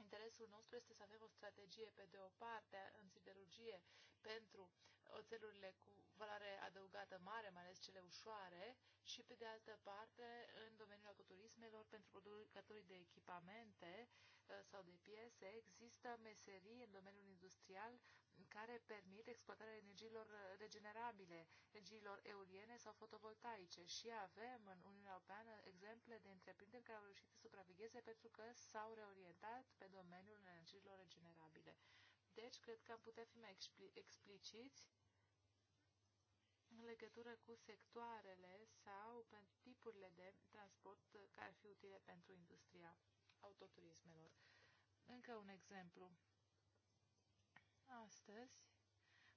interesul nostru este să avem o strategie, pe de o parte, în siderurgie pentru oțelurile cu valoare adăugată mare, mai ales cele ușoare, și pe de altă parte, în domeniul autoturismelor, pentru producătorii de echipamente, Uh, sau de piese, există meserii în domeniul industrial care permit exploatarea energiilor uh, regenerabile, energiilor eoliene sau fotovoltaice și avem în Uniunea Europeană exemple de întreprinderi care au reușit să supravegheze pentru că s-au reorientat pe domeniul energiilor regenerabile. Deci, cred că am putea fi mai expliciți în legătură cu sectoarele sau pentru tipurile de transport care ar fi utile pentru industria turismelor. Încă un exemplu. Astăzi,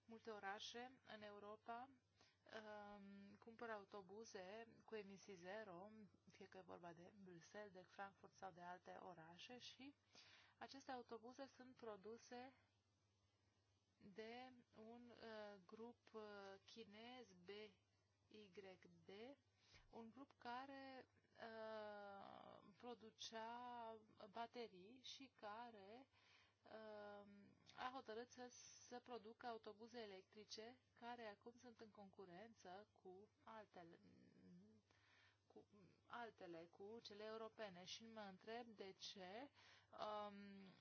multe orașe în Europa um, cumpără autobuze cu emisii zero, fie că e vorba de Bruxelles, de Frankfurt sau de alte orașe și aceste autobuze sunt produse de un uh, grup uh, chinez BYD, un grup care uh, producea baterii și care um, a hotărât să, să producă autobuze electrice care acum sunt în concurență cu altele, cu altele, cu cele europene. Și mă întreb de ce um,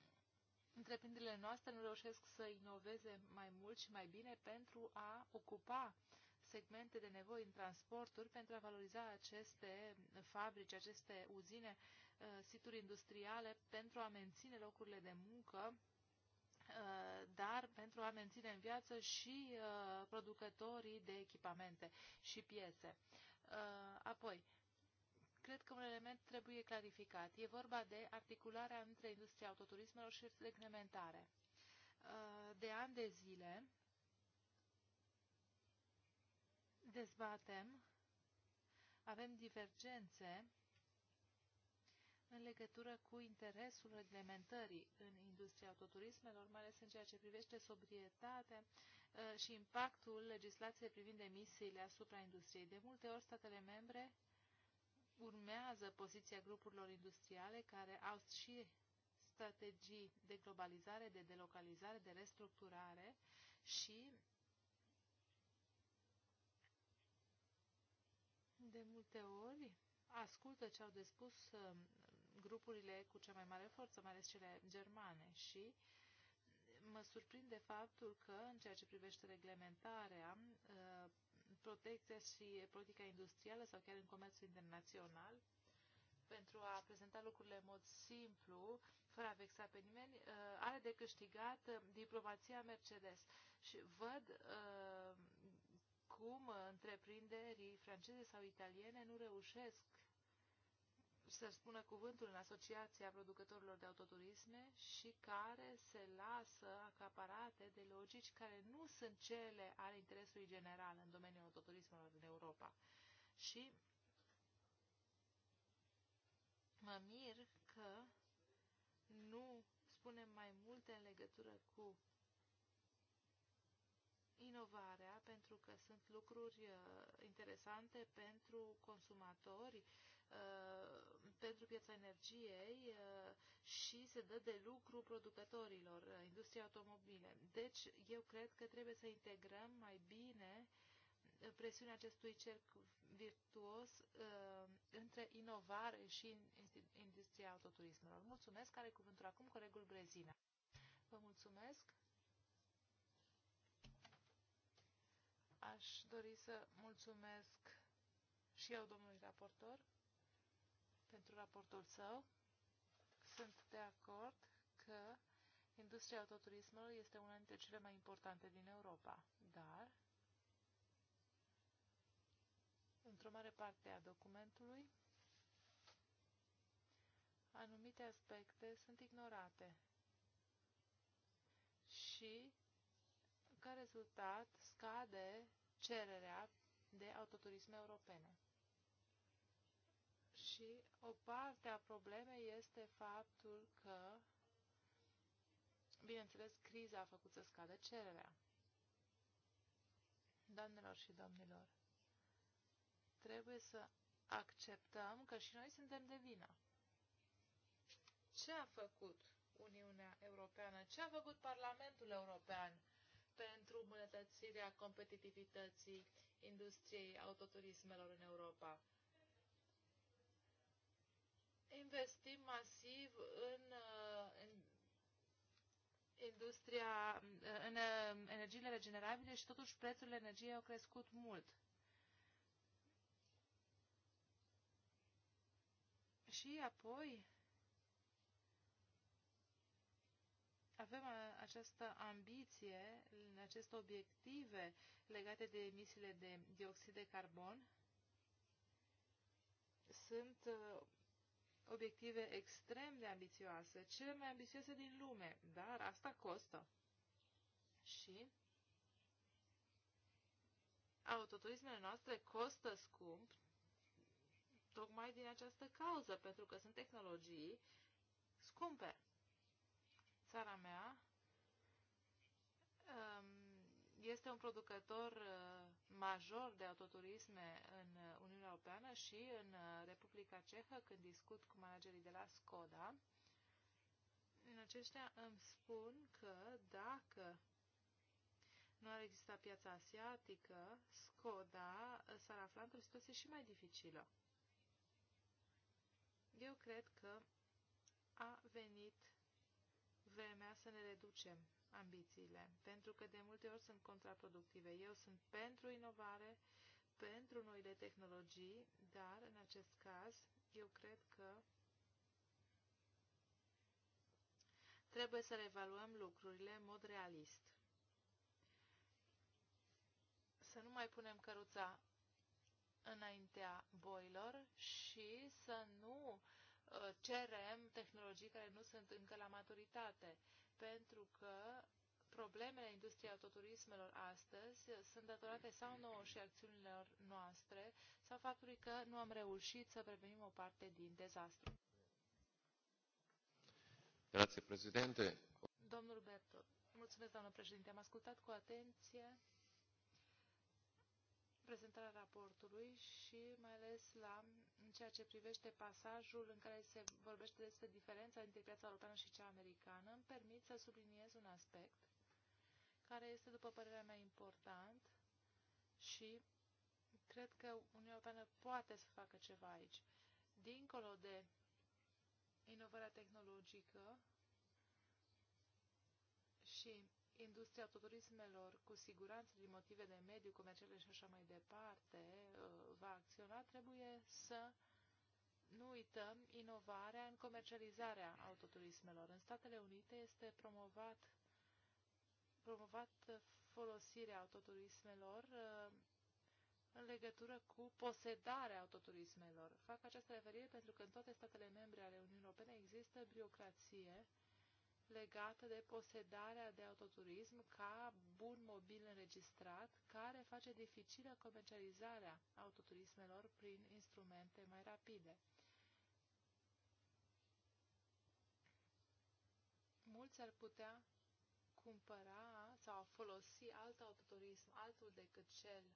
întreprinderile noastre nu reușesc să inoveze mai mult și mai bine pentru a ocupa uh, segmente de nevoi în transporturi pentru a valoriza aceste fabrici, aceste uzine, uh, situri industriale, pentru a menține locurile de muncă, uh, dar pentru a menține în viață și uh, producătorii de echipamente și piese. Apoi, cred că un element trebuie clarificat. E vorba de articularea între industria autoturismelor și reglementare. De ani de zile, dezbatem, avem divergențe în legătură cu interesul reglementării în industria autoturismelor, mai ales în ceea ce privește sobrietatea uh, și impactul legislației privind emisiile asupra industriei. De multe ori, statele membre urmează poziția grupurilor industriale care au și strategii de globalizare, de delocalizare, de restructurare și de multe ori ascultă ce au de spus uh, grupurile cu cea mai mare forță, mai ales cele germane și mă surprinde faptul că, în ceea ce privește reglementarea, uh, protecția și politica industrială sau chiar în comerțul internațional, pentru a prezenta lucrurile în mod simplu, fără a vexa pe nimeni, uh, are de câștigat diplomația Mercedes. Și văd cum întreprinderii franceze sau italiene nu reușesc să spună cuvântul în Asociația Producătorilor de Autoturisme și care se lasă acaparate de logici care nu sunt cele ale interesului general în domeniul autoturismelor în Europa. Și mă mir că nu spunem mai multe în legătură cu inovarea, pentru că sunt lucruri uh, interesante pentru consumatori, uh, pentru piața energiei uh, și se dă de lucru producătorilor, industriei automobile. Deci, eu cred că trebuie să integrăm mai bine presiunea acestui cerc virtuos între inovare și industria autoturismelor. Mulțumesc, are cuvântul acum colegul Brezina. Vă mulțumesc. aș dori să mulțumesc și eu domnului raportor pentru raportul său. Sunt de acord că industria autoturismului este una dintre cele mai importante din Europa, dar într-o mare parte a documentului anumite aspecte sunt ignorate și ca rezultat scade cererea de autoturisme europene. Și o parte a problemei este faptul că, bineînțeles, criza a făcut să scadă cererea. Doamnelor și domnilor, trebuie să acceptăm că și noi suntem de vină. Ce a făcut Uniunea Europeană? Ce a făcut Parlamentul European pentru îmbunătățirea competitivității industriei autoturismelor în Europa. Investim masiv în, uh, în industria, uh, în uh, energiile regenerabile și totuși prețurile energiei au crescut mult. Și apoi avem uh, această ambiție, aceste obiective legate de emisiile de dioxid de carbon, sunt uh, obiective extrem de ambițioase, cele mai ambițioase din lume, dar asta costă. Și autoturismele noastre costă scump tocmai din această cauză, pentru că sunt tehnologii scumpe țara mea um, este un producător uh, major de autoturisme în Uniunea Europeană și în uh, Republica Cehă, când discut cu managerii de la Skoda, aceștia îmi spun că dacă nu ar exista piața asiatică, Skoda uh, s-ar afla într-o situație și mai dificilă. Eu cred că a venit vremea să ne reducem ambițiile, pentru că de multe ori sunt contraproductive. Eu sunt pentru inovare, pentru noile tehnologii, dar în acest caz eu cred că trebuie să reevaluăm lucrurile în mod realist. Să nu mai punem căruța înaintea boilor și să nu Uh, cerem tehnologii care nu sunt încă la maturitate, pentru că problemele industriei autoturismelor astăzi sunt datorate sau nouă și acțiunilor noastre, sau faptului că nu am reușit să prevenim o parte din dezastru. Grazie, președinte. Domnul Berto, mulțumesc, doamnă președinte. Am ascultat cu atenție prezentarea raportului și mai ales la în ceea ce privește pasajul în care se vorbește despre diferența dintre piața europeană și cea americană, îmi permit să subliniez un aspect care este, după părerea mea, important și cred că Uniunea Europeană poate să facă ceva aici. Dincolo de inovarea tehnologică și industria autoturismelor, cu siguranță din motive de mediu, comerciale și așa mai departe, uh, va acționa, trebuie să nu uităm inovarea în comercializarea autoturismelor. În Statele Unite este promovat, promovat folosirea autoturismelor uh, în legătură cu posedarea autoturismelor. Fac această referire pentru că în toate statele membre ale Uniunii Europene există birocrație legată de posedarea de autoturism ca bun mobil înregistrat, care face dificilă comercializarea autoturismelor prin instrumente mai rapide. Mulți ar putea cumpăra sau folosi alt autoturism, altul decât cel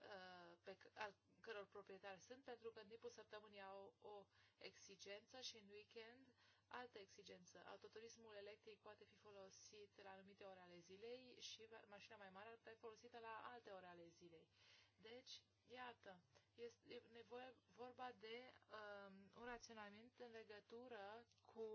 uh, pe, al căror proprietari sunt, pentru că în timpul săptămânii au o exigență și în weekend altă exigență. Autoturismul electric poate fi folosit la anumite ore ale zilei și mașina mai mare ar putea fi folosită la alte ore ale zilei. Deci, iată, este nevoie, vorba de um, un raționament în legătură cu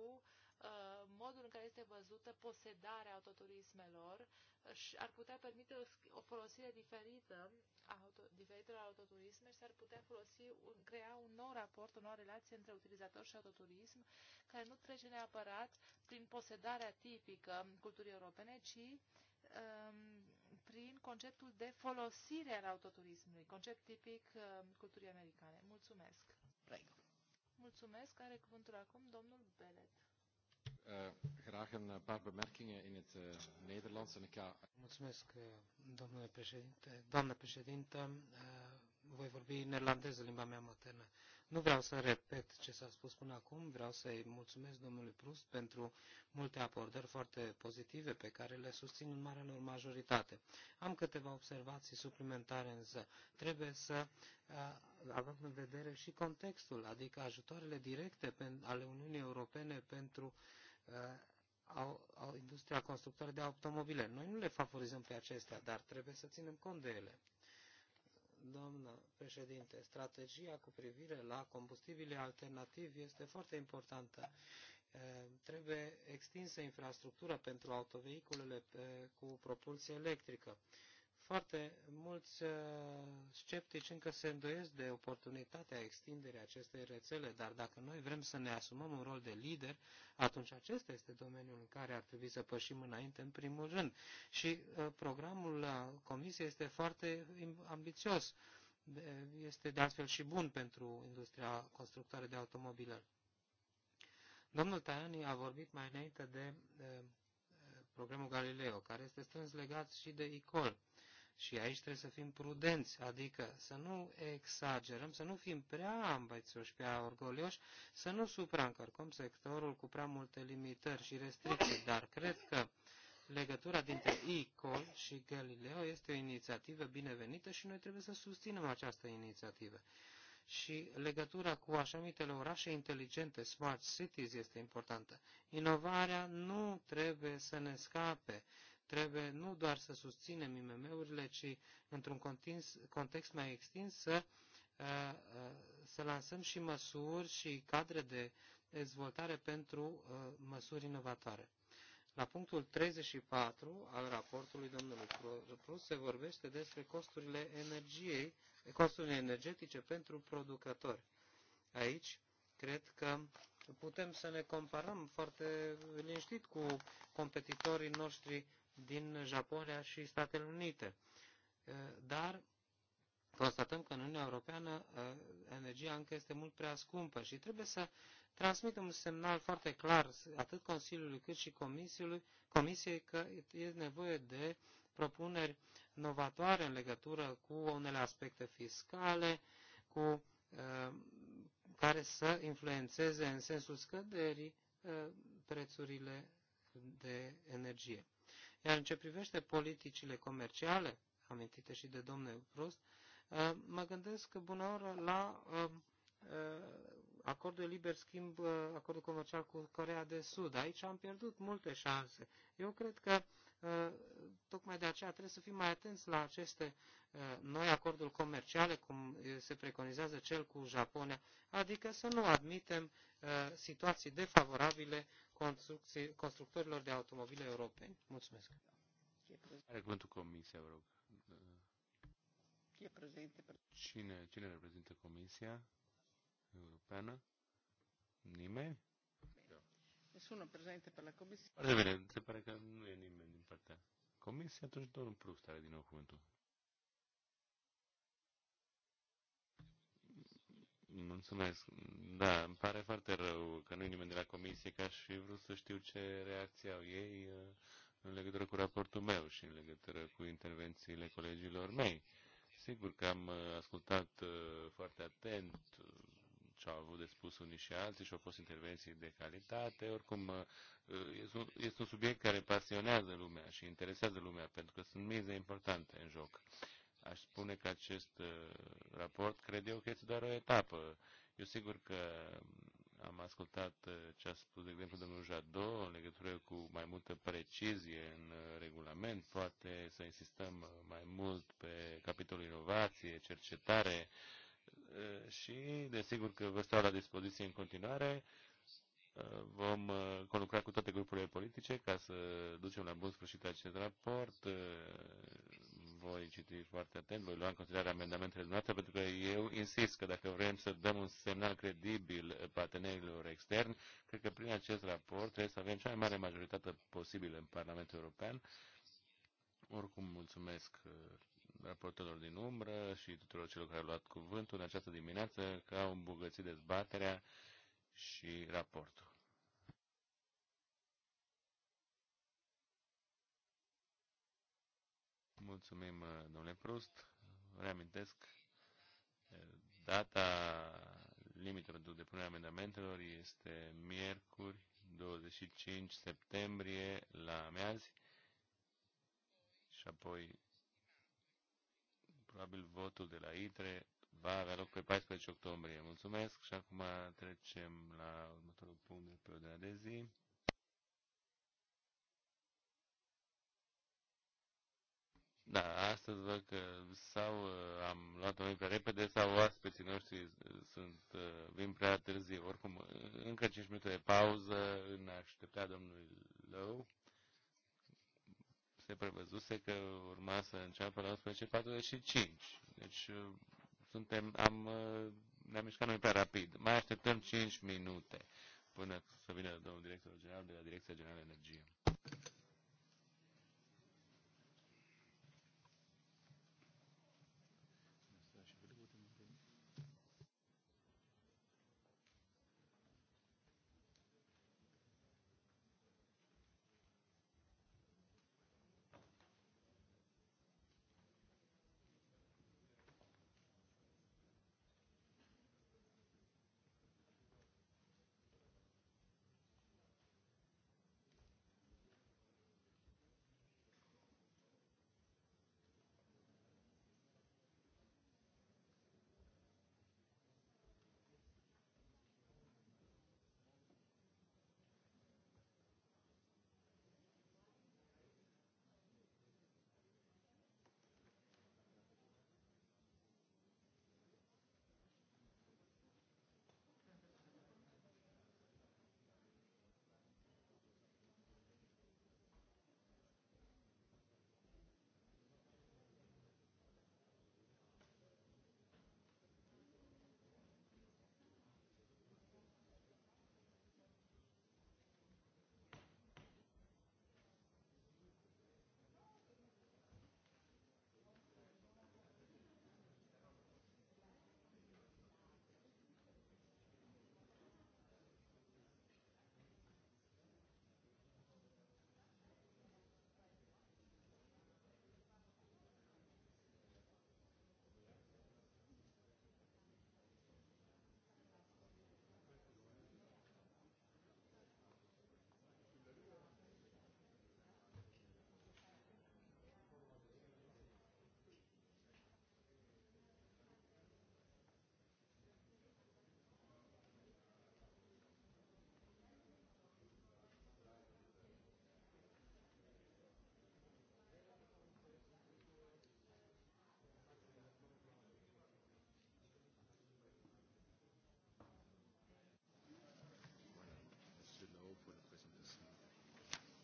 Uh, modul în care este văzută posedarea autoturismelor și ar putea permite o, o folosire diferită a auto, diferitelor autoturisme și s-ar putea folosi, un, crea un nou raport, o nouă relație între utilizator și autoturism, care nu trece neapărat prin posedarea tipică culturii europene, ci um, prin conceptul de folosire al autoturismului, concept tipic uh, culturii americane. Mulțumesc! Prego. Mulțumesc! Are cuvântul acum domnul Belet. Eh, graag een eh, paar bemerkingen in het eh, Nederlands. En ik ga... Mulțumesc, domnule președinte. Doamnă uh, voi vorbi neerlandeză, limba mea maternă. Nu vreau să repet ce s-a spus până acum, vreau să-i mulțumesc domnului Prust pentru multe abordări foarte pozitive pe care le susțin în marea lor majoritate. Am câteva observații suplimentare însă. Trebuie să avem în vedere și contextul, adică ajutoarele directe ale Uniunii Europene pentru uh, Uh, au, au industria constructoare de automobile. Noi nu le favorizăm pe acestea, dar trebuie să ținem cont de ele. Doamnă președinte, strategia cu privire la combustibile alternativi este foarte importantă. Uh, trebuie extinsă infrastructura pentru autovehiculele uh, cu propulsie electrică foarte mulți uh, sceptici încă se îndoiesc de oportunitatea extinderii acestei rețele, dar dacă noi vrem să ne asumăm un rol de lider, atunci acesta este domeniul în care ar trebui să pășim înainte în primul rând. Și uh, programul Comisiei este foarte ambițios. Este de altfel și bun pentru industria constructoare de automobile. Domnul Tajani a vorbit mai înainte de uh, programul Galileo, care este strâns legat și de ICOL. Și aici trebuie să fim prudenți, adică să nu exagerăm, să nu fim prea ambițioși, prea orgolioși, să nu supraîncărcăm sectorul cu prea multe limitări și restricții. Dar cred că legătura dintre ICOL și Galileo este o inițiativă binevenită și noi trebuie să susținem această inițiativă. Și legătura cu așa numitele orașe inteligente, smart cities, este importantă. Inovarea nu trebuie să ne scape Trebuie nu doar să susținem IMM-urile, ci într-un context mai extins să, uh, uh, să lansăm și măsuri și cadre de dezvoltare pentru uh, măsuri inovatoare. La punctul 34 al raportului domnului Prus se vorbește despre costurile energiei, costurile energetice pentru producători. Aici cred că putem să ne comparăm foarte liniștit cu competitorii noștri din Japonia și Statele Unite. Uh, dar constatăm că în Uniunea Europeană uh, energia încă este mult prea scumpă și trebuie să transmitem un semnal foarte clar atât Consiliului cât și Comisiei că e nevoie de propuneri novatoare în legătură cu unele aspecte fiscale, cu, uh, care să influențeze în sensul scăderii prețurile de energie. Iar în ce privește politicile comerciale, amintite și de domnul Prost, uh, mă gândesc că bună oră la uh, uh, acordul liber schimb, acordul comercial cu Corea de Sud. Aici am pierdut multe șanse. Eu cred că tocmai de aceea trebuie să fim mai atenți la aceste noi acorduri comerciale, cum se preconizează cel cu Japonia, adică să nu admitem situații defavorabile constructorilor de automobile europeni. Mulțumesc. Are cuvântul Comisia Europeană. Cine, cine reprezintă Comisia Europeană? Nimeni? Nessuno deci prezente pe la Comisia. Foarte bine, se pare că nu e nimeni din partea Comisia, atunci domnul Prust are din nou cuvântul. Mulțumesc. Da, îmi pare foarte rău că nu e nimeni de la comisie, ca și vreau să știu ce reacție au ei uh, în legătură cu raportul meu și în legătură cu intervențiile colegilor mei. Sigur că am uh, ascultat uh, foarte atent ce au avut de spus unii și alții și au fost intervenții de calitate. Oricum, este un subiect care pasionează lumea și interesează lumea, pentru că sunt mize importante în joc. Aș spune că acest uh, raport, cred eu, că este doar o etapă. Eu sigur că am ascultat uh, ce a spus, de exemplu, domnul Jadot în legătură cu mai multă precizie în uh, regulament. Poate să insistăm mai mult pe capitolul inovație, cercetare și, desigur, că vă stau la dispoziție în continuare. Vom conlucra cu toate grupurile politice ca să ducem la bun sfârșit acest raport voi citi foarte atent, voi lua în considerare amendamentele noastre, pentru că eu insist că dacă vrem să dăm un semnal credibil partenerilor externi, cred că prin acest raport trebuie să avem cea mai mare majoritate posibilă în Parlamentul European. Oricum, mulțumesc uh, raportelor din umbră și tuturor celor care au luat cuvântul în această dimineață, că au îmbogățit dezbaterea și raportul. Mulțumim, uh, domnule Prost. Reamintesc, uh, data limită de depunere a amendamentelor este miercuri, 25 septembrie, la amiazi. Și apoi, probabil, votul de la ITRE va avea loc pe 14 octombrie. Mulțumesc și acum trecem la următorul punct de pe ordinea de zi. Da, astăzi văd că sau uh, am luat-o noi repede sau oaspeții noștri sunt, uh, vin prea târziu. Oricum, uh, încă 5 minute de pauză în aștepta domnului Lău. Se prevăzuse că urma să înceapă la 11.45. Deci suntem, am, ne-am mișcat noi prea rapid. Mai așteptăm 5 minute până să vină domnul director general de la Direcția Generală Energie.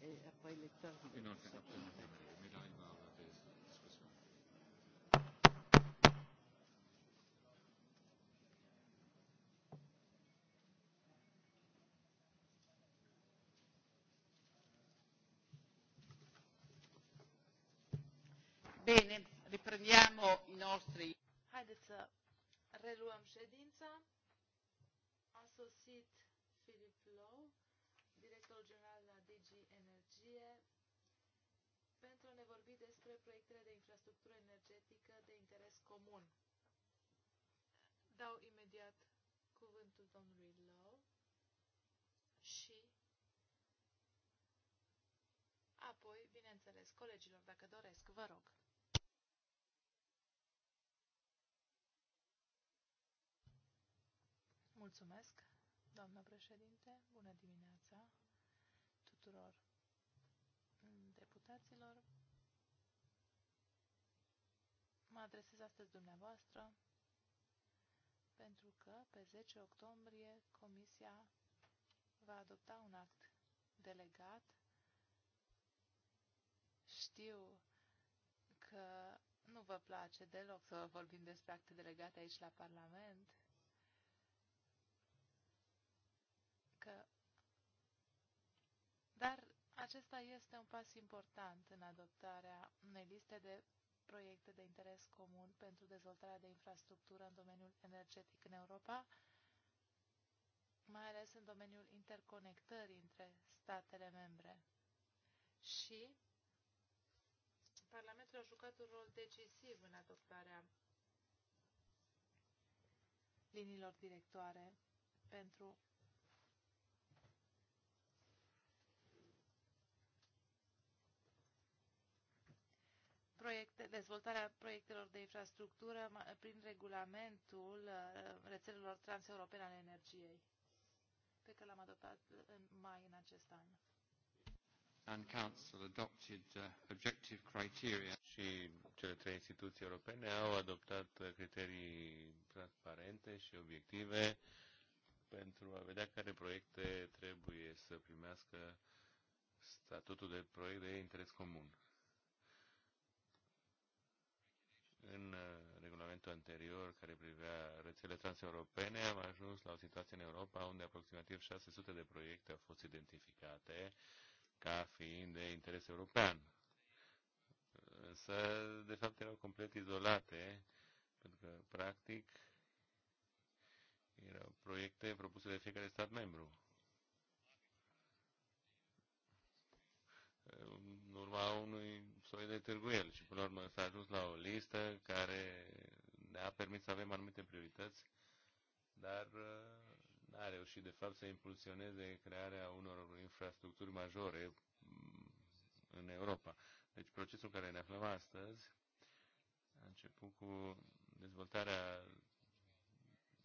e apoi lector. mi discussione. Bene, riprendiamo i nostri. Haideți să reluăm ședința. A sosit spre proiectele de infrastructură energetică de interes comun. Dau imediat cuvântul domnului Lau și apoi, bineînțeles, colegilor, dacă doresc, vă rog. Mulțumesc, doamnă președinte, bună dimineața tuturor deputaților mă adresez astăzi dumneavoastră pentru că pe 10 octombrie Comisia va adopta un act delegat. Știu că nu vă place deloc să vorbim despre acte delegate aici la Parlament, că... dar acesta este un pas important în adoptarea unei liste de proiecte de interes comun pentru dezvoltarea de infrastructură în domeniul energetic în Europa, mai ales în domeniul interconectării între statele membre. Și Parlamentul a jucat un rol decisiv în adoptarea liniilor directoare pentru proiecte, dezvoltarea proiectelor de infrastructură prin regulamentul uh, rețelelor transeuropene ale energiei, pe care l-am adoptat uh, în mai în acest an. And Council adopted uh, objective criteria. Și cele trei instituții europene au adoptat uh, criterii transparente și obiective pentru a vedea care proiecte trebuie să primească statutul de proiect de interes comun. în uh, regulamentul anterior care privea rețele transeuropene, am ajuns la o situație în Europa unde aproximativ 600 de proiecte au fost identificate ca fiind de interes european. Însă, de fapt, erau complet izolate, pentru că, practic, erau proiecte propuse de fiecare stat membru. În urma unui soi de târguieli și până la urmă s-a ajuns la o listă care ne-a permis să avem anumite priorități, dar uh, n-a reușit de fapt să impulsioneze crearea unor infrastructuri majore mm, în Europa. Deci procesul care ne aflăm astăzi a început cu dezvoltarea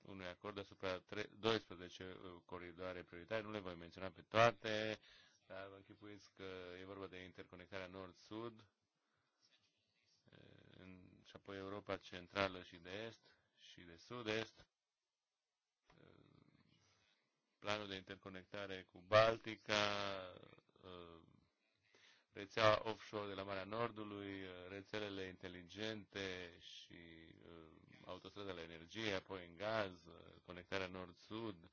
unui acord asupra 12 uh, coridoare prioritare. Nu le voi menționa pe toate, dar vă închipuiți că e vorba de interconectarea nord-sud eh, și apoi Europa centrală și de est și de sud-est. Eh, planul de interconectare cu Baltica, eh, rețeaua offshore de la Marea Nordului, rețelele inteligente și autostradele energie, apoi în gaz, conectarea nord-sud,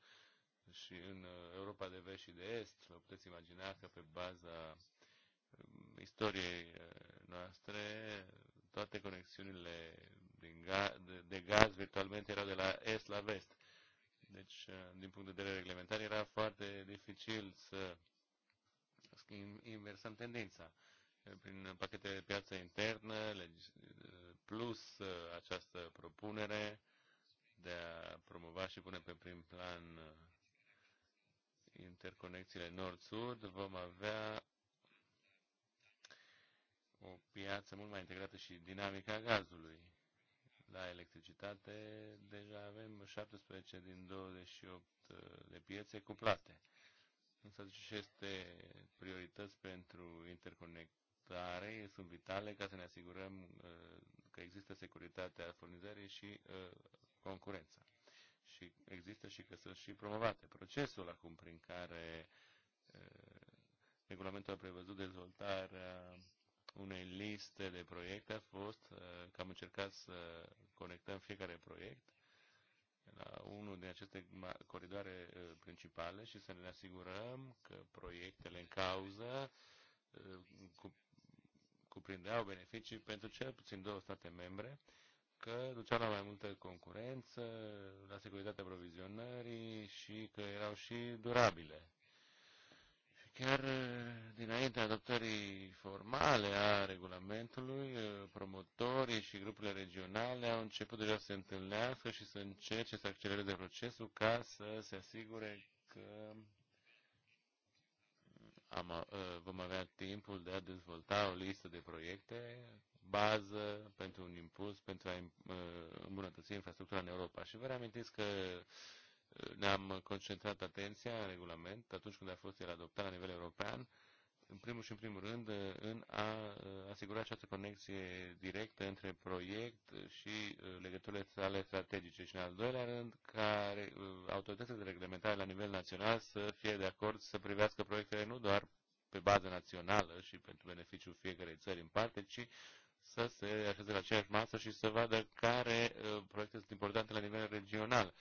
și în uh, Europa de vest și de est, vă puteți imagina că pe baza um, istoriei uh, noastre, toate conexiunile din ga- de, de gaz virtualmente erau de la est la vest. Deci, uh, din punct de vedere reglementar, era foarte dificil să inversăm tendința prin pachete de piață internă, plus această propunere de a promova și pune pe prim plan interconexiile nord-sud, vom avea o piață mult mai integrată și dinamică a gazului. La electricitate deja avem 17 din 28 uh, de piețe cuplate. Însă aceste priorități pentru interconectare sunt vitale ca să ne asigurăm uh, că există securitatea furnizării și uh, concurența și există și că sunt și promovate. Procesul acum prin care regulamentul a prevăzut dezvoltarea unei liste de proiecte a fost că am încercat să conectăm fiecare proiect la unul din aceste coridoare principale și să ne asigurăm că proiectele în cauză cuprindeau beneficii pentru cel puțin două state membre că ducea la mai multă concurență, la securitatea provizionării și că erau și durabile. Și chiar uh, dinainte adoptării formale a regulamentului, uh, promotorii și grupurile regionale au început deja să se întâlnească și să încerce să accelereze procesul ca să se asigure că am, uh, vom avea timpul de a dezvolta o listă de proiecte bază, pentru un impuls, pentru a uh, îmbunătăți infrastructura în Europa. Și vă reamintesc că uh, ne-am concentrat atenția în regulament atunci când a fost el adoptat la nivel european, în primul și în primul rând, uh, în a asigura această conexie directă între proiect și legăturile sale strategice. Și în al doilea rând, ca autoritățile de reglementare la nivel național să fie de acord să privească proiectele nu doar pe bază națională și pentru beneficiul fiecarei țări în parte, ci să se așeze la aceeași masă și să vadă care uh, proiecte sunt importante la nivel regional.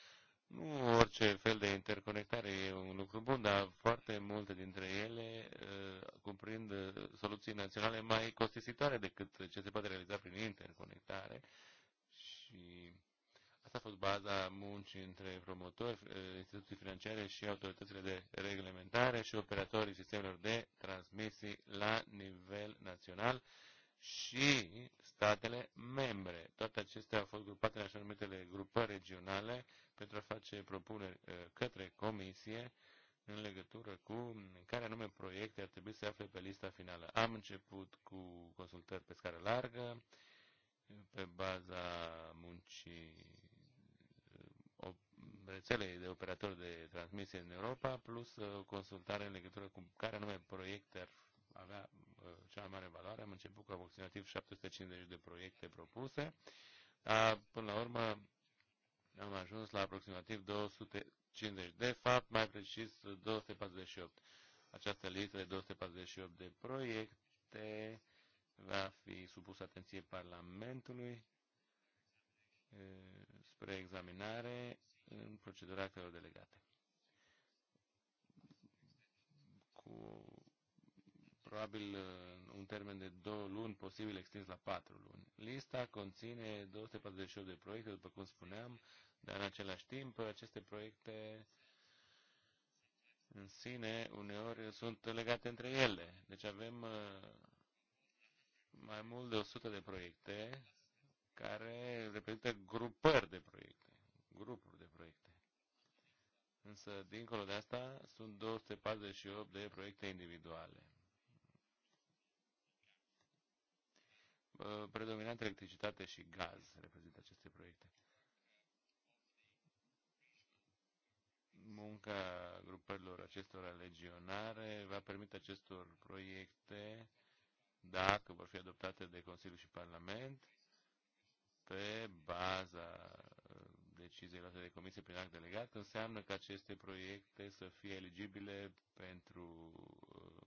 Nu orice fel de interconectare e un lucru bun, dar foarte multe dintre ele uh, cuprind uh, soluții naționale mai costisitoare decât ce se poate realiza prin interconectare. Și asta a fost baza muncii între promotori, instituții financiare și autoritățile de reglementare și operatorii sistemelor de transmisii la nivel național și statele membre. Toate acestea au fost grupate în așa numitele grupări regionale pentru a face propuneri uh, către Comisie în legătură cu care anume proiecte ar trebui să afle pe lista finală. Am început cu consultări pe scară largă, pe baza muncii uh, rețelei de operatori de transmisie în Europa, plus uh, consultare în legătură cu care anume proiecte ar avea Uh, cea mai mare valoare. Am început cu aproximativ 750 de proiecte propuse, dar până la urmă am ajuns la aproximativ 250, de fapt mai precis 248. Această listă de 248 de proiecte va fi supusă atenție Parlamentului uh, spre examinare în procedura actelor delegate. Cu probabil uh, un termen de două luni, posibil extins la patru luni. Lista conține 248 de proiecte, după cum spuneam, dar în același timp aceste proiecte în sine uneori sunt legate între ele. Deci avem uh, mai mult de 100 de proiecte care reprezintă grupări de proiecte, grupuri de proiecte. Însă, dincolo de asta, sunt 248 de proiecte individuale. Uh, predominant electricitate și gaz reprezintă aceste proiecte. Munca grupărilor acestora legionare va permite acestor proiecte, dacă vor fi adoptate de Consiliu și Parlament, pe baza uh, deciziei luate de comisie prin act delegat, înseamnă că aceste proiecte să fie eligibile pentru uh,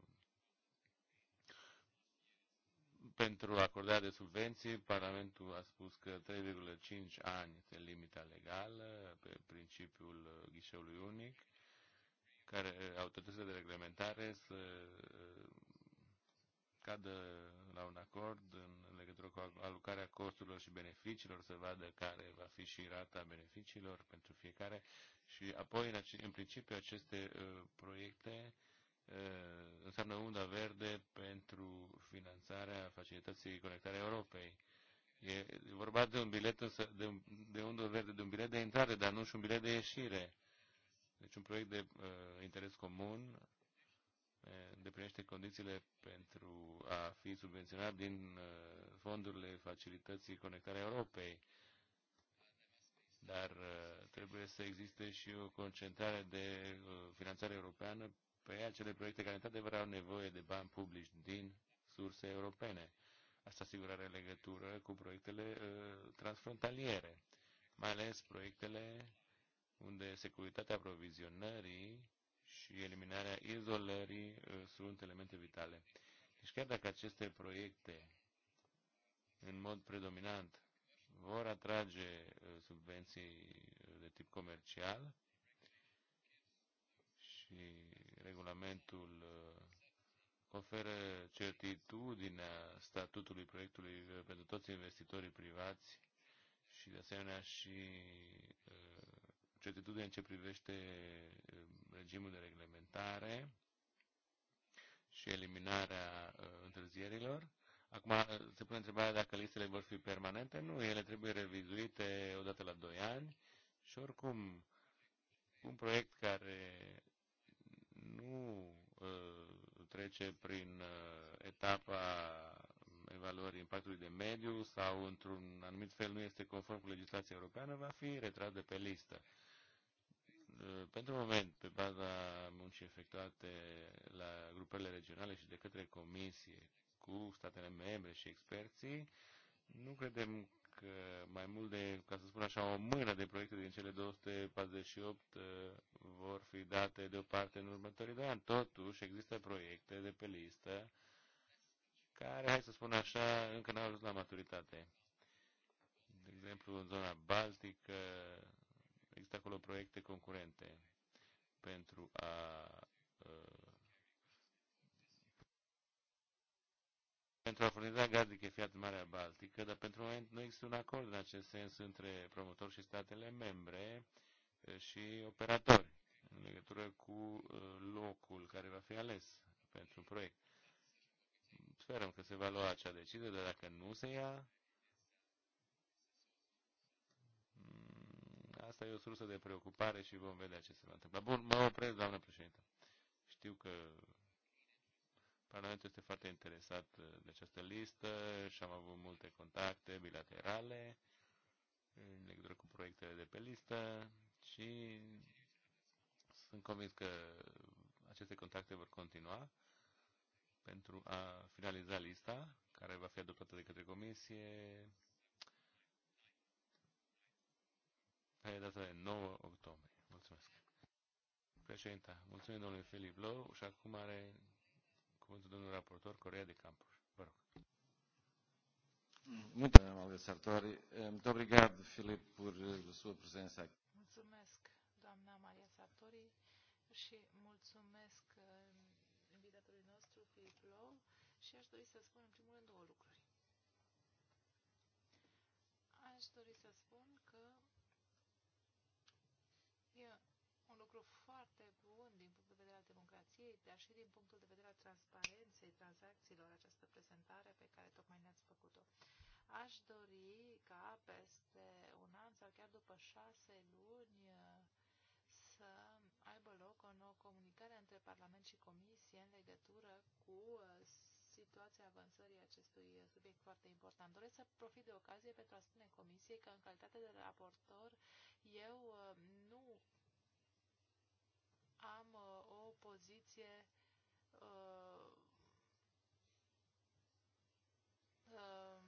pentru acordarea de subvenții, Parlamentul a spus că 3,5 ani este limita legală pe principiul uh, ghișeului unic, care uh, autoritățile de reglementare să uh, cadă la un acord în legătură cu alocarea costurilor și beneficiilor, să vadă care va fi și rata beneficiilor pentru fiecare și apoi, în, în principiu, aceste proiecte Eh, înseamnă unda verde pentru finanțarea facilității conectare Europei. E vorba de un bilet însă, de, de undă verde, de un bilet de intrare, dar nu și un bilet de ieșire. Deci un proiect de uh, interes comun eh, îndeplinește condițiile pentru a fi subvenționat din fondurile facilității conectarea Europei. Dar trebuie să existe și o concentrare de finanțare europeană pe acele proiecte care într-adevăr au nevoie de bani publici din surse europene. Asta sigur are legătură cu proiectele uh, transfrontaliere, mai ales proiectele unde securitatea aprovizionării și eliminarea izolării uh, sunt elemente vitale. Deci chiar dacă aceste proiecte în mod predominant vor atrage uh, subvenții uh, de tip comercial și regulamentul uh, oferă certitudinea statutului proiectului uh, pentru toți investitorii privați și de asemenea și uh, certitudinea în ce privește regimul de reglementare și eliminarea întârzierilor. Acum se pune întrebarea dacă listele vor fi permanente. Nu, ele trebuie revizuite odată la 2 ani și oricum un proiect care nu uh, trece prin uh, etapa evaluării impactului de mediu sau într-un anumit fel nu este conform cu legislația europeană, va fi retras de pe listă. Uh, pentru moment, pe baza muncii efectuate la grupările regionale și de către comisie cu statele membre și experții, nu credem mai mult de, ca să spun așa, o mână de proiecte din cele 248 uh, vor fi date deoparte în următorii doi ani. Totuși, există proiecte de pe listă care, hai să spun așa, încă n-au ajuns la maturitate. De exemplu, în zona Baltică există acolo proiecte concurente pentru a uh, pentru a furniza gaz chefiat în Marea Baltică, dar pentru moment nu există un acord în acest sens între promotori și statele membre eh, și operatori în legătură cu eh, locul care va fi ales pentru proiect. Sperăm că se va lua acea decizie, dar dacă nu se ia, mm, asta e o sursă de preocupare și vom vedea ce se va întâmpla. Bun, mă opresc, doamnă președinte. Știu că Parlamentul este foarte interesat uh, de această listă și am avut multe contacte bilaterale în legătură cu proiectele de pe listă și sunt convins că aceste contacte vor continua pentru a finaliza lista care va fi adoptată de către Comisie pe data de 9 octombrie. Mulțumesc. Președinta, mulțumim domnului Filip Lou și acum are cuvântul domnul raportor Corea de Campos. Vă rog. Muito bem, Amália Sartori. Eh, muito obrigado, Filipe, por eh, a sua presença aqui. Mulțumesc, doamna Maria Sartori, și mulțumesc eh, invitatului nostru, Filip Lou, și aș dori să spun în primul rând două lucruri. Aș dori să spun că e un lucru foarte bun justiției, dar și din punctul de vedere al transparenței tranzacțiilor, această prezentare pe care tocmai ne-ați făcut-o. Aș dori ca peste un an sau chiar după șase luni uh, să aibă loc o nouă comunicare între Parlament și Comisie în legătură cu uh, situația avansării acestui subiect foarte important. Doresc să profit de ocazie pentru a spune Comisiei că, în calitate de raportor, eu uh, nu am poziție uh, uh,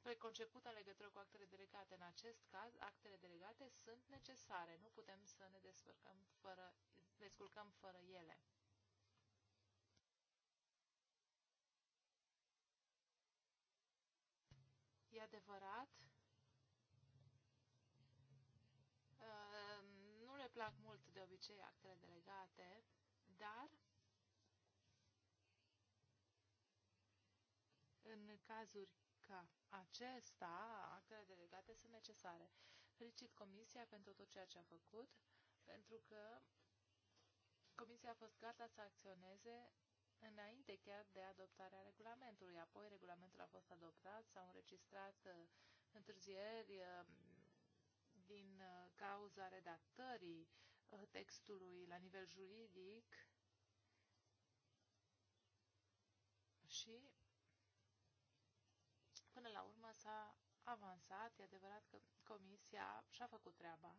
preconcepută legătură cu actele delegate. În acest caz, actele delegate sunt necesare. Nu putem să ne descurcăm fără, descurcăm fără ele. E adevărat plac mult de obicei actele delegate, dar în cazuri ca acesta, actele delegate sunt necesare. Felicit Comisia pentru tot ceea ce a făcut, pentru că Comisia a fost gata să acționeze înainte chiar de adoptarea regulamentului. Apoi regulamentul a fost adoptat, s-au înregistrat uh, întârzieri uh, din uh, cauza redactării uh, textului la nivel juridic și până la urmă s-a avansat. E adevărat că Comisia și-a făcut treaba,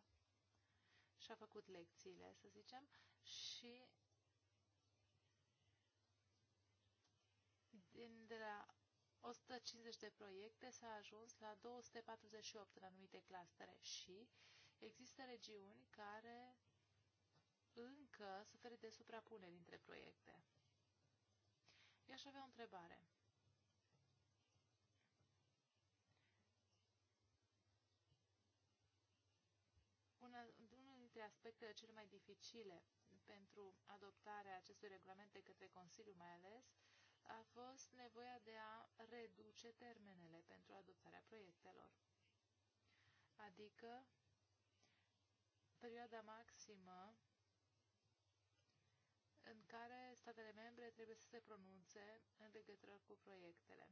și-a făcut lecțiile, să zicem, și 150 de proiecte s-a ajuns la 248 în anumite clastere și există regiuni care încă suferă de suprapuneri între proiecte. Eu aș avea o întrebare. Una, unul dintre aspectele cele mai dificile pentru adoptarea acestui regulament de către Consiliu mai ales a fost nevoia de a reduce termenele pentru adoptarea proiectelor, adică perioada maximă în care statele membre trebuie să se pronunțe în legătură cu proiectele.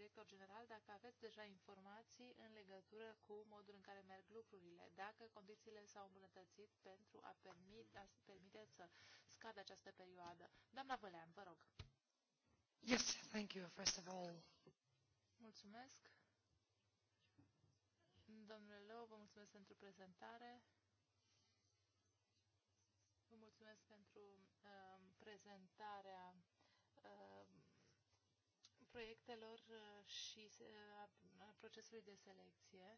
director general, dacă aveți deja informații în legătură cu modul în care merg lucrurile, dacă condițiile s-au îmbunătățit pentru a permite, a permite să scadă această perioadă. Doamna Vălean, vă rog. Yes, thank you, first of all. Mulțumesc. Domnule Leu, vă mulțumesc pentru prezentare. Vă mulțumesc pentru uh, prezentarea proiectelor uh, și uh, a procesului de selecție,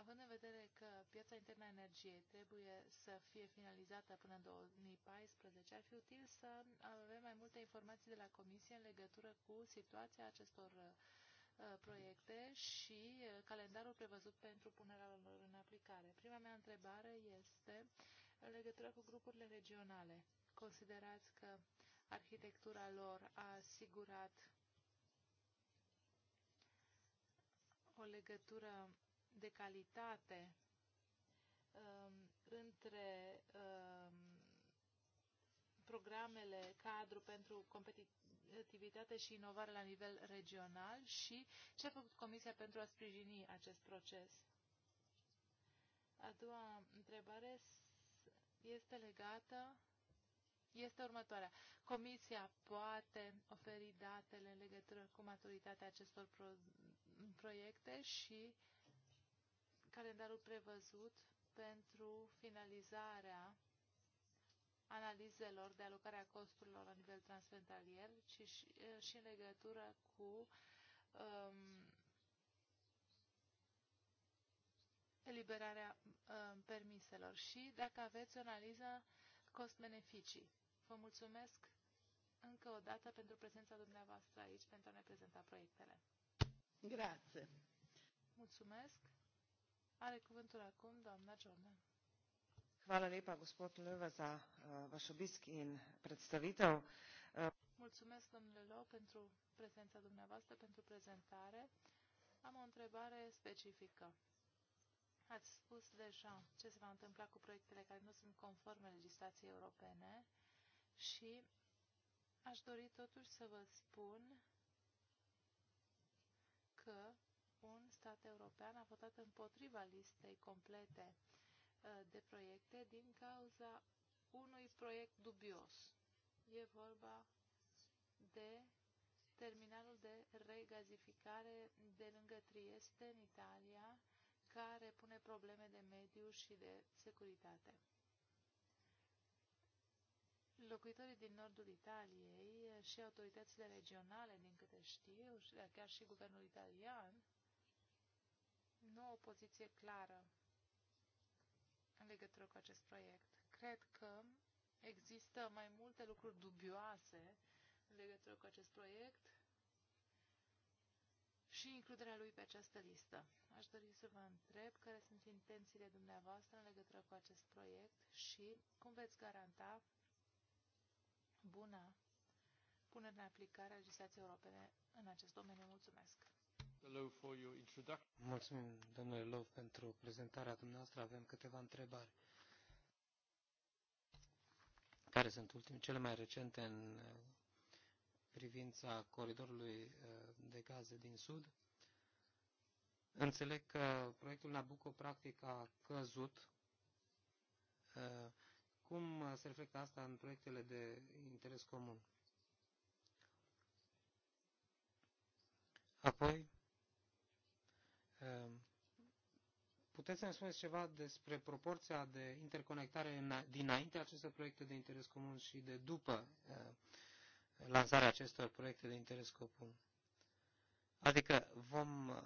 având în vedere că piața internă a energiei trebuie să fie finalizată până în 2014, ar fi util să avem mai multe informații de la Comisie în legătură cu situația acestor uh, proiecte și calendarul prevăzut pentru punerea lor în aplicare. Prima mea întrebare este în legătură cu grupurile regionale. Considerați că arhitectura lor a asigurat o legătură de calitate um, între um, programele cadru pentru competitivitate și inovare la nivel regional și ce a făcut Comisia pentru a sprijini acest proces. A doua întrebare este legată este următoarea. Comisia poate oferi datele în legătură cu maturitatea acestor pro proiecte și calendarul prevăzut pentru finalizarea analizelor de alocare a costurilor la nivel transfrontalier, și, și în legătură cu um, eliberarea um, permiselor. Și dacă aveți o analiză cost-beneficii. Vă mulțumesc încă o dată pentru prezența dumneavoastră aici pentru a ne prezenta proiectele. Grație. Mulțumesc. Are cuvântul acum doamna Jordan. Hvala lepa, gospod Löwe, za uh, vaš obisk in predstavitev. Eh, mulțumesc, domnule Lo, pentru prezența dumneavoastră, pentru prezentare. Am o întrebare specifică. Ați spus deja ce se va întâmpla cu proiectele care nu sunt conforme legislației europene și aș dori totuși să vă spun că un stat european a votat împotriva listei complete uh, de proiecte din cauza unui proiect dubios. E vorba de terminalul de regazificare de lângă Trieste, în Italia, care pune probleme de mediu și de securitate. Locuitorii din nordul Italiei și autoritățile regionale, din câte știu, și chiar și guvernul italian, nu au o poziție clară în legătură cu acest proiect. Cred că există mai multe lucruri dubioase în legătură cu acest proiect și includerea lui pe această listă. Aș dori să vă întreb care sunt intențiile dumneavoastră în legătură cu acest proiect și cum veți garanta buna punere în aplicare a legislației europene în acest domeniu. Mulțumesc! Mulțumim, domnule Lov, pentru prezentarea dumneavoastră. Avem câteva întrebări. Care sunt ultime, cele mai recente în privința coridorului uh, de gaze din Sud. Înțeleg că proiectul Nabucco practic a căzut. Uh, cum se reflectă asta în proiectele de interes comun? Apoi, uh, puteți să-mi spuneți ceva despre proporția de interconectare dinainte acestor proiecte de interes comun și de după lansarea acestor proiecte de interes comun. Adică vom uh,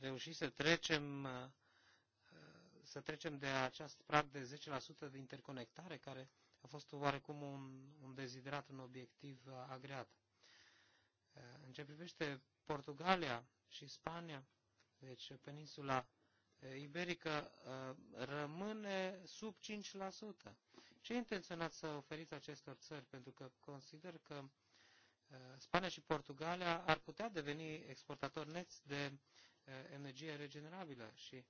reuși să trecem uh, să trecem de acest prag de 10% de interconectare, care a fost oarecum un, un deziderat, un obiectiv uh, agreat. În ce privește Portugalia și Spania, deci peninsula iberică rămâne sub 5%. Ce intenționați să oferiți acestor țări? Pentru că consider că Eh, Spania și Portugalia ar putea deveni exportatori neți de eh, energie regenerabilă și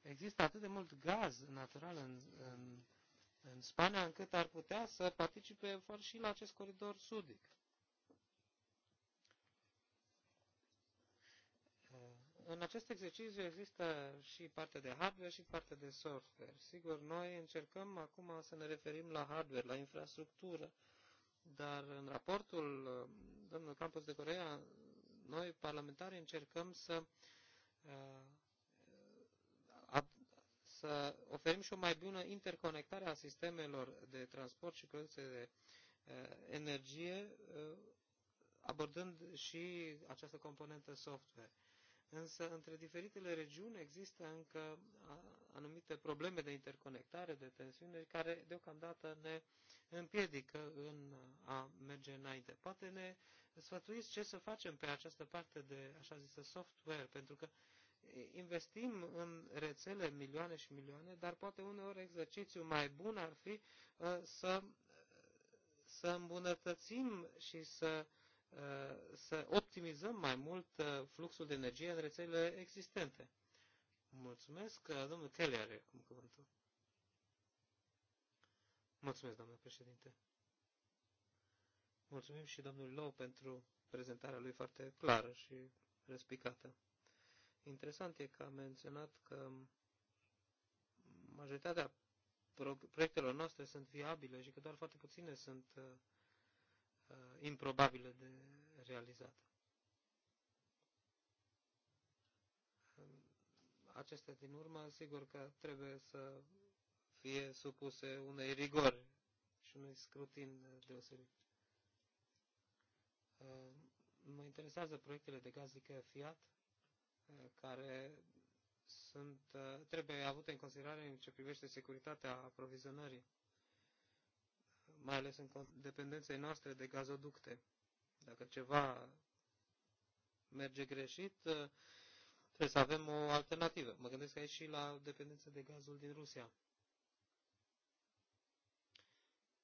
există atât de mult gaz natural în, în, în Spania încât ar putea să participe și la acest coridor sudic. Eh, în acest exercițiu există și parte de hardware și parte de software. Sigur, noi încercăm acum să ne referim la hardware, la infrastructură, dar în raportul uh, domnului Campos de Corea, noi parlamentari încercăm să, uh, să oferim și o mai bună interconectare a sistemelor de transport și producție de uh, energie, abordând și această componentă software. Însă, între diferitele regiuni există încă anumite probleme de interconectare, de tensiune, care deocamdată ne uh, împiedică în a merge înainte. Poate ne sfătuiți ce să facem pe această parte de, așa zisă, software, pentru că investim în rețele milioane și milioane, dar poate uneori exercițiul mai bun ar fi uh, să, să îmbunătățim și să, uh, să optimizăm mai mult uh, fluxul de energie în rețelele existente. Mulțumesc, domnul Kelly are cuvântul. Mulțumesc, doamnă președinte. Mulțumim și domnului Lou pentru prezentarea lui foarte clară și răspicată. Interesant e că a menționat că majoritatea proiectelor noastre sunt viabile și că doar foarte puține sunt uh, uh improbabile de realizat. Acestea din urmă, sigur că trebuie să fie supuse unei rigori și unui scrutin deosebit. Uh, mă interesează proiectele de gaz lichefiat, uh, care sunt, uh, trebuie avute în considerare în ce privește securitatea aprovizionării, mai ales în dependenței noastre de gazoducte. Dacă ceva merge greșit, trebuie să avem o alternativă. Mă gândesc aici și la dependența de gazul din Rusia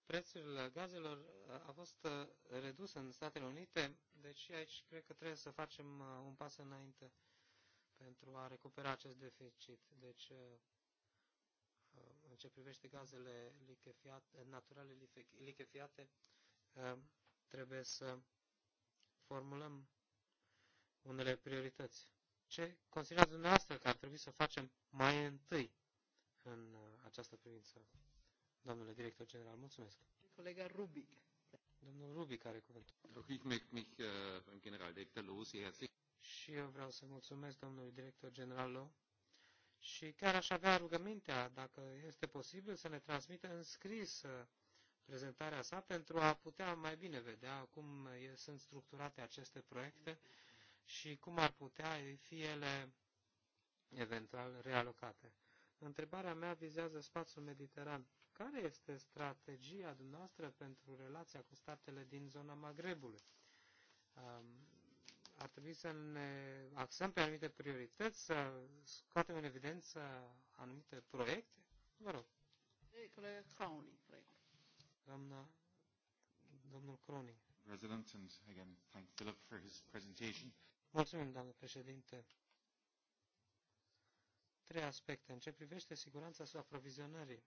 prețul gazelor uh, a fost uh, redus în Statele Unite, deci și aici cred că trebuie să facem uh, un pas înainte pentru a recupera acest deficit. Deci, în ce privește gazele lichefiate, naturale lichefiate, trebuie să formulăm unele priorități. Ce considerați dumneavoastră că ar trebui să facem mai întâi în această privință? Domnule director general, mulțumesc. Colega Rubic. Domnul Rubic are cuvântul. Rubic, möchte mich uh, în general, director sehr herzlich și eu vreau să mulțumesc domnului director general Loh și chiar aș avea rugămintea, dacă este posibil, să ne transmită în scris uh, prezentarea sa pentru a putea mai bine vedea cum sunt structurate aceste proiecte și cum ar putea fi ele eventual realocate. Întrebarea mea vizează spațiul mediteran. Care este strategia dumneavoastră pentru relația cu statele din zona Magrebului? Um, ar trebui să ne axăm pe anumite priorități, să scoatem în evidență anumite proiecte? Vă rog. Proiectele Crowley, prego. Doamna, domnul Cronin. President, and again, thank Philip for his presentation. Mulțumim, doamnă președinte. Trei aspecte. În ce privește siguranța aprovizionării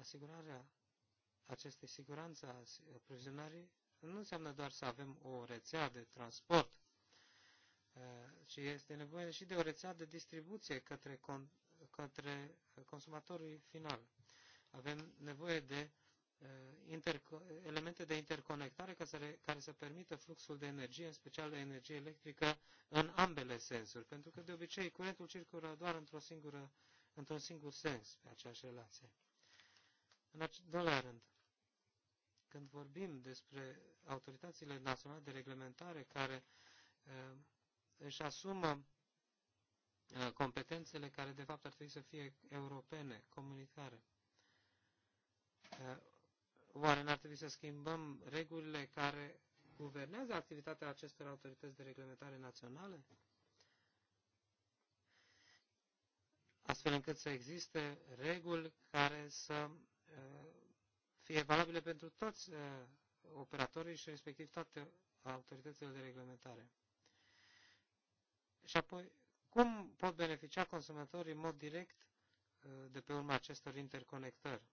asigurarea acestei siguranțe a aprovizionării nu înseamnă doar să avem o rețea de transport, uh, ci este nevoie și de o rețea de distribuție către, con, către consumatorii final. Avem nevoie de uh, inter, elemente de interconectare care să, re- care să permită fluxul de energie, în special de energie electrică, în ambele sensuri, pentru că de obicei curentul circulă doar într-o singură, într-un singur sens pe aceeași relație. În al doilea rând, când vorbim despre autoritățile naționale de reglementare care uh, își asumă uh, competențele care de fapt ar trebui să fie europene, comunitare. Uh, eh, oare n-ar trebui să schimbăm regulile care guvernează activitatea acestor autorități de reglementare naționale? Astfel încât să existe reguli care să Uh, fie valabile pentru toți uh, operatorii și respectiv toate autoritățile de reglementare. Și apoi, cum pot beneficia consumatorii în mod direct uh, de pe urma acestor interconectări?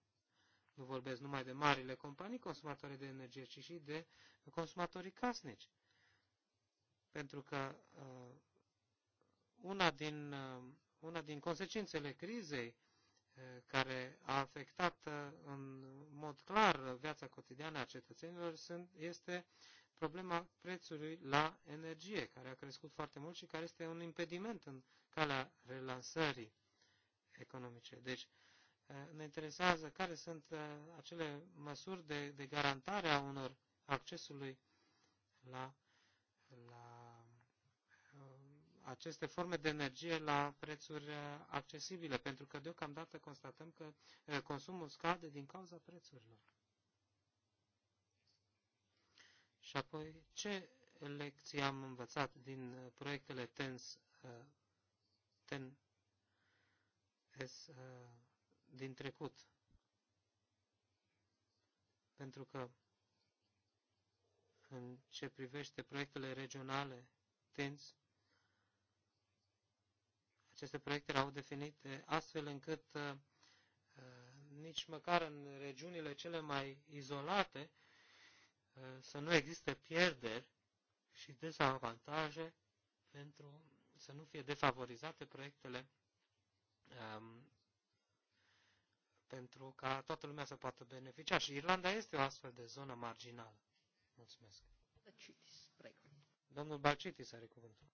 Nu vorbesc numai de marile companii consumatoare de energie, ci și de consumatorii casnici. Pentru că una din, una din consecințele crizei Eh, care a afectat eh, în mod clar viața cotidiană a cetățenilor sunt, este problema prețului la energie, care a crescut foarte mult și care este un impediment în calea relansării economice. Deci, eh, ne interesează care sunt acele măsuri de, de garantare a unor accesului la aceste forme de energie la prețuri uh, accesibile, pentru că deocamdată constatăm că uh, consumul scade din cauza prețurilor. Și apoi, ce lecții am învățat din uh, proiectele TENS, TENS din trecut? Pentru că în ce privește proiectele regionale TENS, aceste proiecte erau definite eh, astfel încât eh, eh, nici măcar în regiunile cele mai izolate să nu existe pierderi și dezavantaje pentru să nu fie defavorizate proiectele ehm, pentru ca toată lumea să poată beneficia. Și Irlanda este o astfel de zonă marginală. Mulțumesc. Domnul Balcitis are cuvântul.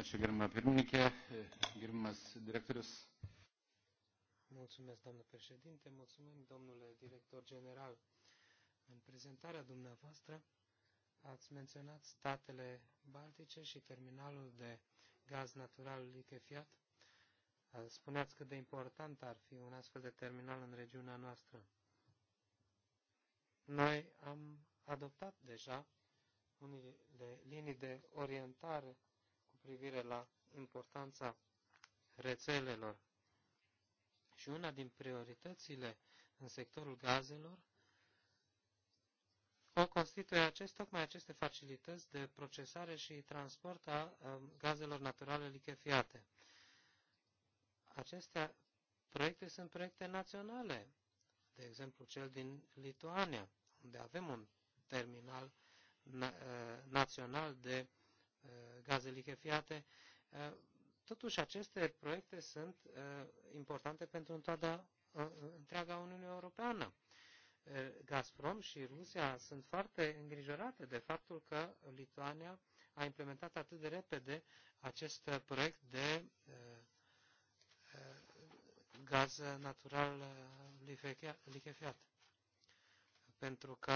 Ačiū, gerbama pirmininkė, gerbamas direktorius. Mulțumesc, domnul președinte, mulțumim, domnule director general. În prezentarea dumneavoastră ați menționat statele Baltice și terminalul de gaz natural lichefiat. Spuneați cât de important ar fi un astfel de terminal în regiunea noastră. Noi am adoptat deja unele linii de orientare privire la importanța rețelelor. Și una din prioritățile în sectorul gazelor o constituie acest, tocmai aceste facilități de procesare și transport a, gazelor naturale lichefiate. Aceste proiecte sunt proiecte naționale, de exemplu cel din Lituania, unde avem un terminal na, național de Uh, gaze lichefiate. Uh, totuși, aceste proiecte sunt uh, importante pentru întreaga, întreaga Uniune Europeană. Gazprom și Rusia sunt foarte îngrijorate de faptul că Lituania a implementat atât de repede acest proiect de gaz natural lichefiat pentru că,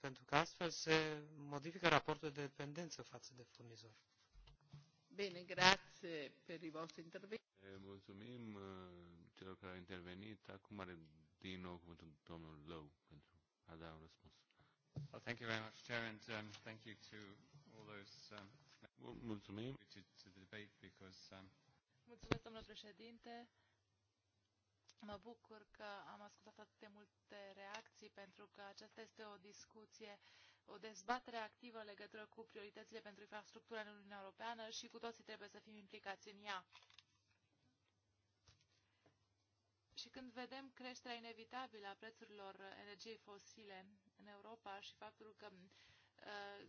pentru că astfel se modifică raportul de dependență față de furnizor. Bine, grație pentru vostru vostri Mulțumim uh, celor care au intervenit. Acum are din nou cuvântul domnul Lowe pentru a da un răspuns. Well, thank you very much, Chair, and um, thank you to all those um, Mulțumim. To, to the debate because, um, Mulțumesc, domnule președinte. Mă bucur că am ascultat atât de multe reacții, pentru că aceasta este o discuție, o dezbatere activă în legătură cu prioritățile pentru infrastructura în Uniunea Europeană și cu toții trebuie să fim implicați în ea. Și când vedem creșterea inevitabilă a prețurilor energiei fosile în Europa și faptul că uh,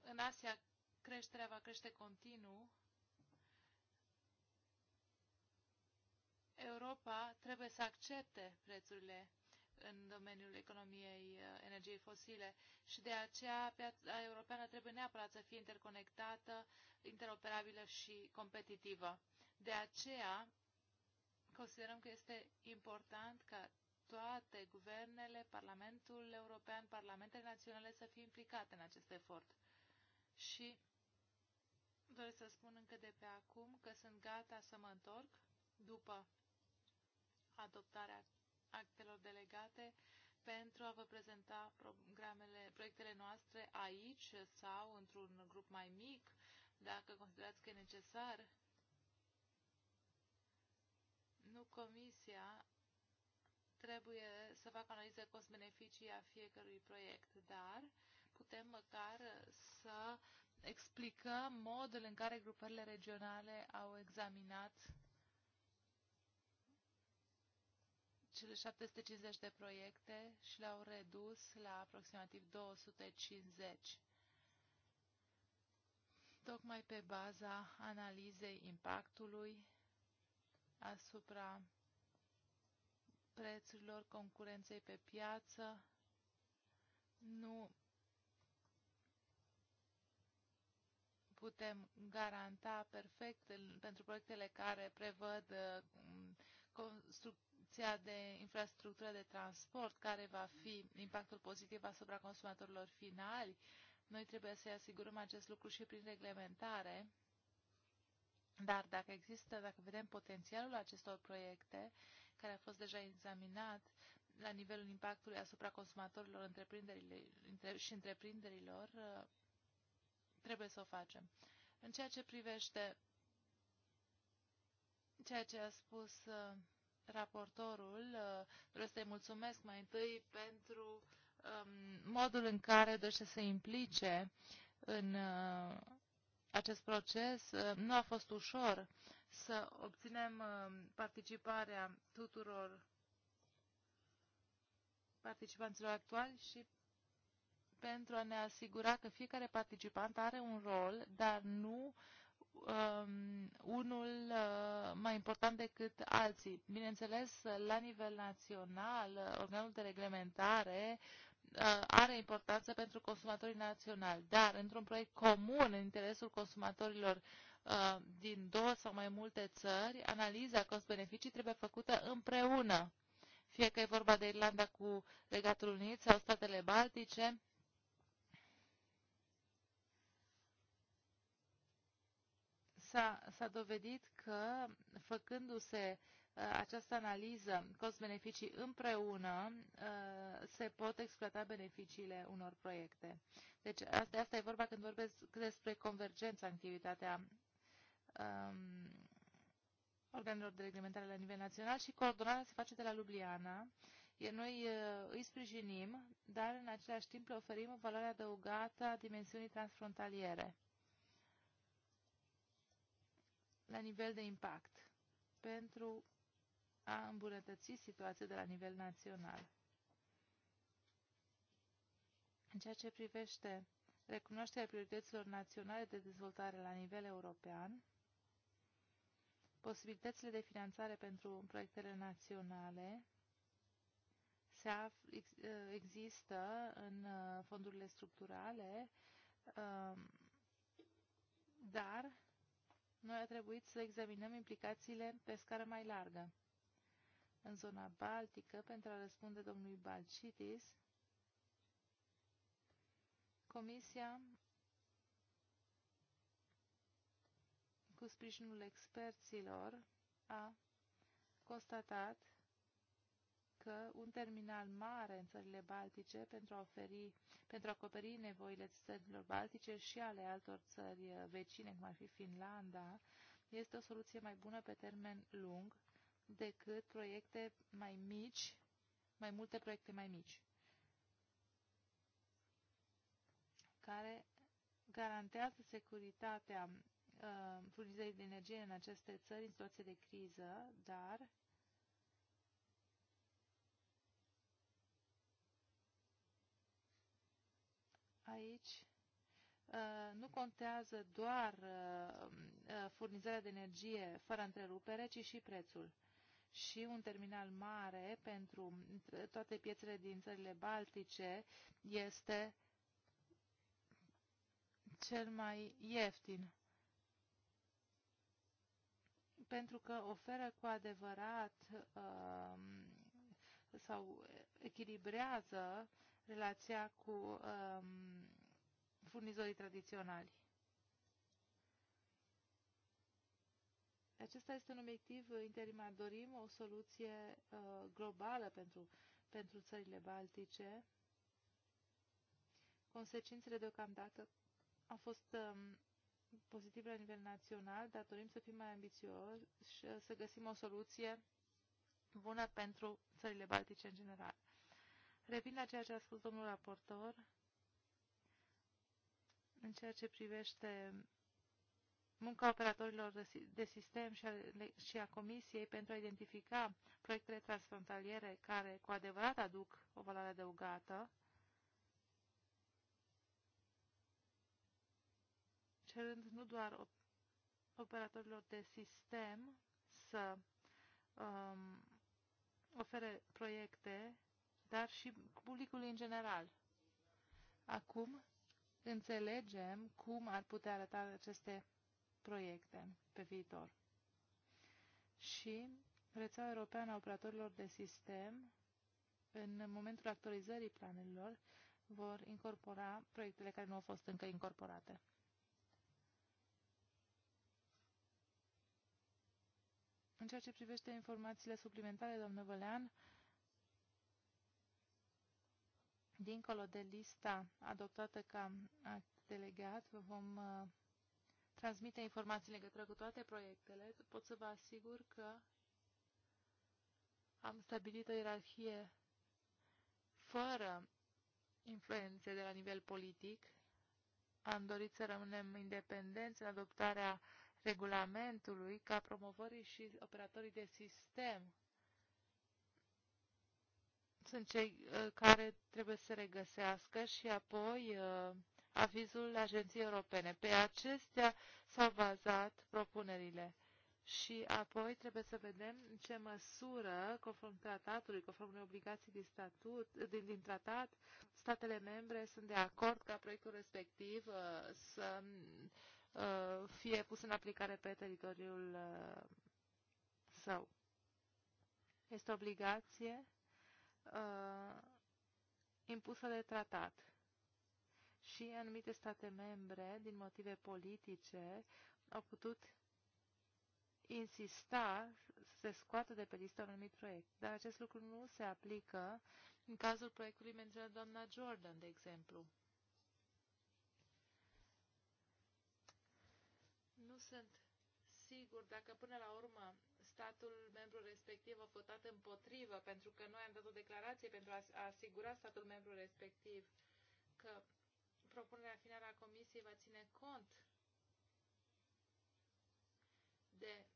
în Asia creșterea va crește continuu, Europa trebuie să accepte prețurile în domeniul economiei uh, energiei fosile și de aceea piața europeană trebuie neapărat să fie interconectată, interoperabilă și competitivă. De aceea considerăm că este important ca toate guvernele, Parlamentul European, Parlamentele Naționale să fie implicate în acest efort. Și doresc să spun încă de pe acum că sunt gata să mă întorc după adoptarea actelor delegate pentru a vă prezenta programele, proiectele noastre aici sau într-un grup mai mic, dacă considerați că e necesar. Nu comisia trebuie să facă analiză cost-beneficii a fiecărui proiect, dar putem măcar să explicăm modul în care grupările regionale au examinat cele 750 de proiecte și le-au redus la aproximativ 250 tocmai pe baza analizei impactului asupra prețurilor concurenței pe piață, nu putem garanta perfect pentru proiectele care prevăd uh, construcții Direcția de Infrastructură de Transport, care va fi impactul pozitiv asupra consumatorilor finali. Noi trebuie să asigurăm acest lucru și prin reglementare. Dar dacă există, dacă vedem potențialul acestor proiecte, care a fost deja examinat la nivelul impactului asupra consumatorilor și întreprinderilor, trebuie să o facem. În ceea ce privește ceea ce a spus uh, raportorul. Vreau uh, să-i mulțumesc mai întâi pentru um, modul în care dorește să se implice în uh, acest proces. Uh, nu a fost ușor să obținem participarea tuturor participanților actuali și pentru a ne asigura că fiecare participant are un rol, dar nu um, unul uh, mai important decât alții. Bineînțeles, la nivel național, uh, organul de reglementare uh, are importanță pentru consumatorii naționali, dar într-un proiect comun în interesul consumatorilor uh, din două sau mai multe țări, analiza cost-beneficii trebuie făcută împreună, fie că e vorba de Irlanda cu Regatul Unit sau statele Baltice, S-a dovedit că, făcându-se uh, această analiză cost-beneficii împreună, uh, se pot exploata beneficiile unor proiecte. Deci asta, asta e vorba când vorbesc despre convergența activitatea um, organelor de reglementare la nivel național și coordonarea se face de la Ljubljana. Noi uh, îi sprijinim, dar în același timp le oferim o valoare adăugată a dimensiunii transfrontaliere. la nivel de impact pentru a îmbunătăți situația de la nivel național. În ceea ce privește recunoașterea priorităților naționale de dezvoltare la nivel european, posibilitățile de finanțare pentru proiectele naționale se există în uh, fondurile structurale, um, dar noi a trebuit să examinăm implicațiile pe scară mai largă. În zona baltică, pentru a răspunde domnului Balcitis, Comisia, cu sprijinul experților, a constatat că un terminal mare în țările baltice pentru a, oferi, pentru a acoperi nevoile țărilor baltice și ale altor țări vecine, cum ar fi Finlanda, este o soluție mai bună pe termen lung decât proiecte mai mici, mai multe proiecte mai mici, care garantează securitatea uh, furnizării de energie în aceste țări în situație de criză, dar aici uh, nu contează doar uh, uh, furnizarea de energie fără întrerupere, ci și prețul. Și un terminal mare pentru toate piețele din țările baltice este cel mai ieftin. Pentru că oferă cu adevărat um, sau echilibrează relația cu um, furnizorii tradiționali. Acesta este un obiectiv interimar. Dorim o soluție uh, globală pentru, pentru țările baltice. Consecințele deocamdată au fost uh, pozitive la nivel național, dar dorim să fim mai ambițioși și uh, să găsim o soluție bună pentru țările baltice în general. Revin la ceea ce a spus domnul raportor în ceea ce privește munca operatorilor de sistem și a Comisiei pentru a identifica proiectele transfrontaliere care cu adevărat aduc o valoare adăugată, cerând nu doar operatorilor de sistem să um, ofere proiecte, dar și publicului în general. Acum înțelegem cum ar putea arăta aceste proiecte pe viitor. Și rețeaua europeană a operatorilor de sistem, în momentul actualizării planurilor, vor incorpora proiectele care nu au fost încă incorporate. În ceea ce privește informațiile suplimentare, doamnă Vălean, Dincolo de lista adoptată ca act delegat, vă vom uh, transmite informații în legătură cu toate proiectele. Pot să vă asigur că am stabilit o ierarhie fără influențe de la nivel politic. Am dorit să rămânem independenți în adoptarea regulamentului ca promovării și operatorii de sistem sunt cei uh, care trebuie să regăsească și apoi uh, avizul Agenției Europene. Pe acestea s-au bazat propunerile. Și apoi trebuie să vedem în ce măsură, conform tratatului, conform unei obligații din, statut, din, din tratat, statele membre sunt de acord ca proiectul respectiv uh, să fie pus în aplicare pe teritoriul său. Este obligație uh, impusă de tratat. Și anumite state membre, din motive politice, au putut insista să se scoată de pe listă un anumit proiect. Dar acest lucru nu se aplică în cazul proiectului menționat doamna Jordan, de exemplu. Nu sunt sigur dacă până la urmă statul membru respectiv a votat împotrivă, pentru că noi am dat o declarație pentru a asigura statul membru respectiv că propunerea finală a Comisiei va ține cont de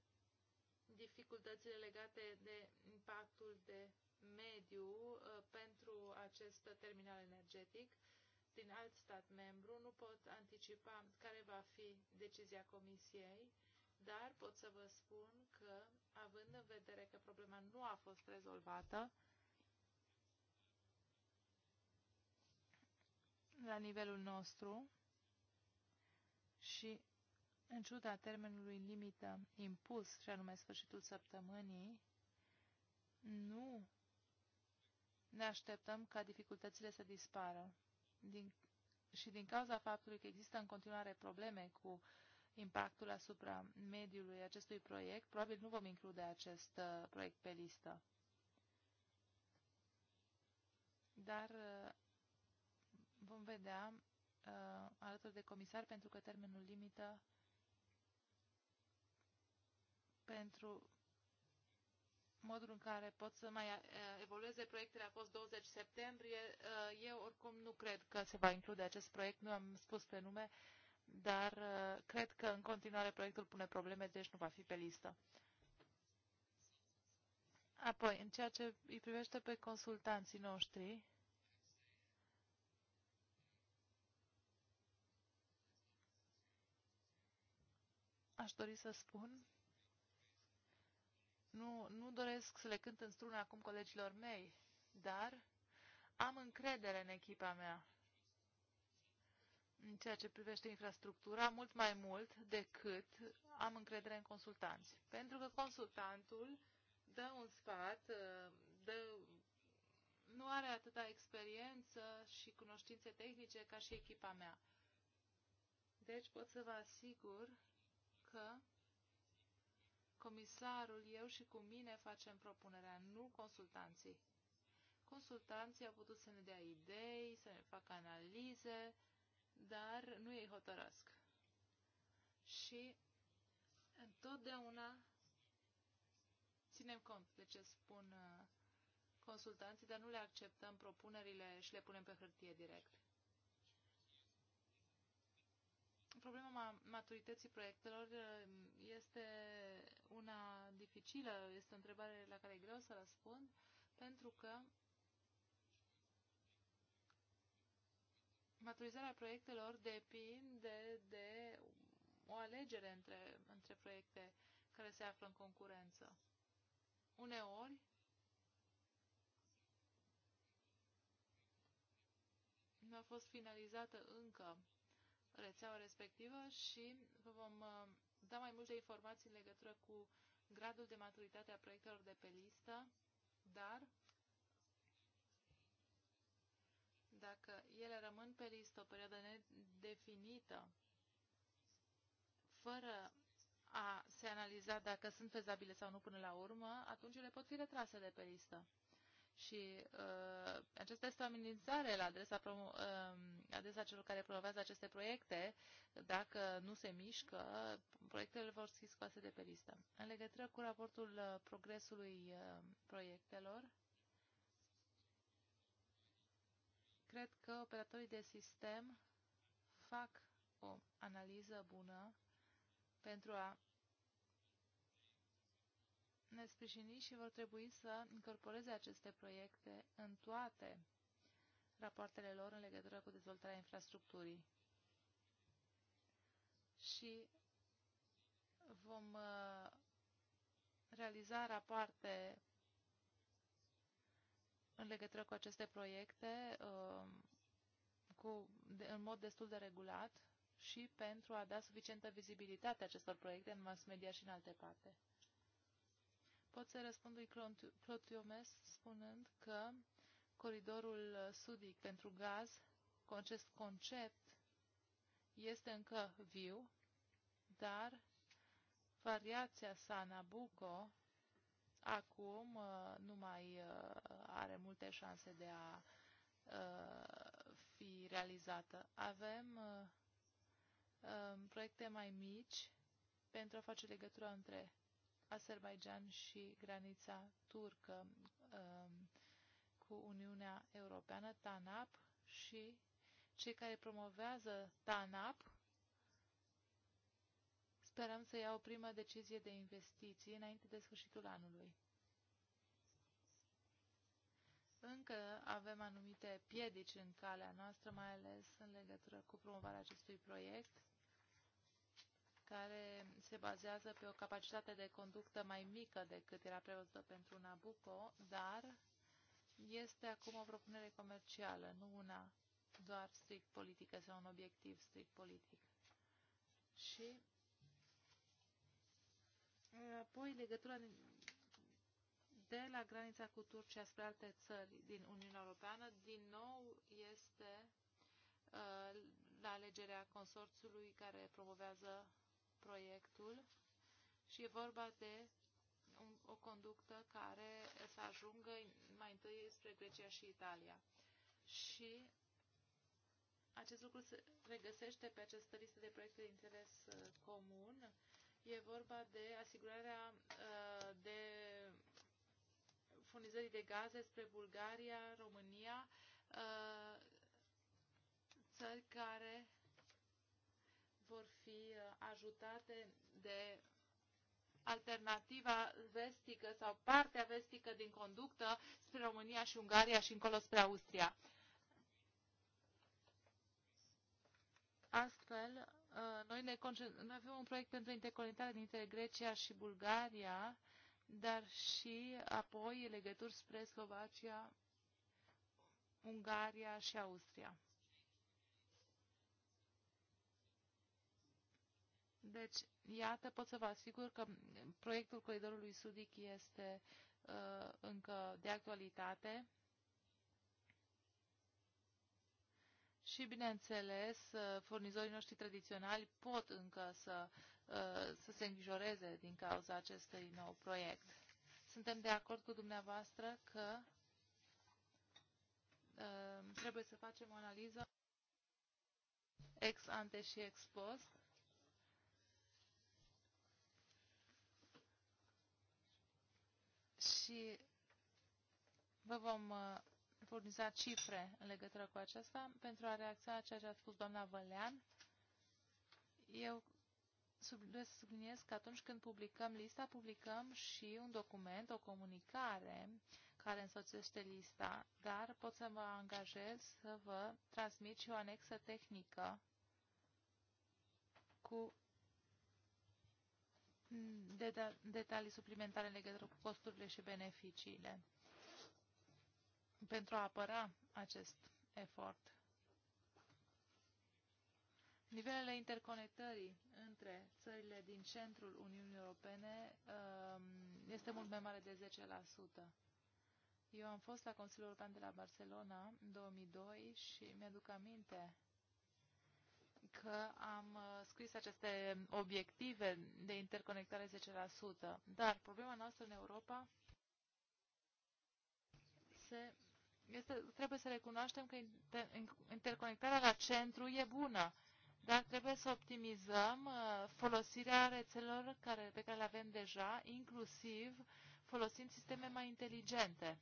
dificultățile legate de impactul de mediu uh, pentru acest terminal energetic din alt stat membru. Nu pot anticipa care va fi decizia Comisiei dar pot să vă spun că, având în vedere că problema nu a fost rezolvată, la nivelul nostru și în ciuda termenului limită impus, și anume sfârșitul săptămânii, nu ne așteptăm ca dificultățile să dispară. Din, și din cauza faptului că există în continuare probleme cu impactul asupra mediului acestui proiect, probabil nu vom include acest uh, proiect pe listă. Dar uh, vom vedea uh, alături de comisar pentru că termenul limită pentru modul în care pot să mai evolueze proiectele a fost 20 septembrie. Eu oricum nu cred că se va include acest proiect, nu am spus pe nume, dar uh, cred că în continuare proiectul pune probleme, deci nu va fi pe listă. Apoi, în ceea ce îi privește pe consultanții noștri, aș dori să spun, nu, nu doresc să le cânt în strună acum colegilor mei, dar am încredere în echipa mea în ceea ce privește infrastructura mult mai mult decât am încredere în consultanți. Pentru că consultantul dă un sfat, uh, dă, nu are atâta experiență și cunoștințe tehnice ca și echipa mea. Deci pot să vă asigur că comisarul, eu și cu mine facem propunerea, nu consultanții. Consultanții au putut să ne dea idei, să ne facă analize, dar nu ei hotărăsc. Și întotdeauna ținem cont de ce spun uh, consultanții, dar nu le acceptăm propunerile și le punem pe hârtie direct. Problema maturității proiectelor uh, este una dificilă, este o întrebare la care e greu să răspund, pentru că maturizarea proiectelor depinde de o alegere între, între proiecte care se află în concurență. Uneori, nu a fost finalizată încă rețeaua respectivă și vă vom uh, da mai multe informații în legătură cu gradul de maturitate a proiectelor de pe listă, dar dacă ele rămân pe listă o perioadă nedefinită, fără a se analiza dacă sunt fezabile sau nu până la urmă, atunci ele pot fi retrase de pe listă. Și uh, aceasta este o amenințare la adresa, promo, uh, adresa celor care promovează aceste proiecte. Dacă nu se mișcă, proiectele vor fi scoase de pe listă. În legătură cu raportul uh, progresului uh, proiectelor, cred că operatorii de sistem fac o analiză bună pentru a ne sprijini și vor trebui să incorporeze aceste proiecte în toate rapoartele lor în legătură cu dezvoltarea infrastructurii. Și vom uh, realiza rapoarte în legătură cu aceste proiecte um, cu, de, în mod destul de regulat și pentru a da suficientă vizibilitate acestor proiecte în mass media și în alte parte. Pot să răspund lui Claude spunând că coridorul sudic pentru gaz, cu acest concept, este încă viu, dar variația sa Nabucco acum uh, nu mai uh, are multe șanse de a uh, fi realizată. Avem um, proiecte mai mici pentru a face legătura între Azerbaijan și granița turcă um, cu Uniunea Europeană, TANAP, și cei care promovează TANAP Sperăm să iau o primă decizie de investiții înainte de sfârșitul anului. Încă avem anumite piedici în calea noastră, mai ales în legătură cu promovarea acestui proiect, care se bazează pe o capacitate de conductă mai mică decât era prevăzută pentru Nabucco, dar este acum o propunere comercială, nu una doar strict politică sau un obiectiv strict politic. Și Apoi legătura de la granița cu Turcia spre alte țări din Uniunea Europeană, din nou este uh, la alegerea consorțiului care promovează proiectul și e vorba de un, o conductă care să ajungă mai întâi spre Grecia și Italia. Și acest lucru se regăsește pe această listă de proiecte de interes uh, comun E vorba de asigurarea uh, de furnizării de gaze spre Bulgaria, România, uh, țări care vor fi uh, ajutate de alternativa vestică sau partea vestică din conductă spre România și Ungaria și încolo spre Austria. Astfel, Uh, noi, ne noi avem un proiect pentru interconectare dintre Grecia și Bulgaria, dar și apoi legături spre Slovacia, Ungaria și Austria. Deci, iată, pot să vă asigur că proiectul Coridorului Sudic este uh, încă de actualitate Și, bineînțeles, uh, furnizorii noștri tradiționali pot încă să, uh, să se îngrijoreze din cauza acestui nou proiect. Suntem de acord cu dumneavoastră că uh, trebuie să facem o analiză ex ante și ex post. Și vă vom furniza cifre în legătură cu aceasta. Pentru a reacționa la ceea ce a spus doamna Vălean, eu subliniez, subliniez că atunci când publicăm lista, publicăm și un document, o comunicare care însoțește lista, dar pot să mă angajez să vă transmit și o anexă tehnică cu detalii suplimentare în legătură cu costurile și beneficiile pentru a apăra acest efort. Nivelele interconectării între țările din centrul Uniunii Europene um, este mult mai mare de 10%. Eu am fost la Consiliul European de la Barcelona în 2002 și mi-aduc aminte că am uh, scris aceste obiective de interconectare 10%, dar problema noastră în Europa se este, trebuie să recunoaștem că inter, interconectarea la centru e bună, dar trebuie să optimizăm uh, folosirea rețelor care, pe care le avem deja, inclusiv folosind sisteme mai inteligente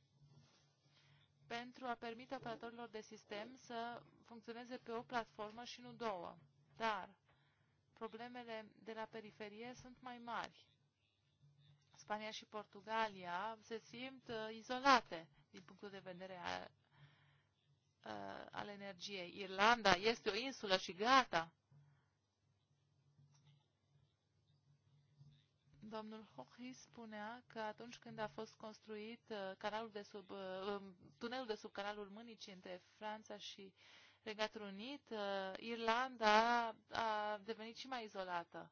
pentru a permite operatorilor de sistem să funcționeze pe o platformă și nu două. Dar problemele de la periferie sunt mai mari. Spania și Portugalia se simt uh, izolate din punctul de vedere al, al energiei. Irlanda este o insulă și gata. Domnul Hochi spunea că atunci când a fost construit uh, canalul de sub, uh, um, tunelul de sub canalul Mânicii între Franța și Regatul Unit, uh, Irlanda a devenit și mai izolată.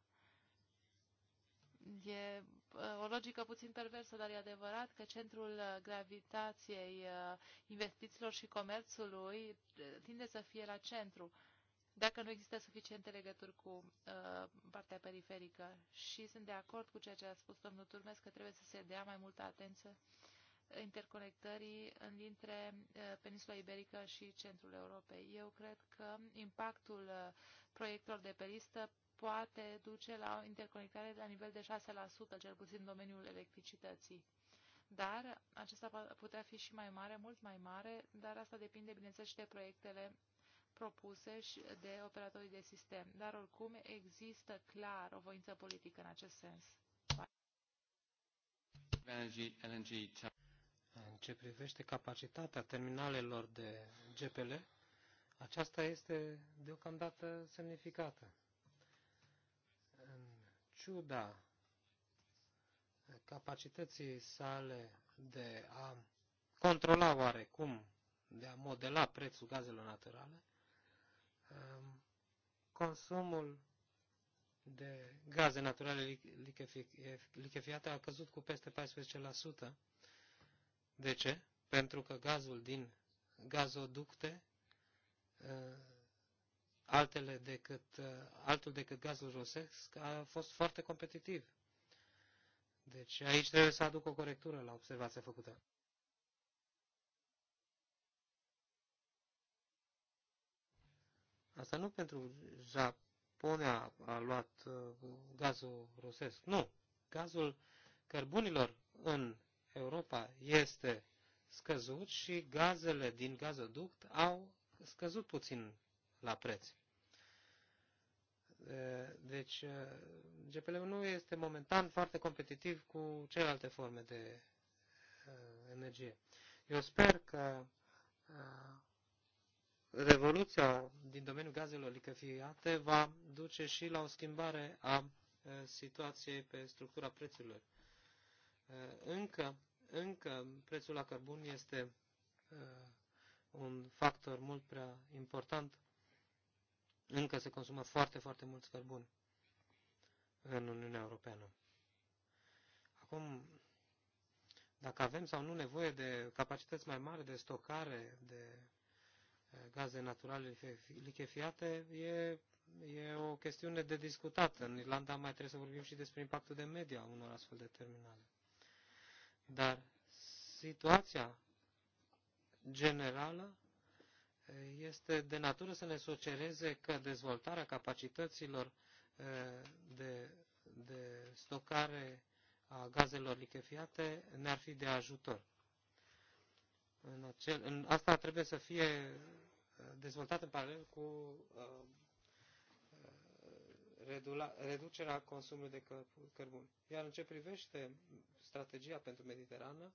E Uh, o logică puțin perversă, dar e adevărat că centrul uh, gravitației uh, investițiilor și comerțului tinde să fie la centru dacă nu există suficiente legături cu uh, partea periferică. Și sunt de acord cu ceea ce a spus domnul Turmes, că trebuie să se dea mai multă atenție interconectării dintre peninsula iberică și centrul Europei. Eu cred că impactul proiectelor de pe listă poate duce la o interconectare la nivel de 6%, cel puțin în domeniul electricității. Dar acesta putea fi și mai mare, mult mai mare, dar asta depinde, bineînțeles, și de proiectele propuse și de operatorii de sistem. Dar, oricum, există clar o voință politică în acest sens. În ce privește capacitatea terminalelor de GPL, aceasta este deocamdată semnificată ciuda capacității sale de a controla oarecum, de a modela prețul gazelor naturale, um, consumul de gaze naturale lichefiate a căzut cu peste 14%. De ce? Pentru că gazul din gazoducte uh, altele decât, uh, altul decât gazul rusesc a fost foarte competitiv. Deci aici trebuie să aduc o corectură la observația făcută. Asta nu pentru Japonia a luat uh, gazul rusesc. Nu. Gazul cărbunilor în Europa este scăzut și gazele din gazoduct au scăzut puțin la preț. Deci, gpl nu este momentan foarte competitiv cu celelalte forme de energie. Eu sper că revoluția din domeniul gazelor licăfiate va duce și la o schimbare a situației pe structura prețurilor. Încă, încă prețul la cărbun este un factor mult prea important încă se consumă foarte, foarte mulți cărbuni în Uniunea Europeană. Acum, dacă avem sau nu nevoie de capacități mai mari de stocare de eh, gaze naturale lichefiate, e, e o chestiune de discutat. În Irlanda mai trebuie să vorbim și despre impactul de mediu a unor astfel de terminale. Dar situația generală este de natură să ne sugereze că dezvoltarea capacităților de, de stocare a gazelor lichefiate ne-ar fi de ajutor. În acel, în, asta trebuie să fie dezvoltat în paralel cu uh, redula, reducerea consumului de căr cărbun. Iar în ce privește strategia pentru Mediterană,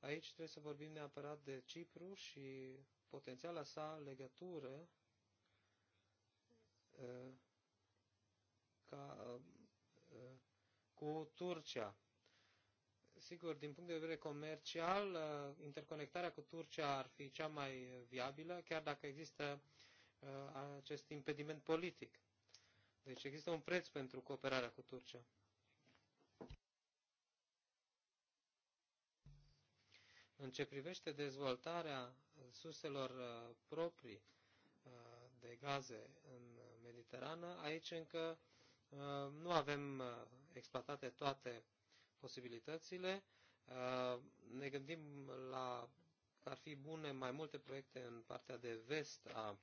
aici trebuie să vorbim neapărat de Cipru și potențiala sa legătură uh, ca, uh, uh, cu Turcia. Sigur, din punct de vedere comercial, interconectarea cu Turcia ar fi cea mai viabilă, chiar dacă există acest impediment politic. Deci există un preț pentru cooperarea cu Turcia. În ce privește dezvoltarea surselor uh, proprii uh, de gaze în Mediterană, aici încă uh, nu avem exploatate toate posibilitățile. Ne gândim la că ar fi bune mai multe proiecte în partea de vest a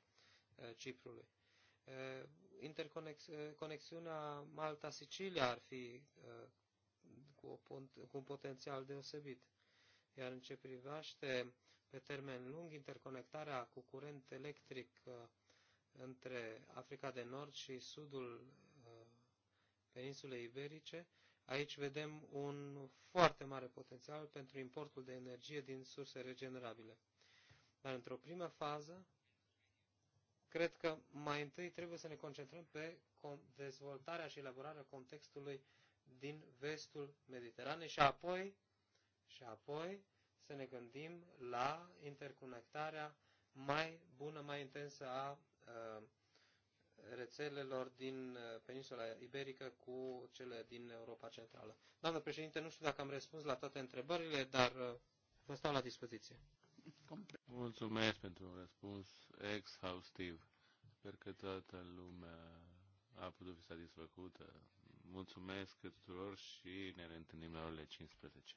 Ciprului. Interconexiunea Malta-Sicilia ar fi cu, o, cu un potențial deosebit. Iar în ce privește pe termen lung, interconectarea cu curent electric uh, între Africa de Nord și sudul uh, peninsulei iberice. Aici vedem un foarte mare potențial pentru importul de energie din surse regenerabile. Dar într-o primă fază, cred că mai întâi trebuie să ne concentrăm pe dezvoltarea și elaborarea contextului din vestul Mediteranei și apoi, și apoi să ne gândim la interconectarea mai bună, mai intensă a ă, rețelelor din ă, peninsula iberică cu cele din Europa Centrală. Doamnă președinte, nu știu dacă am răspuns la toate întrebările, dar ă, vă stau la dispoziție. Mulțumesc pentru un răspuns exhaustiv. Sper că toată lumea a putut fi satisfăcută. Mulțumesc tuturor și ne reîntâlnim la orele 15.